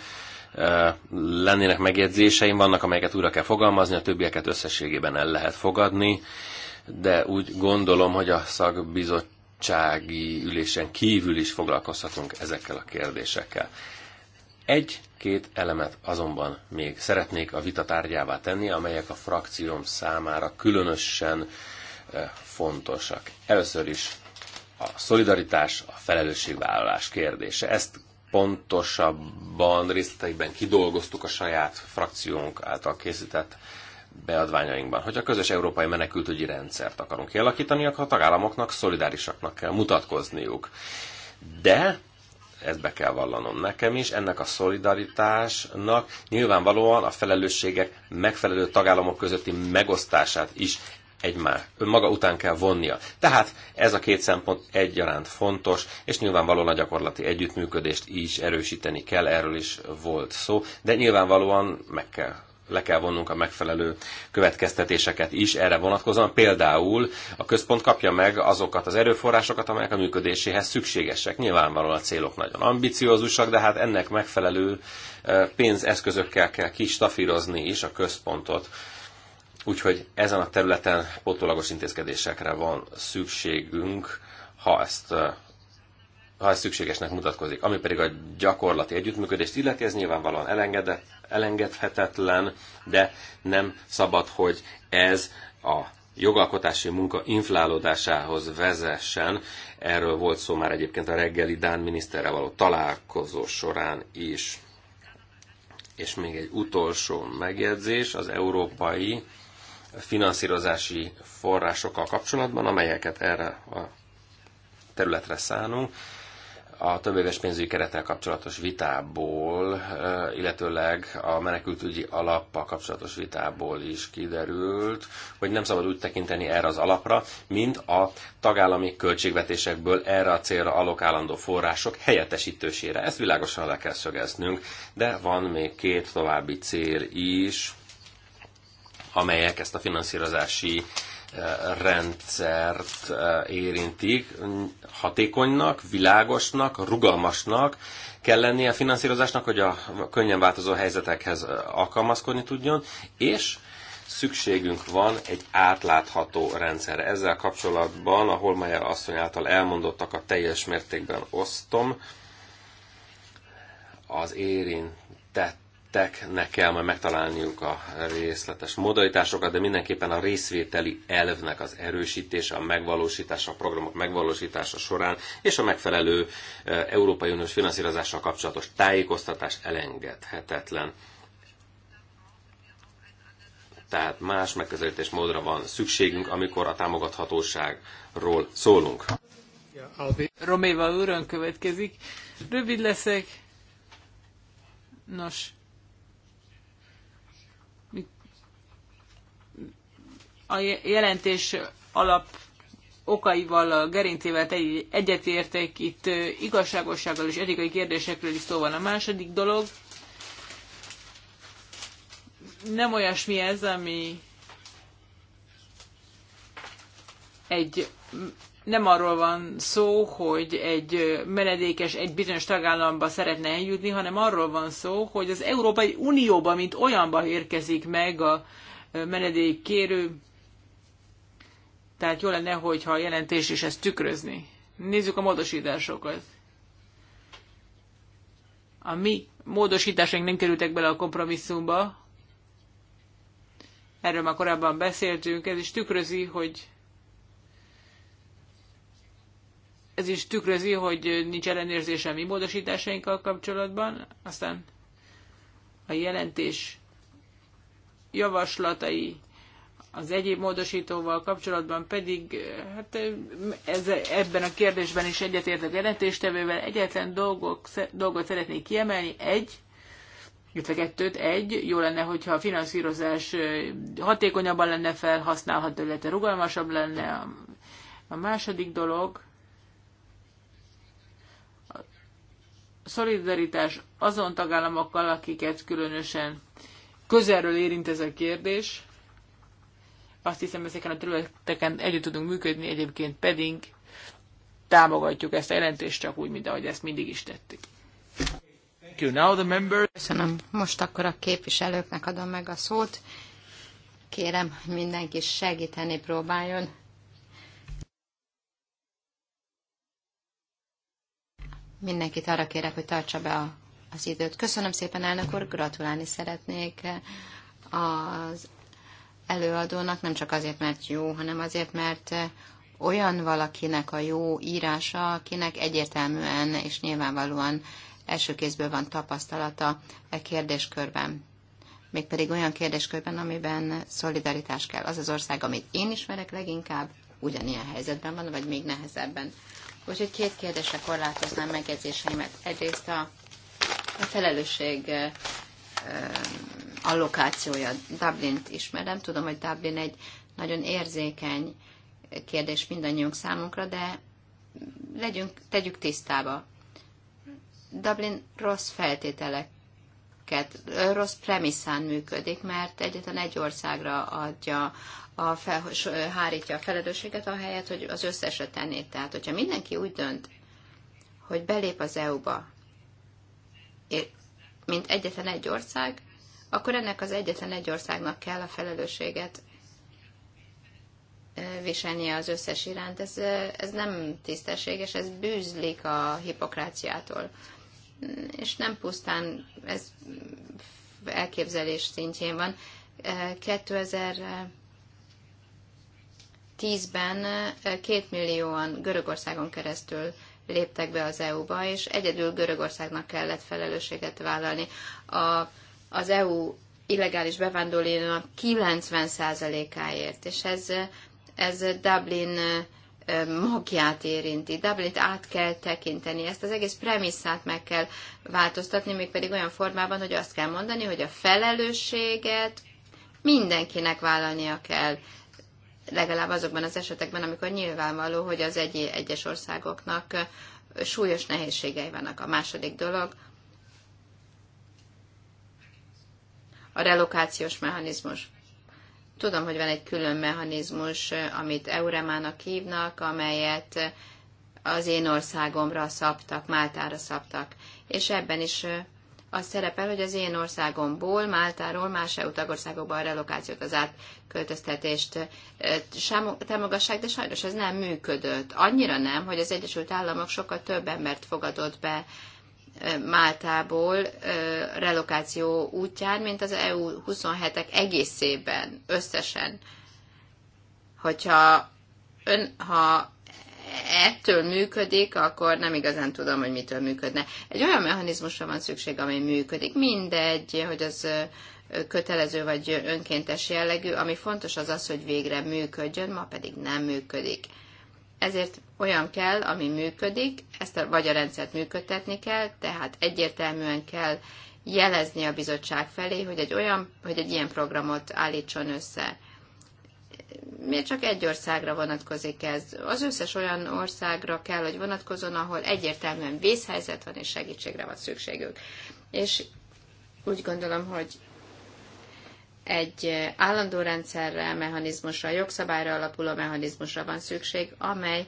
e, lennének megjegyzéseim, vannak, amelyeket újra kell fogalmazni, a többieket összességében el lehet fogadni, de úgy gondolom, hogy a szakbizottsági ülésen kívül is foglalkozhatunk ezekkel a kérdésekkel. Egy-két elemet azonban még szeretnék a vita tárgyává tenni, amelyek a frakcióm számára különösen e, fontosak. Először is a szolidaritás, a felelősségvállalás kérdése. Ezt pontosabban részletekben kidolgoztuk a saját frakciónk által készített beadványainkban. Hogy a közös európai menekültügyi rendszert akarunk kialakítani, akkor a tagállamoknak szolidárisaknak kell mutatkozniuk. De ezt be kell vallanom nekem is, ennek a szolidaritásnak nyilvánvalóan a felelősségek megfelelő tagállamok közötti megosztását is egymás, maga után kell vonnia. Tehát ez a két szempont egyaránt fontos, és nyilvánvalóan a gyakorlati együttműködést is erősíteni kell, erről is volt szó, de nyilvánvalóan meg kell le kell vonnunk a megfelelő következtetéseket is erre vonatkozóan. Például a központ kapja meg azokat az erőforrásokat, amelyek a működéséhez szükségesek. Nyilvánvalóan a célok nagyon ambiciózusak, de hát ennek megfelelő eh, pénzeszközökkel kell kistafírozni is a központot Úgyhogy ezen a területen potolagos intézkedésekre van szükségünk, ha ezt ha ez szükségesnek mutatkozik. Ami pedig a gyakorlati együttműködést illeti, ez nyilvánvalóan elengedett, elengedhetetlen, de nem szabad, hogy ez a jogalkotási munka inflálódásához vezessen. Erről volt szó már egyébként a reggeli Dán miniszterrel való találkozó során is. És még egy utolsó megjegyzés, az európai finanszírozási forrásokkal kapcsolatban, amelyeket erre a területre szánunk. A többéves pénzügyi kerettel kapcsolatos vitából, eh, illetőleg a menekültügyi alappal kapcsolatos vitából is kiderült, hogy nem szabad úgy tekinteni erre az alapra, mint a tagállami költségvetésekből erre a célra alokálandó források helyettesítősére. Ezt világosan le kell szögeznünk, de van még két további cél is, amelyek ezt a finanszírozási eh, rendszert eh, érintik, hatékonynak, világosnak, rugalmasnak kell lennie a finanszírozásnak, hogy a könnyen változó helyzetekhez eh, alkalmazkodni tudjon, és szükségünk van egy átlátható rendszerre. Ezzel kapcsolatban a Holmeyer asszony által elmondottakat teljes mértékben osztom. Az érintett Teknek kell majd megtalálniuk a részletes modalitásokat, de mindenképpen a részvételi elvnek az erősítése, a megvalósítása, a programok megvalósítása során, és a megfelelő e, Európai Uniós finanszírozással kapcsolatos tájékoztatás elengedhetetlen tehát más megközelítés módra van szükségünk, amikor a támogathatóságról szólunk. Roméva úrön következik. Rövid leszek. Nos, A jelentés alap okaival, a gerintével egyetértek, itt igazságossággal és etikai kérdésekről is szó van. A második dolog, nem olyasmi ez, ami egy nem arról van szó, hogy egy menedékes egy bizonyos tagállamba szeretne eljutni, hanem arról van szó, hogy az Európai Unióba, mint olyanba érkezik meg a menedékkérő, tehát jó lenne, hogyha a jelentés is ezt tükrözni. Nézzük a módosításokat. A mi módosításaink nem kerültek bele a kompromisszumba. Erről már korábban beszéltünk. Ez is tükrözi, hogy ez is tükrözi, hogy nincs ellenérzés a mi módosításainkkal kapcsolatban. Aztán a jelentés javaslatai az egyéb módosítóval kapcsolatban pedig hát ez, ebben a kérdésben is egyetértek a jelentéstevővel. Egyetlen dolgok, dolgot szeretnék kiemelni. Egy, illetve kettőt, egy, jó lenne, hogyha a finanszírozás hatékonyabban lenne felhasználható, illetve rugalmasabb lenne. A második dolog, a szolidaritás azon tagállamokkal, akiket különösen közelről érint ez a kérdés, azt hiszem, ezeken a területeken együtt tudunk működni, egyébként pedig támogatjuk ezt a jelentést csak úgy, mint ahogy ezt mindig is tettük. Köszönöm. Most akkor a képviselőknek adom meg a szót. Kérem, hogy mindenki segíteni próbáljon. Mindenkit arra kérek, hogy tartsa be a, az időt. Köszönöm szépen, elnök úr, gratulálni szeretnék az előadónak, nem csak azért, mert jó, hanem azért, mert eh, olyan valakinek a jó írása, akinek egyértelműen és nyilvánvalóan kézből van tapasztalata e kérdéskörben. Mégpedig olyan kérdéskörben, amiben szolidaritás kell. Az az ország, amit én ismerek leginkább, ugyanilyen helyzetben van, vagy még nehezebben. Úgyhogy két kérdésre korlátoznám megjegyzéseimet. Egyrészt a, a felelősség eh, allokációja. is, ismerem, tudom, hogy Dublin egy nagyon érzékeny kérdés mindannyiunk számunkra, de legyünk, tegyük tisztába. Dublin rossz feltételeket, rossz premisszán működik, mert egyetlen egy országra adja, a fel, hárítja a felelősséget, helyet, hogy az összesre tenné. Tehát, hogyha mindenki úgy dönt, hogy belép az EU-ba, mint egyetlen egy ország, akkor ennek az egyetlen egy országnak kell a felelősséget viselnie az összes iránt. Ez, ez nem tisztességes, ez bűzlik a hipokráciától. És nem pusztán ez elképzelés szintjén van. 2010-ben két millióan Görögországon keresztül léptek be az EU-ba, és egyedül Görögországnak kellett felelősséget vállalni. A az EU illegális bevándorlóinak 90%-áért, és ez, ez Dublin magját érinti. Dublint át kell tekinteni, ezt az egész premisszát meg kell változtatni, mégpedig olyan formában, hogy azt kell mondani, hogy a felelősséget mindenkinek vállalnia kell, legalább azokban az esetekben, amikor nyilvánvaló, hogy az egy egyes országoknak súlyos nehézségei vannak. A második dolog, a relokációs mechanizmus. Tudom, hogy van egy külön mechanizmus, amit Euremának hívnak, amelyet az én országomra szabtak, Máltára szabtak. És ebben is az szerepel, hogy az én országomból, Máltáról más EU tagországokban a relokációt, az átköltöztetést támogassák, de sajnos ez nem működött. Annyira nem, hogy az Egyesült Államok sokkal több embert fogadott be Máltából relokáció útján, mint az EU 27-ek egészében összesen. Hogyha ön, ha ettől működik, akkor nem igazán tudom, hogy mitől működne. Egy olyan mechanizmusra van szükség, amely működik. Mindegy, hogy az kötelező vagy önkéntes jellegű, ami fontos az az, hogy végre működjön, ma pedig nem működik ezért olyan kell, ami működik, ezt a, vagy a rendszert működtetni kell, tehát egyértelműen kell jelezni a bizottság felé, hogy egy, olyan, hogy egy ilyen programot állítson össze. Miért csak egy országra vonatkozik ez? Az összes olyan országra kell, hogy vonatkozon, ahol egyértelműen vészhelyzet van és segítségre van szükségük. És úgy gondolom, hogy egy állandó rendszerre, mechanizmusra, jogszabályra alapuló mechanizmusra van szükség, amely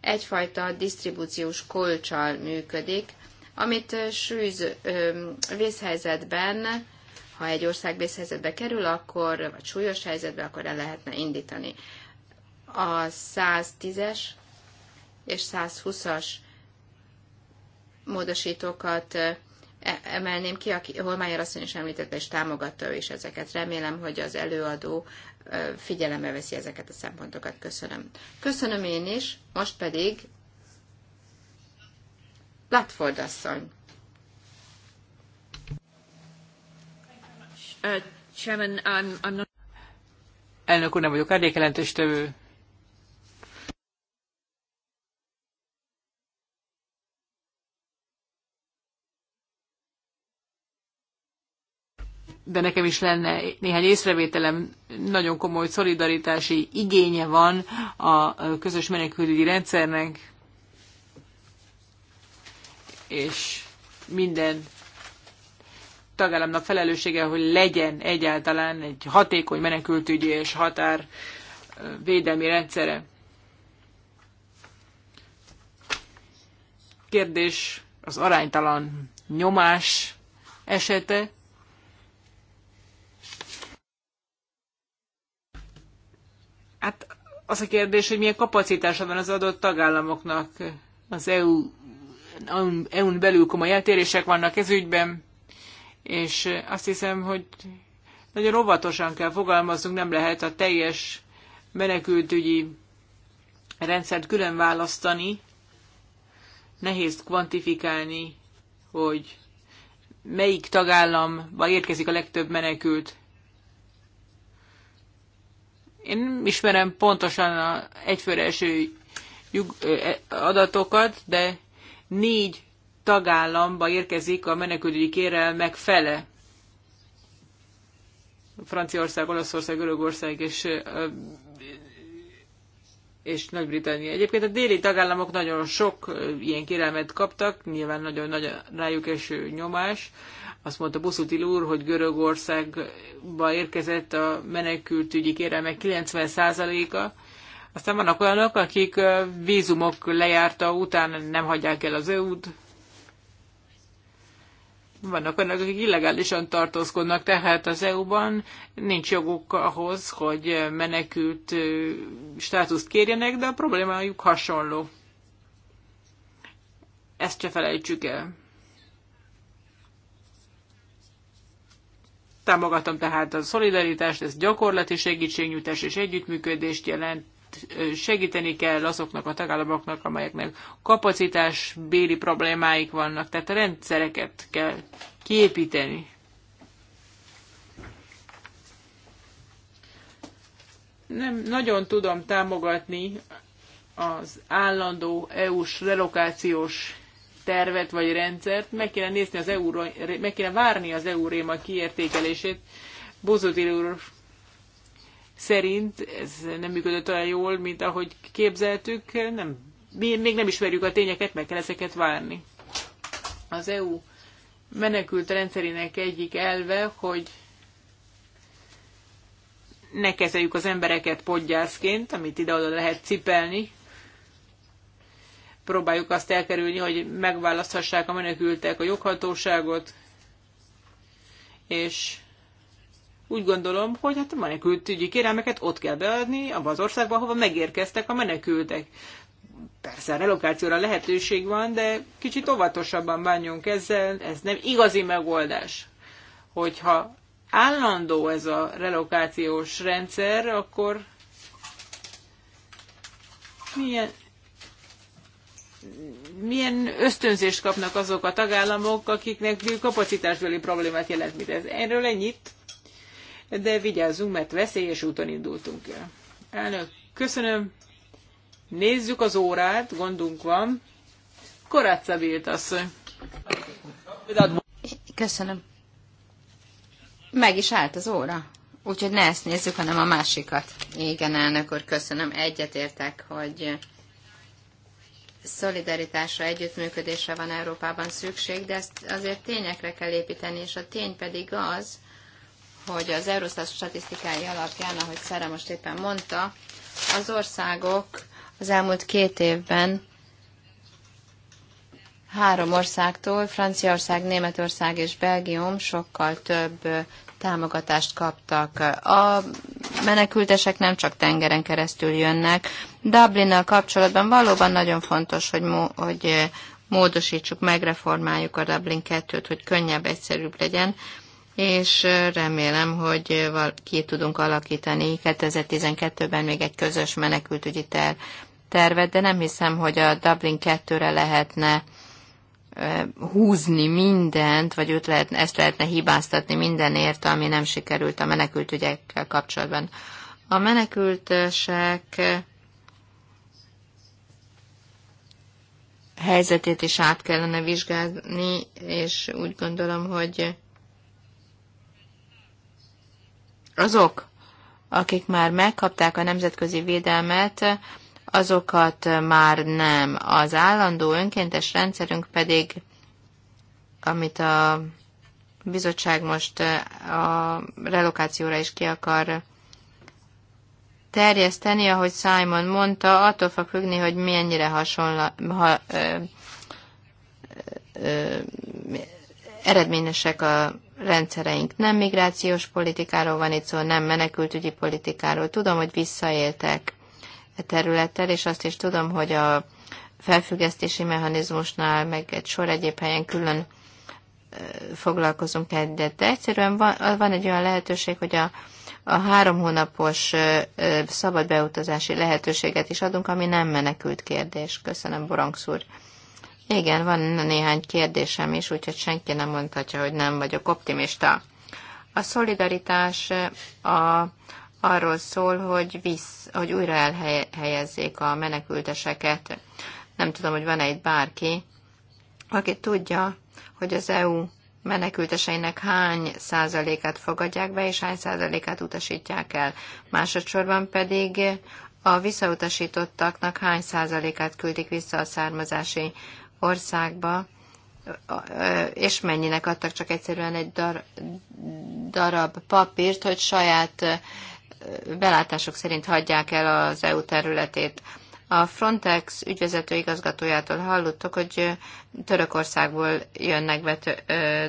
egyfajta disztribúciós kolcsal működik, amit sűz vészhelyzetben, ha egy ország vészhelyzetbe kerül, akkor, vagy súlyos helyzetbe, akkor el lehetne indítani. A 110-es és 120-as módosítókat emelném ki, aki Holmájer asszony is említette, és támogatta ő is ezeket. Remélem, hogy az előadó figyelembe veszi ezeket a szempontokat. Köszönöm. Köszönöm én is, most pedig Latford asszony. Uh, Elnök úr, nem vagyok árnyékjelentős tevő, de nekem is lenne néhány észrevételem, nagyon komoly szolidaritási igénye van a közös menekülügyi rendszernek, és minden tagállamnak felelőssége, hogy legyen egyáltalán egy hatékony menekültügyi és határ védelmi rendszere. Kérdés az aránytalan nyomás esete, Hát az a kérdés, hogy milyen kapacitása van az adott tagállamoknak az EU, EU-n belül komoly eltérések vannak ez ügyben, és azt hiszem, hogy nagyon óvatosan kell fogalmaznunk, nem lehet a teljes menekültügyi rendszert külön választani, nehéz kvantifikálni, hogy melyik tagállamba érkezik a legtöbb menekült. Én ismerem pontosan a egyfőre eső e, adatokat, de négy tagállamba érkezik a menekültügyi kérelmek fele. Franciaország, Olaszország, Görögország és, és Nagy-Britannia. Egyébként a déli tagállamok nagyon sok ilyen kérelmet kaptak, nyilván nagyon nagy rájuk eső nyomás. Azt mondta Buszutil úr, hogy Görögországba érkezett a menekültügyi kérelmek 90%-a. Aztán vannak olyanok, akik vízumok lejárta után nem hagyják el az EU-t. Vannak olyanok, akik illegálisan tartózkodnak, tehát az EU-ban nincs joguk ahhoz, hogy menekült státuszt kérjenek, de a problémájuk hasonló. Ezt se felejtsük el. Támogatom tehát a szolidaritást, ez gyakorlati segítségnyújtás és együttműködést jelent, segíteni kell azoknak a tagállamoknak, amelyeknek kapacitás béli problémáik vannak, tehát a rendszereket kell kiépíteni. Nem nagyon tudom támogatni az állandó EU-s relokációs tervet vagy rendszert, meg kéne, nézni az euró, meg kéne várni az euréma kiértékelését. Bozotil úr szerint ez nem működött olyan jól, mint ahogy képzeltük. Nem, mi még nem ismerjük a tényeket, meg kell ezeket várni. Az EU menekült rendszerének egyik elve, hogy ne kezeljük az embereket podgyászként, amit ide-oda lehet cipelni, próbáljuk azt elkerülni, hogy megválaszthassák a menekültek a joghatóságot, és úgy gondolom, hogy hát a menekültügyi kérelmeket ott kell beadni, abban az országban, ahova megérkeztek a menekültek. Persze a relokációra lehetőség van, de kicsit óvatosabban bánjunk ezzel, ez nem igazi megoldás. Hogyha állandó ez a relokációs rendszer, akkor milyen, milyen ösztönzést kapnak azok a tagállamok, akiknek kapacitásbeli problémát jelent ez. Erről ennyit, de vigyázzunk, mert veszélyes úton indultunk el. Elnök, köszönöm. Nézzük az órát, gondunk van. Korátsza Bilt asszony. Köszönöm. Meg is állt az óra. Úgyhogy ne ezt nézzük, hanem a másikat. Igen, elnök úr, köszönöm. Egyetértek, hogy szolidaritásra, együttműködésre van Európában szükség, de ezt azért tényekre kell építeni, és a tény pedig az, hogy az Eurostat statisztikái alapján, ahogy Szára most éppen mondta, az országok az elmúlt két évben három országtól, Franciaország, Németország és Belgium sokkal több támogatást kaptak. A menekültesek nem csak tengeren keresztül jönnek. Dublinnal kapcsolatban valóban nagyon fontos, hogy, mo- hogy eh, módosítsuk, megreformáljuk a Dublin 2-t, hogy könnyebb, egyszerűbb legyen, és eh, remélem, hogy eh, ki tudunk alakítani 2012-ben még egy közös menekültügyi ter- tervet, de nem hiszem, hogy a Dublin 2-re lehetne húzni mindent, vagy őt lehet, ezt lehetne hibáztatni mindenért, ami nem sikerült a ügyekkel kapcsolatban. A menekültesek helyzetét is át kellene vizsgálni, és úgy gondolom, hogy azok, akik már megkapták a nemzetközi védelmet, azokat már nem. Az állandó önkéntes rendszerünk pedig, amit a bizottság most eh, a relokációra is ki akar terjeszteni, ahogy Simon mondta, attól fog függni, hogy mennyire hasonló, ha, eh, eh, eredményesek a rendszereink. Nem migrációs politikáról van itt szó, nem menekültügyi politikáról. Tudom, hogy visszaéltek területtel, és azt is tudom, hogy a felfüggesztési mechanizmusnál, meg egy sor egyéb helyen külön foglalkozunk el, de, egyszerűen van, van egy olyan lehetőség, hogy a, a három hónapos szabad beutazási lehetőséget is adunk, ami nem menekült kérdés. Köszönöm, Borongsz úr. Igen, van néhány kérdésem is, úgyhogy senki nem mondhatja, hogy nem vagyok optimista. A szolidaritás a, arról szól, hogy, visz, hogy újra elhelyezzék a menekülteseket. Nem tudom, hogy van-e itt bárki, aki tudja, hogy az EU menekülteseinek hány százalékát fogadják be, és hány százalékát utasítják el. Másodszorban pedig a visszautasítottaknak hány százalékát küldik vissza a származási országba, és mennyinek adtak csak egyszerűen egy dar, darab papírt, hogy saját belátások szerint hagyják el az EU területét. A Frontex ügyvezető igazgatójától hallottuk, hogy Törökországból jönnek be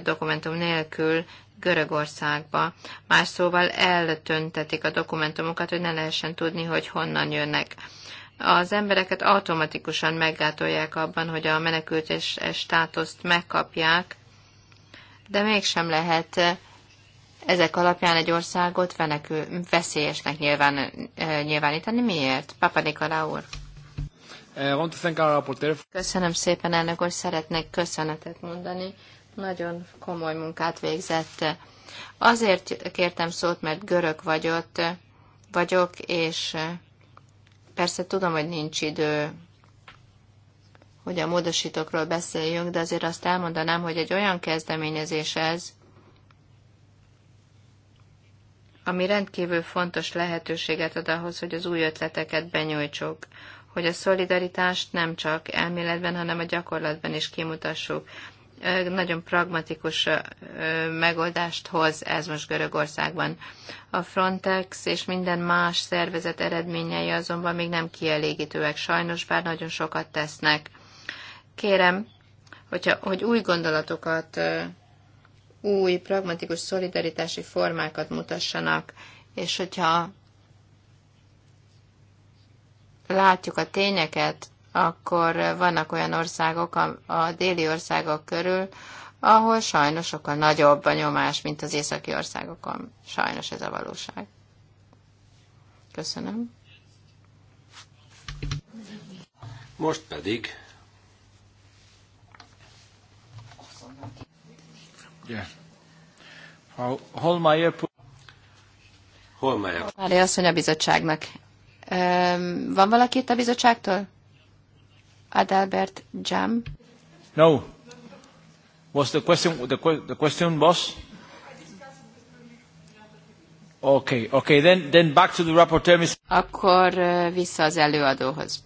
dokumentum nélkül Görögországba. Más szóval eltöntetik a dokumentumokat, hogy ne lehessen tudni, hogy honnan jönnek. Az embereket automatikusan meggátolják abban, hogy a menekültés státuszt megkapják, de mégsem lehet ezek alapján egy országot venekül, veszélyesnek nyilván, nyilvánítani. Miért? Nikola úr. Eh, Köszönöm szépen, elnök úr, szeretnék köszönetet mondani. Nagyon komoly munkát végzett. Azért kértem szót, mert görög vagyok, vagyok és persze tudom, hogy nincs idő, hogy a módosítókról beszéljünk, de azért azt elmondanám, hogy egy olyan kezdeményezés ez, ami rendkívül fontos lehetőséget ad ahhoz, hogy az új ötleteket benyújtsuk, hogy a szolidaritást nem csak elméletben, hanem a gyakorlatban is kimutassuk. Nagyon pragmatikus megoldást hoz ez most Görögországban. A Frontex és minden más szervezet eredményei azonban még nem kielégítőek sajnos, bár nagyon sokat tesznek. Kérem, hogyha, hogy új gondolatokat új, pragmatikus szolidaritási formákat mutassanak, és hogyha látjuk a tényeket, akkor vannak olyan országok a, a déli országok körül, ahol sajnos sokkal nagyobb a nyomás, mint az északi országokon. Sajnos ez a valóság. Köszönöm. Most pedig Yeah. Holmeier... Holmeier. Holmeier asszony a bizottságnak. van valaki itt a bizottságtól? Adalbert Jam? No. Was the question, the, the question was? Okay, okay, then, then back to the rapporteur, Akkor vissza az előadóhoz.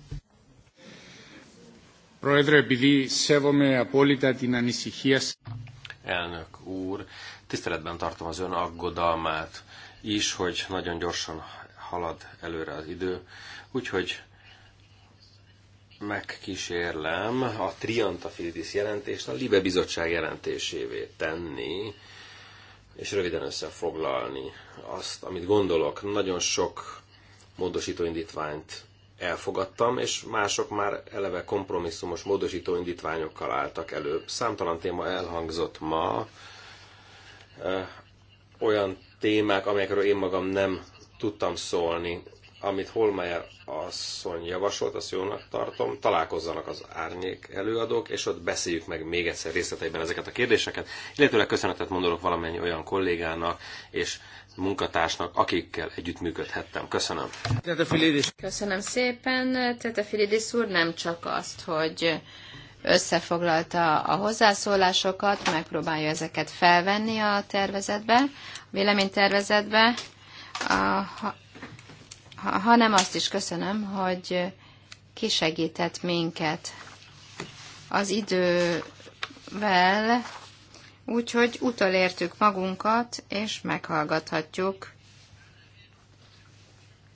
Proedre, επειδή σέβομαι απόλυτα την ανησυχία elnök úr. Tiszteletben tartom az ön aggodalmát is, hogy nagyon gyorsan halad előre az idő. Úgyhogy megkísérlem a Triantafilidis jelentést a Libe Bizottság jelentésévé tenni, és röviden összefoglalni azt, amit gondolok. Nagyon sok módosító indítványt elfogadtam, és mások már eleve kompromisszumos módosító indítványokkal álltak elő. Számtalan téma elhangzott ma, olyan témák, amelyekről én magam nem tudtam szólni, amit Holmeyer asszony javasolt, azt jónak tartom, találkozzanak az árnyék előadók, és ott beszéljük meg még egyszer részleteiben ezeket a kérdéseket. Illetőleg köszönetet mondok valamennyi olyan kollégának és munkatársnak, akikkel együttműködhettem. Köszönöm. Köszönöm szépen. Tetefilidis úr nem csak azt, hogy összefoglalta a hozzászólásokat, megpróbálja ezeket felvenni a tervezetbe, a véleménytervezetbe, hanem ha, hanem azt is köszönöm, hogy kisegített minket az idővel, Úgyhogy utolértük magunkat, és meghallgathatjuk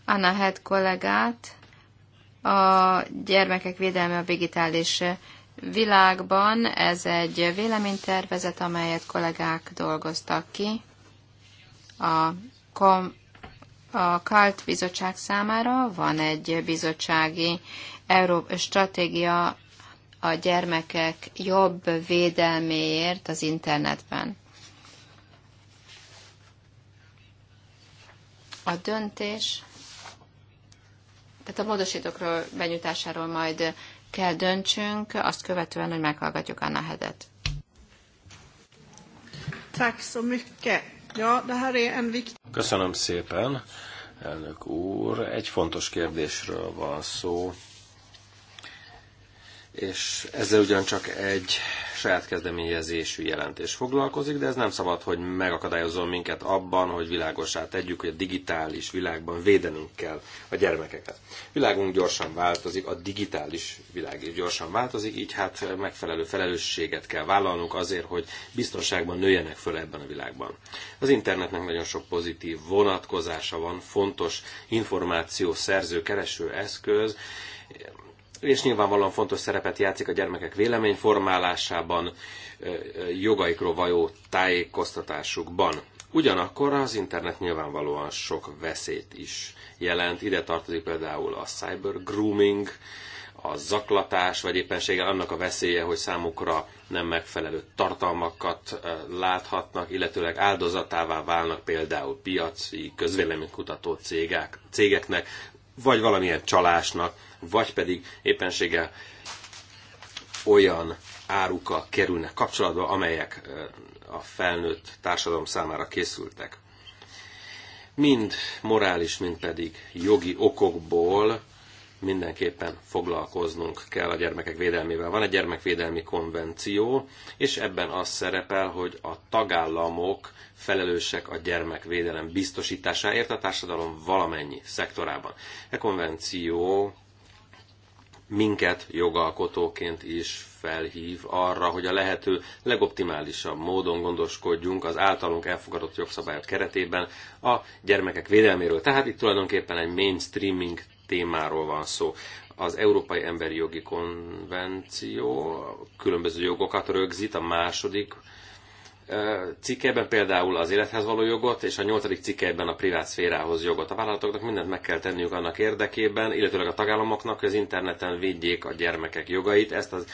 Anna Head kollégát, a gyermekek védelme a digitális világban. Ez egy véleménytervezet, amelyet kollégák dolgoztak ki a, kom, a KALT bizottság számára. Van egy bizottsági Euró, stratégia a gyermekek jobb védelméért az internetben. A döntés, tehát a módosítókról benyújtásáról majd kell döntsünk, azt követően, hogy meghallgatjuk Anna Hedet. Ja, Köszönöm szépen, elnök úr. Egy fontos kérdésről van szó és ezzel ugyancsak egy saját kezdeményezésű jelentés foglalkozik, de ez nem szabad, hogy megakadályozzon minket abban, hogy világosá tegyük, hogy a digitális világban védenünk kell a gyermekeket. Világunk gyorsan változik, a digitális világ is gyorsan változik, így hát megfelelő felelősséget kell vállalnunk azért, hogy biztonságban nőjenek föl ebben a világban. Az internetnek nagyon sok pozitív vonatkozása van, fontos információ szerző, kereső eszköz, és nyilvánvalóan fontos szerepet játszik a gyermekek véleményformálásában, jogaikról vajó tájékoztatásukban. Ugyanakkor az internet nyilvánvalóan sok veszélyt is jelent. Ide tartozik például a cyber grooming, a zaklatás, vagy éppenséggel annak a veszélye, hogy számukra nem megfelelő tartalmakat láthatnak, illetőleg áldozatává válnak például piaci, közvéleménykutató cégek, cégeknek, vagy valamilyen csalásnak, vagy pedig éppenséggel olyan árukkal kerülnek kapcsolatba, amelyek a felnőtt társadalom számára készültek. Mind morális, mind pedig jogi okokból mindenképpen foglalkoznunk kell a gyermekek védelmével. Van egy gyermekvédelmi konvenció, és ebben az szerepel, hogy a tagállamok felelősek a gyermekvédelem biztosításáért a társadalom valamennyi szektorában. E konvenció minket jogalkotóként is felhív arra, hogy a lehető legoptimálisabb módon gondoskodjunk az általunk elfogadott jogszabályok keretében a gyermekek védelméről. Tehát itt tulajdonképpen egy mainstreaming témáról van szó. Az Európai Emberi Jogi Konvenció különböző jogokat rögzít, a második cikkeben például az élethez való jogot, és a nyolcadik cikkeben a privát szférához jogot. A vállalatoknak mindent meg kell tenniük annak érdekében, illetőleg a tagállamoknak, hogy az interneten védjék a gyermekek jogait. Ezt az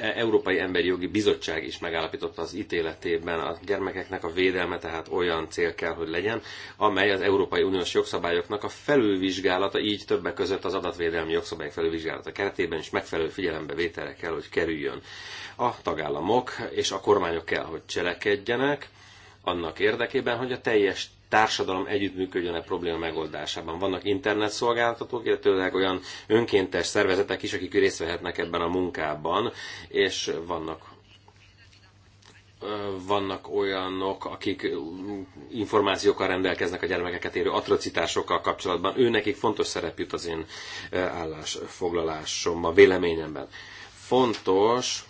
Európai Emberi Jogi Bizottság is megállapította az ítéletében, a gyermekeknek a védelme tehát olyan cél kell, hogy legyen, amely az Európai Uniós jogszabályoknak a felülvizsgálata, így többek között az adatvédelmi jogszabályok felülvizsgálata keretében is megfelelő vételre kell, hogy kerüljön. A tagállamok és a kormányok kell, hogy cselekedjenek, annak érdekében, hogy a teljes társadalom együttműködjön a probléma megoldásában. Vannak internetszolgáltatók, illetőleg olyan önkéntes szervezetek is, akik részt vehetnek ebben a munkában, és vannak vannak olyanok, akik információkkal rendelkeznek a gyermekeket érő atrocitásokkal kapcsolatban. Ő nekik fontos szerep jut az én a véleményemben. Fontos,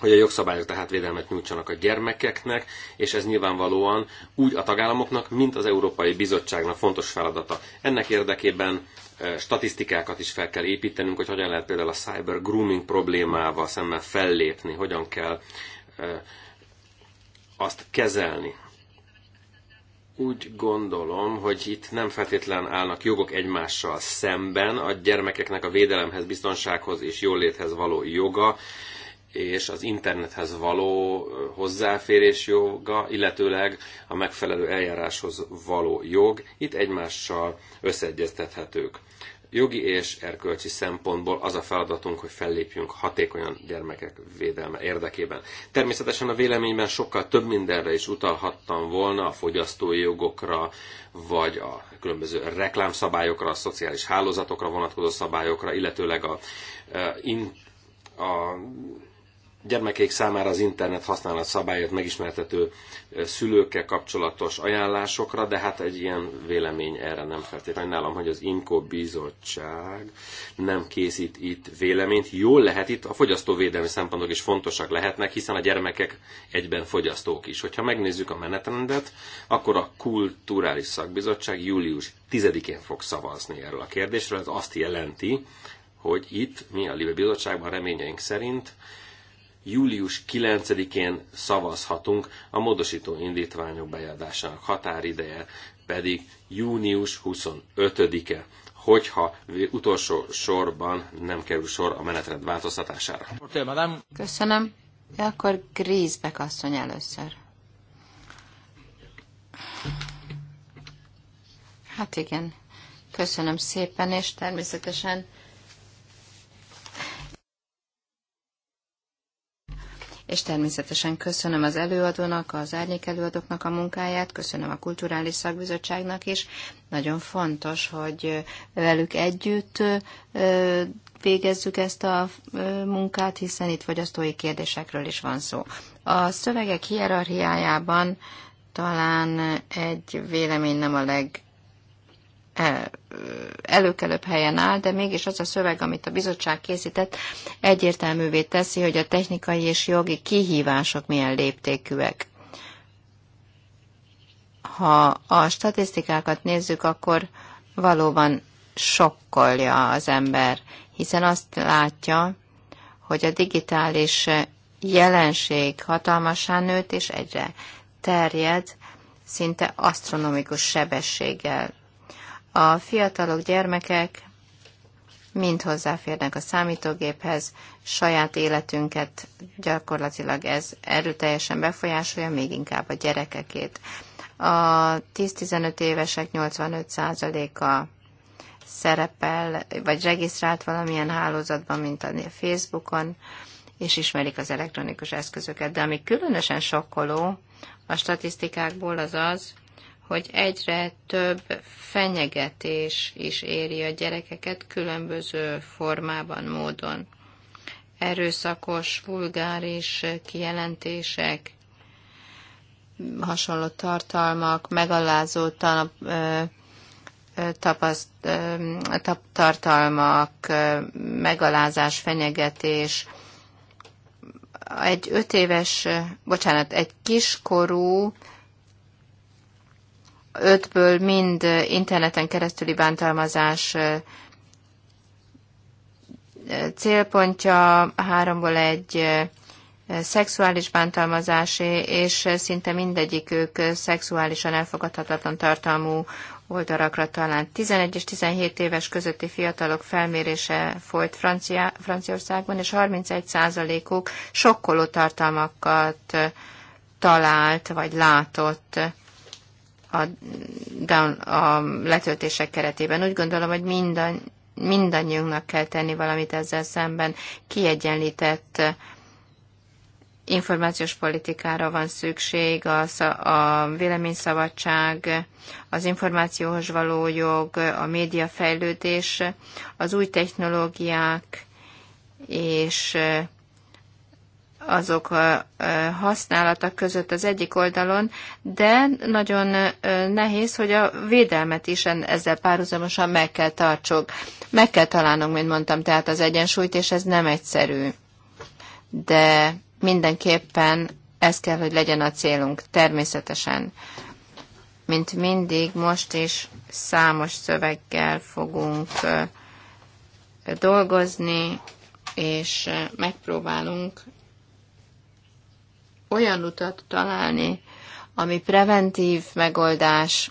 hogy a jogszabályok tehát védelmet nyújtsanak a gyermekeknek, és ez nyilvánvalóan úgy a tagállamoknak, mint az Európai Bizottságnak fontos feladata. Ennek érdekében statisztikákat is fel kell építenünk, hogy hogyan lehet például a cyber grooming problémával szemben fellépni, hogyan kell azt kezelni. Úgy gondolom, hogy itt nem feltétlen állnak jogok egymással szemben, a gyermekeknek a védelemhez, biztonsághoz és jóléthez való joga, és az internethez való hozzáférés joga, illetőleg a megfelelő eljáráshoz való jog itt egymással összeegyeztethetők. Jogi és erkölcsi szempontból az a feladatunk, hogy fellépjünk hatékonyan gyermekek védelme érdekében. Természetesen a véleményben sokkal több mindenre is utalhattam volna, a fogyasztói jogokra, vagy a különböző reklámszabályokra, a szociális hálózatokra vonatkozó szabályokra, illetőleg a, a a gyermekeik számára az internet használat szabályot megismertető szülőkkel kapcsolatos ajánlásokra, de hát egy ilyen vélemény erre nem feltétlenül. Nálam, hogy az INKO bizottság nem készít itt véleményt. Jól lehet itt, a fogyasztóvédelmi szempontok is fontosak lehetnek, hiszen a gyermekek egyben fogyasztók is. Hogyha megnézzük a menetrendet, akkor a Kulturális Szakbizottság július 10-én fog szavazni erről a kérdésről. Ez azt jelenti, hogy itt mi a Libe Bizottságban reményeink szerint július 9-én szavazhatunk, a módosító indítványok bejárásának határideje pedig június 25-e, hogyha utolsó sorban nem kerül sor a menetrend változtatására. Köszönöm. De akkor Grízbek asszony először. Hát igen, köszönöm szépen, és természetesen és természetesen köszönöm az előadónak, az árnyék előadóknak a munkáját, köszönöm a Kulturális Szakbizottságnak is. Nagyon fontos, hogy velük együtt végezzük ezt a munkát, hiszen itt fogyasztói kérdésekről is van szó. A szövegek hierarchiájában talán egy vélemény nem a leg E, előkelőbb helyen áll, de mégis az a szöveg, amit a bizottság készített, egyértelművé teszi, hogy a technikai és jogi kihívások milyen léptékűek. Ha a statisztikákat nézzük, akkor valóban sokkolja az ember, hiszen azt látja, hogy a digitális jelenség hatalmasán nőtt és egyre terjed, szinte asztronomikus sebességgel a fiatalok, gyermekek mind hozzáférnek a számítógéphez, saját életünket gyakorlatilag ez erőteljesen befolyásolja, még inkább a gyerekekét. A 10-15 évesek 85%-a szerepel, vagy regisztrált valamilyen hálózatban, mint a Facebookon, és ismerik az elektronikus eszközöket. De ami különösen sokkoló a statisztikákból az az, hogy egyre több fenyegetés is éri a gyerekeket különböző formában, módon. Erőszakos, vulgáris kijelentések, hasonló tartalmak, megalázó tanap, tapaszt, tap, tartalmak, megalázás, fenyegetés. Egy öt éves, bocsánat, egy kiskorú ötből mind interneten keresztüli bántalmazás célpontja, háromból egy szexuális bántalmazásé, és szinte mindegyikük szexuálisan elfogadhatatlan tartalmú oldalakra talán. 11 és 17 éves közötti fiatalok felmérése folyt Francia, Franciaországban, és 31 százalékuk sokkoló tartalmakat talált vagy látott a, down, a letöltések keretében. Úgy gondolom, hogy minden mindannyiunknak kell tenni valamit ezzel szemben. Kiegyenlített információs politikára van szükség, a, a véleményszabadság, az információhoz való jog, a médiafejlődés, az új technológiák és azok használata között az egyik oldalon, de nagyon nehéz, hogy a védelmet is ezzel párhuzamosan meg kell tartsuk. Meg kell találnunk, mint mondtam, tehát az egyensúlyt, és ez nem egyszerű. De mindenképpen ez kell, hogy legyen a célunk, természetesen. Mint mindig, most is számos szöveggel fogunk dolgozni, és megpróbálunk olyan utat találni, ami preventív megoldás,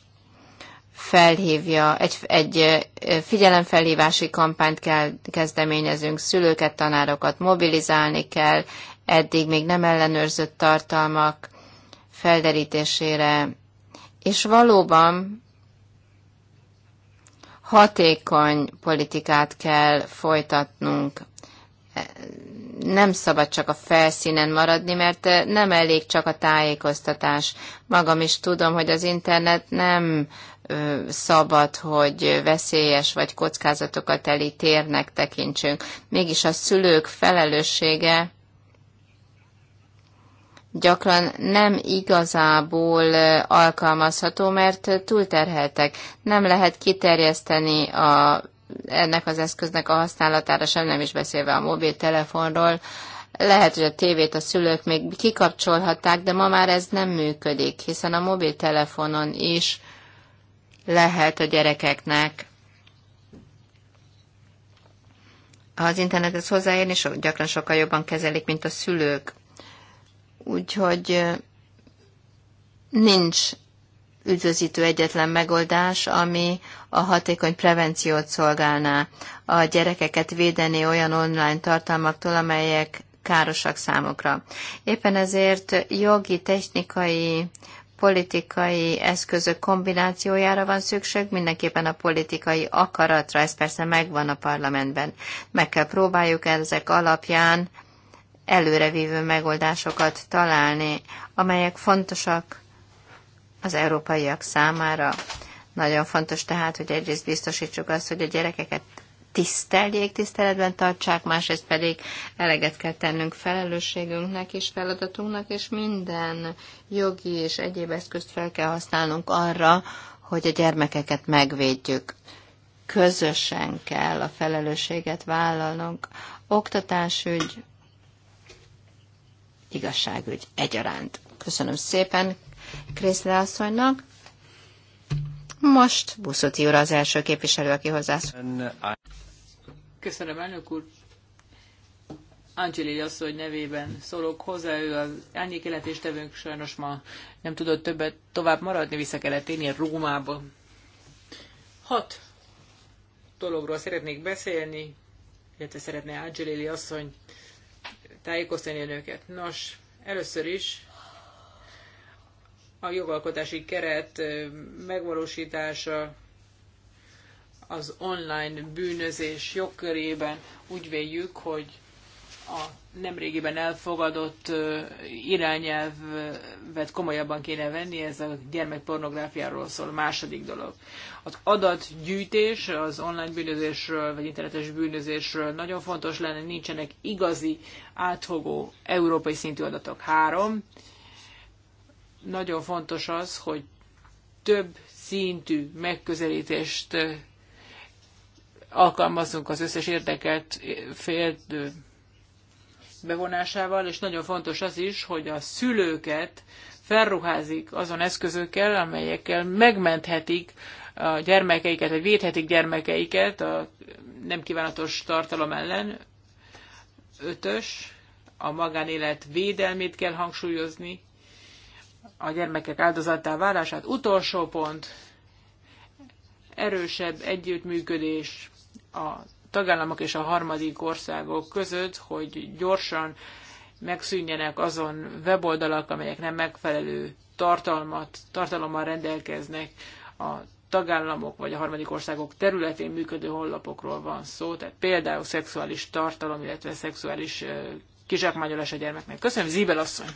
felhívja, egy, egy figyelemfelhívási kampányt kell kezdeményezünk, szülőket, tanárokat mobilizálni kell, eddig még nem ellenőrzött tartalmak felderítésére, és valóban hatékony politikát kell folytatnunk nem szabad csak a felszínen maradni, mert eh, nem elég csak a tájékoztatás. Magam is tudom, hogy az internet nem szabad, hogy veszélyes vagy kockázatokat teli térnek tekintsünk. Mégis a szülők felelőssége gyakran nem igazából eh, alkalmazható, mert eh, túlterheltek. Nem lehet kiterjeszteni a ennek az eszköznek a használatára, sem nem is beszélve a mobiltelefonról. Lehet, hogy a tévét a szülők még kikapcsolhatták, de ma már ez nem működik, hiszen a mobiltelefonon is lehet a gyerekeknek ha az internethez hozzáérni, és gyakran sokkal jobban kezelik, mint a szülők. Úgyhogy nincs üdvözítő egyetlen megoldás, ami a hatékony prevenciót szolgálná, a gyerekeket védeni olyan online tartalmaktól, amelyek károsak számokra. Éppen ezért jogi, technikai, politikai eszközök kombinációjára van szükség, mindenképpen a politikai akaratra, ez persze megvan a parlamentben. Meg kell próbáljuk ezek alapján előrevívő megoldásokat találni, amelyek fontosak az európaiak számára. Nagyon fontos tehát, hogy egyrészt biztosítsuk azt, hogy a gyerekeket tiszteljék, tiszteletben tartsák, másrészt pedig eleget kell tennünk felelősségünknek és feladatunknak, és minden jogi és egyéb eszközt fel kell használnunk arra, hogy a gyermekeket megvédjük. Közösen kell a felelősséget vállalnunk. Oktatásügy, igazságügy egyaránt. Köszönöm szépen, Kriszle asszonynak. Most Buszuti úr az első képviselő, aki hozzászól. Köszönöm, elnök úr. Angeli asszony nevében szólok hozzá, ő az árnyékjelentéstevőnk sajnos ma nem tudott többet tovább maradni, vissza kellett térnie Rómába. Hat dologról szeretnék beszélni, illetve szeretné Angelili asszony tájékoztatni önöket. Nos, először is a jogalkotási keret megvalósítása az online bűnözés jogkörében úgy véljük, hogy a nemrégiben elfogadott irányelvet komolyabban kéne venni, ez a gyermekpornográfiáról szól a második dolog. Az adatgyűjtés az online bűnözésről, vagy internetes bűnözésről nagyon fontos lenne, nincsenek igazi, áthogó európai szintű adatok. Három, nagyon fontos az, hogy több szintű megközelítést eh, alkalmazzunk az összes érdeket eh, fél eh, bevonásával, és nagyon fontos az is, hogy a szülőket felruházik azon eszközökkel, amelyekkel megmenthetik a gyermekeiket, vagy védhetik gyermekeiket a nem kívánatos tartalom ellen. Ötös, a magánélet védelmét kell hangsúlyozni, a gyermekek áldozattá válását. Utolsó pont, erősebb együttműködés a tagállamok és a harmadik országok között, hogy gyorsan megszűnjenek azon weboldalak, amelyek nem megfelelő tartalmat, tartalommal rendelkeznek a tagállamok vagy a harmadik országok területén működő honlapokról van szó, tehát például szexuális tartalom, illetve szexuális kizsákmányolás a gyermeknek. Köszönöm, Zíbel asszony!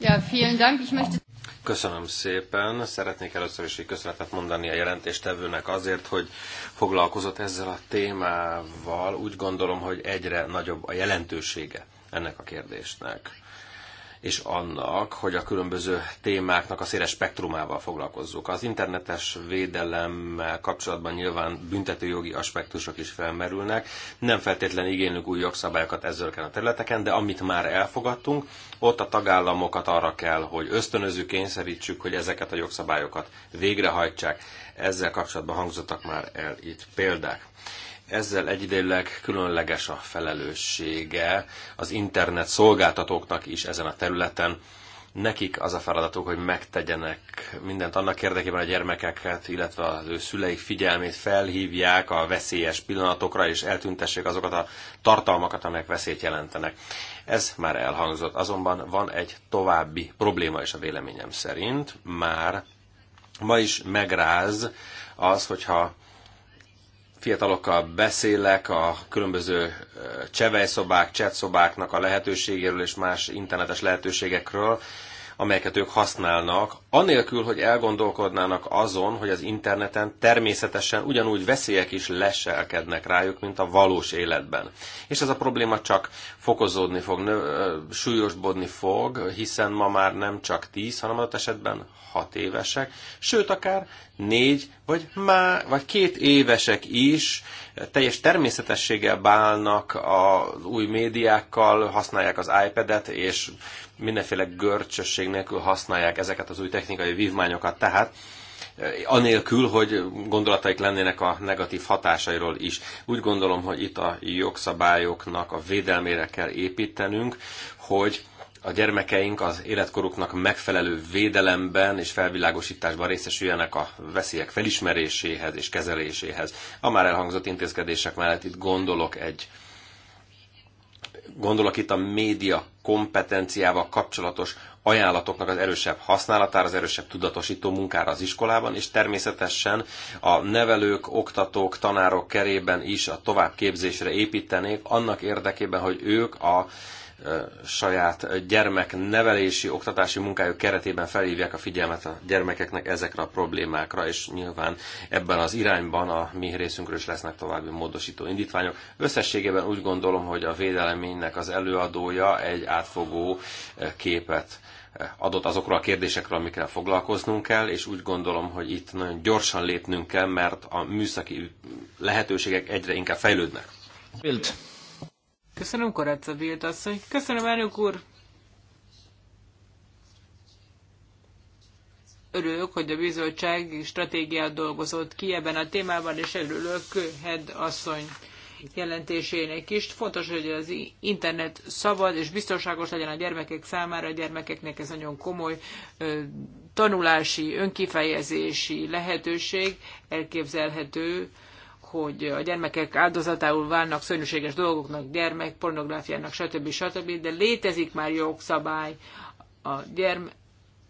Ja, vielen Dank. Ich möchte... Köszönöm szépen. Szeretnék először is egy köszönetet mondani a jelentéstevőnek azért, hogy foglalkozott ezzel a témával. Úgy gondolom, hogy egyre nagyobb a jelentősége ennek a kérdésnek és annak, hogy a különböző témáknak a széles spektrumával foglalkozzuk. Az internetes védelemmel kapcsolatban nyilván büntetőjogi aspektusok is felmerülnek. Nem feltétlenül igénylünk új jogszabályokat ezzelken a területeken, de amit már elfogadtunk, ott a tagállamokat arra kell, hogy ösztönözzük, kényszerítsük, hogy ezeket a jogszabályokat végrehajtsák. Ezzel kapcsolatban hangzottak már el itt példák ezzel egyidejűleg különleges a felelőssége az internet szolgáltatóknak is ezen a területen. Nekik az a feladatuk, hogy megtegyenek mindent annak érdekében, a gyermekeket, illetve az ő szüleik figyelmét felhívják a veszélyes pillanatokra, és eltüntessék azokat a tartalmakat, amelyek veszélyt jelentenek. Ez már elhangzott, azonban van egy további probléma is a véleményem szerint, már ma is megráz az, hogyha fiatalokkal beszélek a különböző csevejszobák, csetszobáknak a lehetőségéről és más internetes lehetőségekről, amelyeket ők használnak, anélkül, hogy elgondolkodnának azon, hogy az interneten természetesen ugyanúgy veszélyek is leselkednek rájuk, mint a valós életben. És ez a probléma csak fokozódni fog, nő, súlyosbodni fog, hiszen ma már nem csak 10, hanem adott esetben 6 évesek, sőt akár 4 vagy, má, vagy két évesek is teljes természetességgel bálnak az új médiákkal, használják az iPad-et, és mindenféle görcsösség nélkül használják ezeket az új technikai vívmányokat, tehát eh, anélkül, hogy gondolataik lennének a negatív hatásairól is. Úgy gondolom, hogy itt a jogszabályoknak a védelmére kell építenünk, hogy a gyermekeink az életkoruknak megfelelő védelemben és felvilágosításban részesüljenek a veszélyek felismeréséhez és kezeléséhez. A már elhangzott intézkedések mellett itt gondolok egy gondolok itt a média kompetenciával kapcsolatos ajánlatoknak az erősebb használatára, az erősebb tudatosító munkára az iskolában, és természetesen a nevelők, oktatók, tanárok kerében is a továbbképzésre építenék, annak érdekében, hogy ők a saját gyermeknevelési, oktatási munkájuk keretében felhívják a figyelmet a gyermekeknek ezekre a problémákra, és nyilván ebben az irányban a mi részünkről is lesznek további módosító indítványok. Összességében úgy gondolom, hogy a védeleménynek az előadója egy átfogó képet adott azokról a kérdésekről, amikkel foglalkoznunk kell, és úgy gondolom, hogy itt nagyon gyorsan lépnünk kell, mert a műszaki lehetőségek egyre inkább fejlődnek. Bild. Köszönöm, Koráca Bilt asszony. Köszönöm, elnök úr. Örülök, hogy a bizottság stratégiát dolgozott ki ebben a témában, és örülök Head asszony jelentésének is. Fontos, hogy az internet szabad és biztonságos legyen a gyermekek számára. A gyermekeknek ez nagyon komoly tanulási, önkifejezési lehetőség elképzelhető, hogy a gyermekek áldozatául válnak szörnyűséges dolgoknak, gyermek, pornográfiának, stb. stb. De létezik már jogszabály a, gyerme,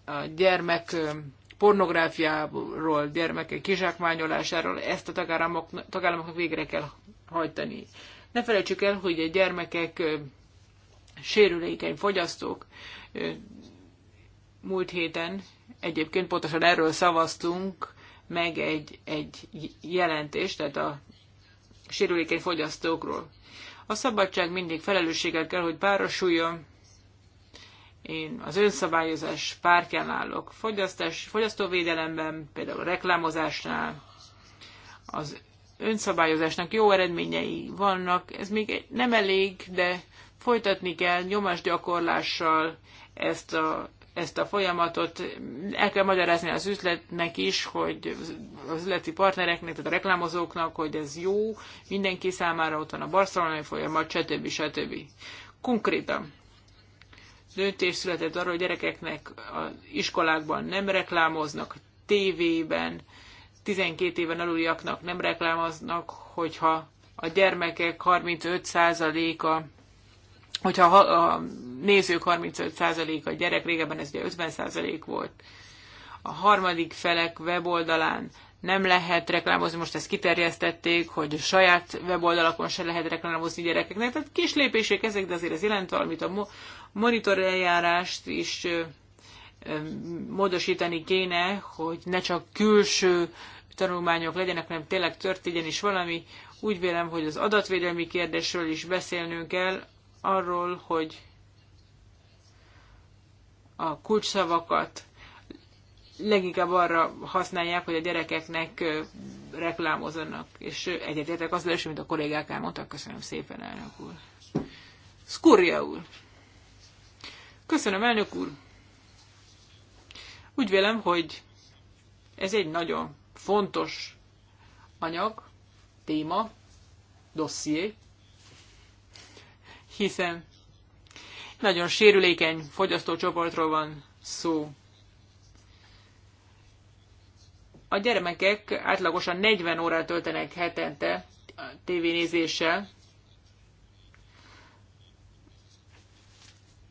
a gyermek pornográfiáról, gyermekek kizsákmányolásáról, ezt a tagállamok, tagállamoknak végre kell hajtani. Ne felejtsük el, hogy a gyermekek sérülékeny fogyasztók. Múlt héten egyébként pontosan erről szavaztunk meg egy, egy jelentés, tehát a sérülékeny fogyasztókról. A szabadság mindig felelősséggel kell, hogy párosuljon. Én az önszabályozás pártján állok. Fogyasztás, fogyasztóvédelemben, például a reklámozásnál, az önszabályozásnak jó eredményei vannak. Ez még nem elég, de folytatni kell nyomásgyakorlással ezt a ezt a folyamatot. El kell magyarázni az üzletnek is, hogy az üzleti partnereknek, tehát a reklámozóknak, hogy ez jó, mindenki számára ott van a barcelonai folyamat, stb. stb. Konkrétan döntés született arról, hogy gyerekeknek az iskolákban nem reklámoznak, tévében, 12 éven aluljaknak nem reklámoznak, hogyha a gyermekek 35%-a, hogyha a nézők 35%-a gyerek, régebben ez ugye 50% volt. A harmadik felek weboldalán nem lehet reklámozni, most ezt kiterjesztették, hogy saját weboldalakon se lehet reklámozni gyerekeknek. Tehát kis lépések ezek, de azért ez jelent valamit a monitor eljárást is módosítani kéne, hogy ne csak külső tanulmányok legyenek, hanem tényleg történjen is valami. Úgy vélem, hogy az adatvédelmi kérdésről is beszélnünk kell, arról, hogy a kulcsszavakat leginkább arra használják, hogy a gyerekeknek reklámozzanak, és egyetértek azzal is, amit a kollégák elmondtak. Köszönöm szépen, elnök úr. Skurria úr. Köszönöm, elnök úr. Úgy vélem, hogy ez egy nagyon fontos anyag, téma, dosszié, hiszen nagyon sérülékeny fogyasztócsoportról van szó. A gyermekek átlagosan 40 órát töltenek hetente a tévénézéssel.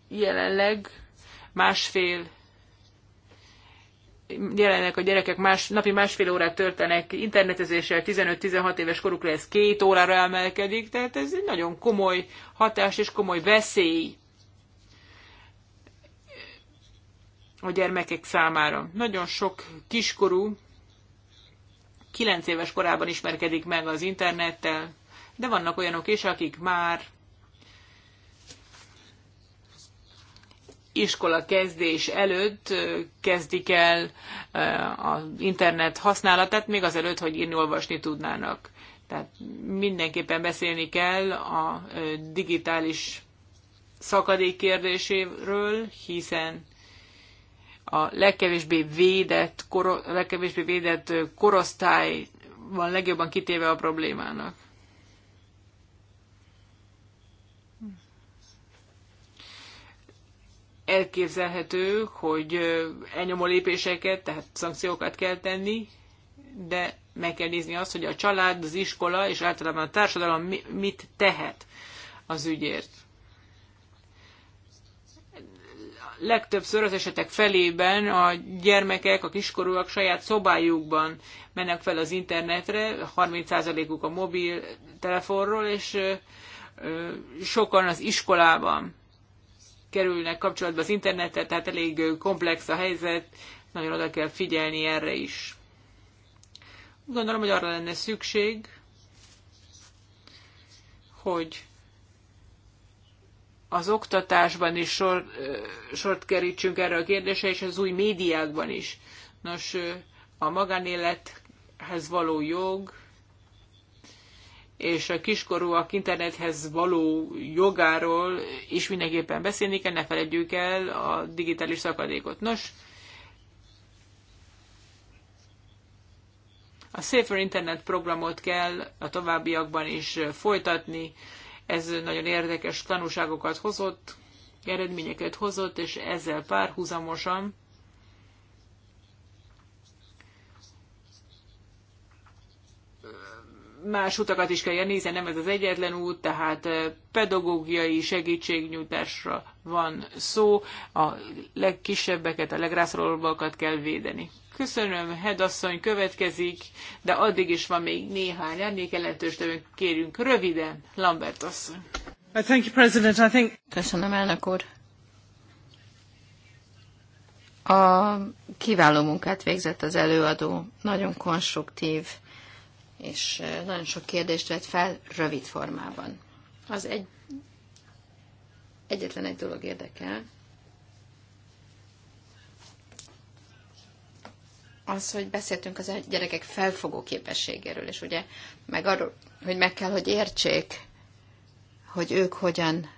Jelenleg másfél jelenleg a gyerekek más, napi másfél órát töltenek internetezéssel, 15-16 éves korukra ez két órára emelkedik, tehát ez egy nagyon komoly hatás és komoly veszély. a gyermekek számára. Nagyon sok kiskorú 9 éves korában ismerkedik meg az internettel, de vannak olyanok is, akik már iskola kezdés előtt kezdik el az internet használatát, még azelőtt, hogy írni, olvasni tudnának. Tehát mindenképpen beszélni kell a digitális szakadék kérdéséről, hiszen a legkevésbé védett, koro, legkevésbé védett korosztály van legjobban kitéve a problémának. Elképzelhető, hogy elnyomó lépéseket, tehát szankciókat kell tenni, de meg kell nézni azt, hogy a család, az iskola és általában a társadalom mit tehet az ügyért. legtöbbször az esetek felében a gyermekek, a kiskorúak saját szobájukban mennek fel az internetre, 30%-uk a mobiltelefonról, és sokan az iskolában kerülnek kapcsolatba az internettel, tehát elég komplex a helyzet, nagyon oda kell figyelni erre is. Gondolom, hogy arra lenne szükség, hogy az oktatásban is sor, sort kerítsünk erre a kérdésre, és az új médiákban is. Nos, a magánélethez való jog, és a kiskorúak internethez való jogáról is mindenképpen beszélni kell, ne feledjük el a digitális szakadékot. Nos, a Safer Internet programot kell a továbbiakban is folytatni, ez nagyon érdekes tanúságokat hozott, eredményeket hozott, és ezzel párhuzamosan más utakat is kell nézni, nem ez az egyetlen út, tehát pedagógiai segítségnyújtásra van szó, a legkisebbeket, a legrászorulóbbakat kell védeni. Köszönöm, Hedasszony következik, de addig is van még néhány emlékeletős, de kérünk röviden, Lambert asszony. Uh, thank you, President. I think... Köszönöm, elnök úr. A kiváló munkát végzett az előadó, nagyon konstruktív, és uh, nagyon sok kérdést vett fel rövid formában. Az egy, egyetlen egy dolog érdekel, az, hogy beszéltünk az gyerekek felfogó képességéről, és ugye meg arról, hogy meg kell, hogy értsék, hogy ők hogyan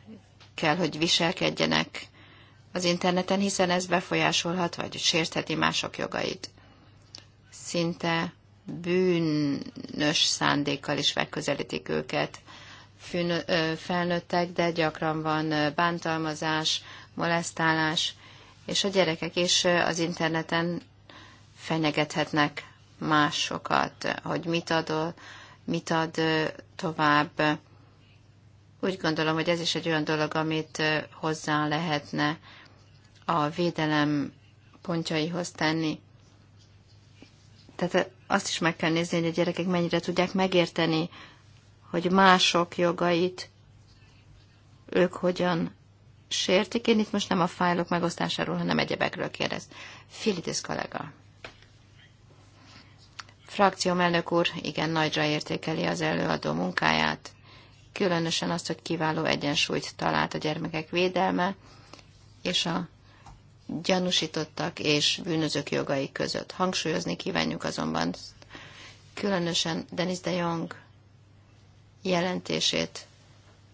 kell, hogy viselkedjenek az interneten, hiszen ez befolyásolhat, vagy sértheti mások jogait. Szinte bűnös szándékkal is megközelítik őket. Fűn, felnőttek, de gyakran van bántalmazás, molesztálás, és a gyerekek is az interneten fenyegethetnek másokat, hogy mit ad, mit ad tovább. Úgy gondolom, hogy ez is egy olyan dolog, amit hozzá lehetne a védelem pontjaihoz tenni. Tehát azt is meg kell nézni, hogy a gyerekek mennyire tudják megérteni, hogy mások jogait ők hogyan sértik. Én itt most nem a fájlok megosztásáról, hanem egyebekről kérdez. Filidis kollega. Frakcióm elnök úr igen nagyra értékeli az előadó munkáját, különösen azt, hogy kiváló egyensúlyt talált a gyermekek védelme és a gyanúsítottak és bűnözők jogai között. Hangsúlyozni kívánjuk azonban különösen Denis de Jong jelentését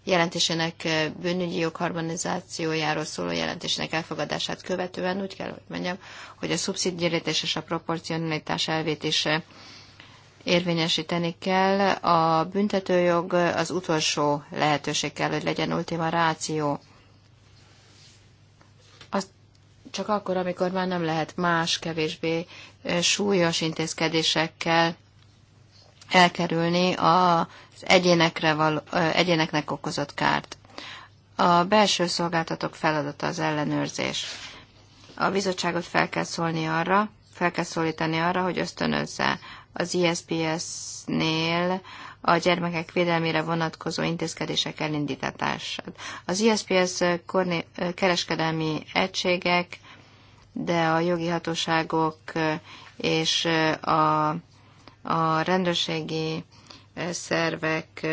jelentésének eh, bűnügyi jogharmonizációjáról szóló jelentésének elfogadását követően úgy kell, hogy mondjam, hogy a szubszidgyérítés és a proporcionalitás elvét is eh, érvényesíteni kell. A büntetőjog az utolsó lehetőség kell, hogy legyen ultima ráció. Azt csak akkor, amikor már nem lehet más, kevésbé eh, súlyos intézkedésekkel elkerülni a az egyénekre való, egyéneknek okozott kárt. A belső szolgáltatók feladata az ellenőrzés. A bizottságot fel kell szólni arra, fel kell szólítani arra, hogy ösztönözze az ISPS-nél a gyermekek védelmére vonatkozó intézkedések elindítását. Az ISPS kereskedelmi egységek, de a jogi hatóságok és a, a rendőrségi szervek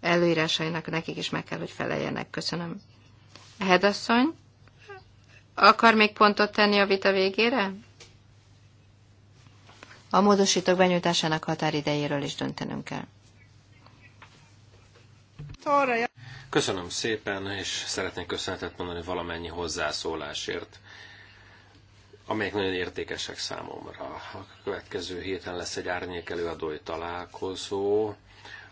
előírásainak nekik is meg kell, hogy feleljenek. Köszönöm. Hedasszony, akar még pontot tenni a vita végére? A módosítók benyújtásának határidejéről is döntenünk kell. Köszönöm szépen, és szeretnék köszönetet mondani valamennyi hozzászólásért amelyek nagyon értékesek számomra. A következő héten lesz egy árnyék előadói találkozó,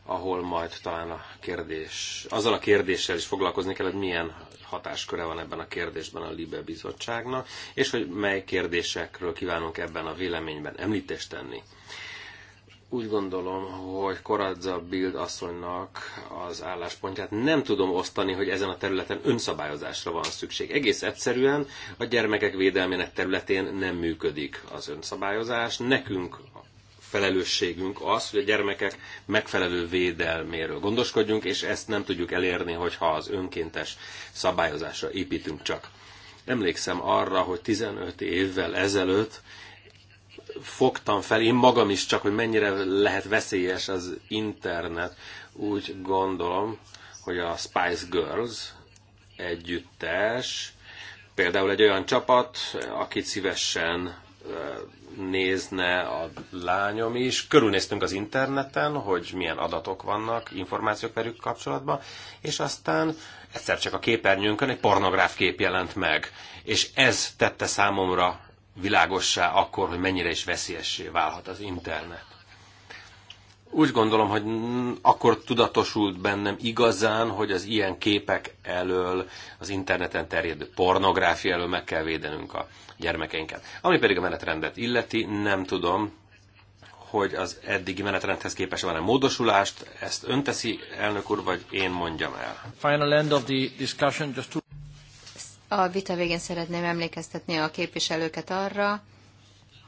ahol majd talán a kérdés, azzal a kérdéssel is foglalkozni kell, hogy milyen hatásköre van ebben a kérdésben a Libe Bizottságnak, és hogy mely kérdésekről kívánunk ebben a véleményben említést tenni úgy gondolom, hogy Koradza Bild asszonynak az álláspontját nem tudom osztani, hogy ezen a területen önszabályozásra van szükség. Egész egyszerűen a gyermekek védelmének területén nem működik az önszabályozás. Nekünk felelősségünk az, hogy a gyermekek megfelelő védelméről gondoskodjunk, és ezt nem tudjuk elérni, hogyha az önkéntes szabályozásra építünk csak. Emlékszem arra, hogy 15 évvel ezelőtt fogtam fel én magam is csak, hogy mennyire lehet veszélyes az internet. Úgy gondolom, hogy a Spice Girls együttes például egy olyan csapat, akit szívesen nézne a lányom is. Körülnéztünk az interneten, hogy milyen adatok vannak, információk velük kapcsolatban, és aztán egyszer csak a képernyőnkön egy pornográf kép jelent meg. És ez tette számomra világossá akkor, hogy mennyire is veszélyessé válhat az internet. Úgy gondolom, hogy akkor tudatosult bennem igazán, hogy az ilyen képek elől, az interneten terjedő pornográfia elől meg kell védenünk a gyermekeinket. Ami pedig a menetrendet illeti, nem tudom, hogy az eddigi menetrendhez képest van-e módosulást, ezt önteszi elnök úr, vagy én mondjam el. Final end of the discussion, just to... A vita végén szeretném emlékeztetni a képviselőket arra,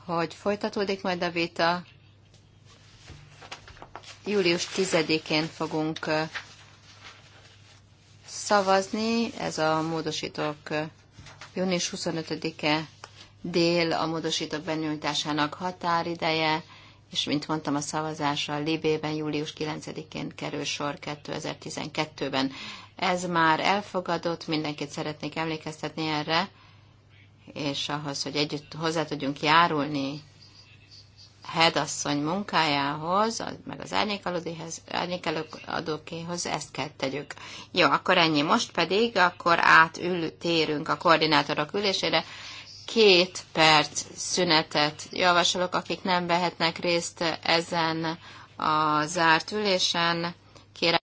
hogy folytatódik majd a vita. Július 10-én fogunk szavazni, ez a módosítók június 25-e dél a módosítók benyújtásának határideje, és mint mondtam, a szavazás a Libében július 9-én kerül sor 2012-ben. Ez már elfogadott, mindenkit szeretnék emlékeztetni erre, és ahhoz, hogy együtt hozzá tudjunk járulni hedasszony munkájához, meg az árnyékelőadókéhoz ezt kell tegyük. Jó, akkor ennyi. Most pedig akkor átül, térünk a koordinátorok ülésére. Két perc szünetet javasolok, akik nem vehetnek részt ezen a zárt ülésen. Kérem,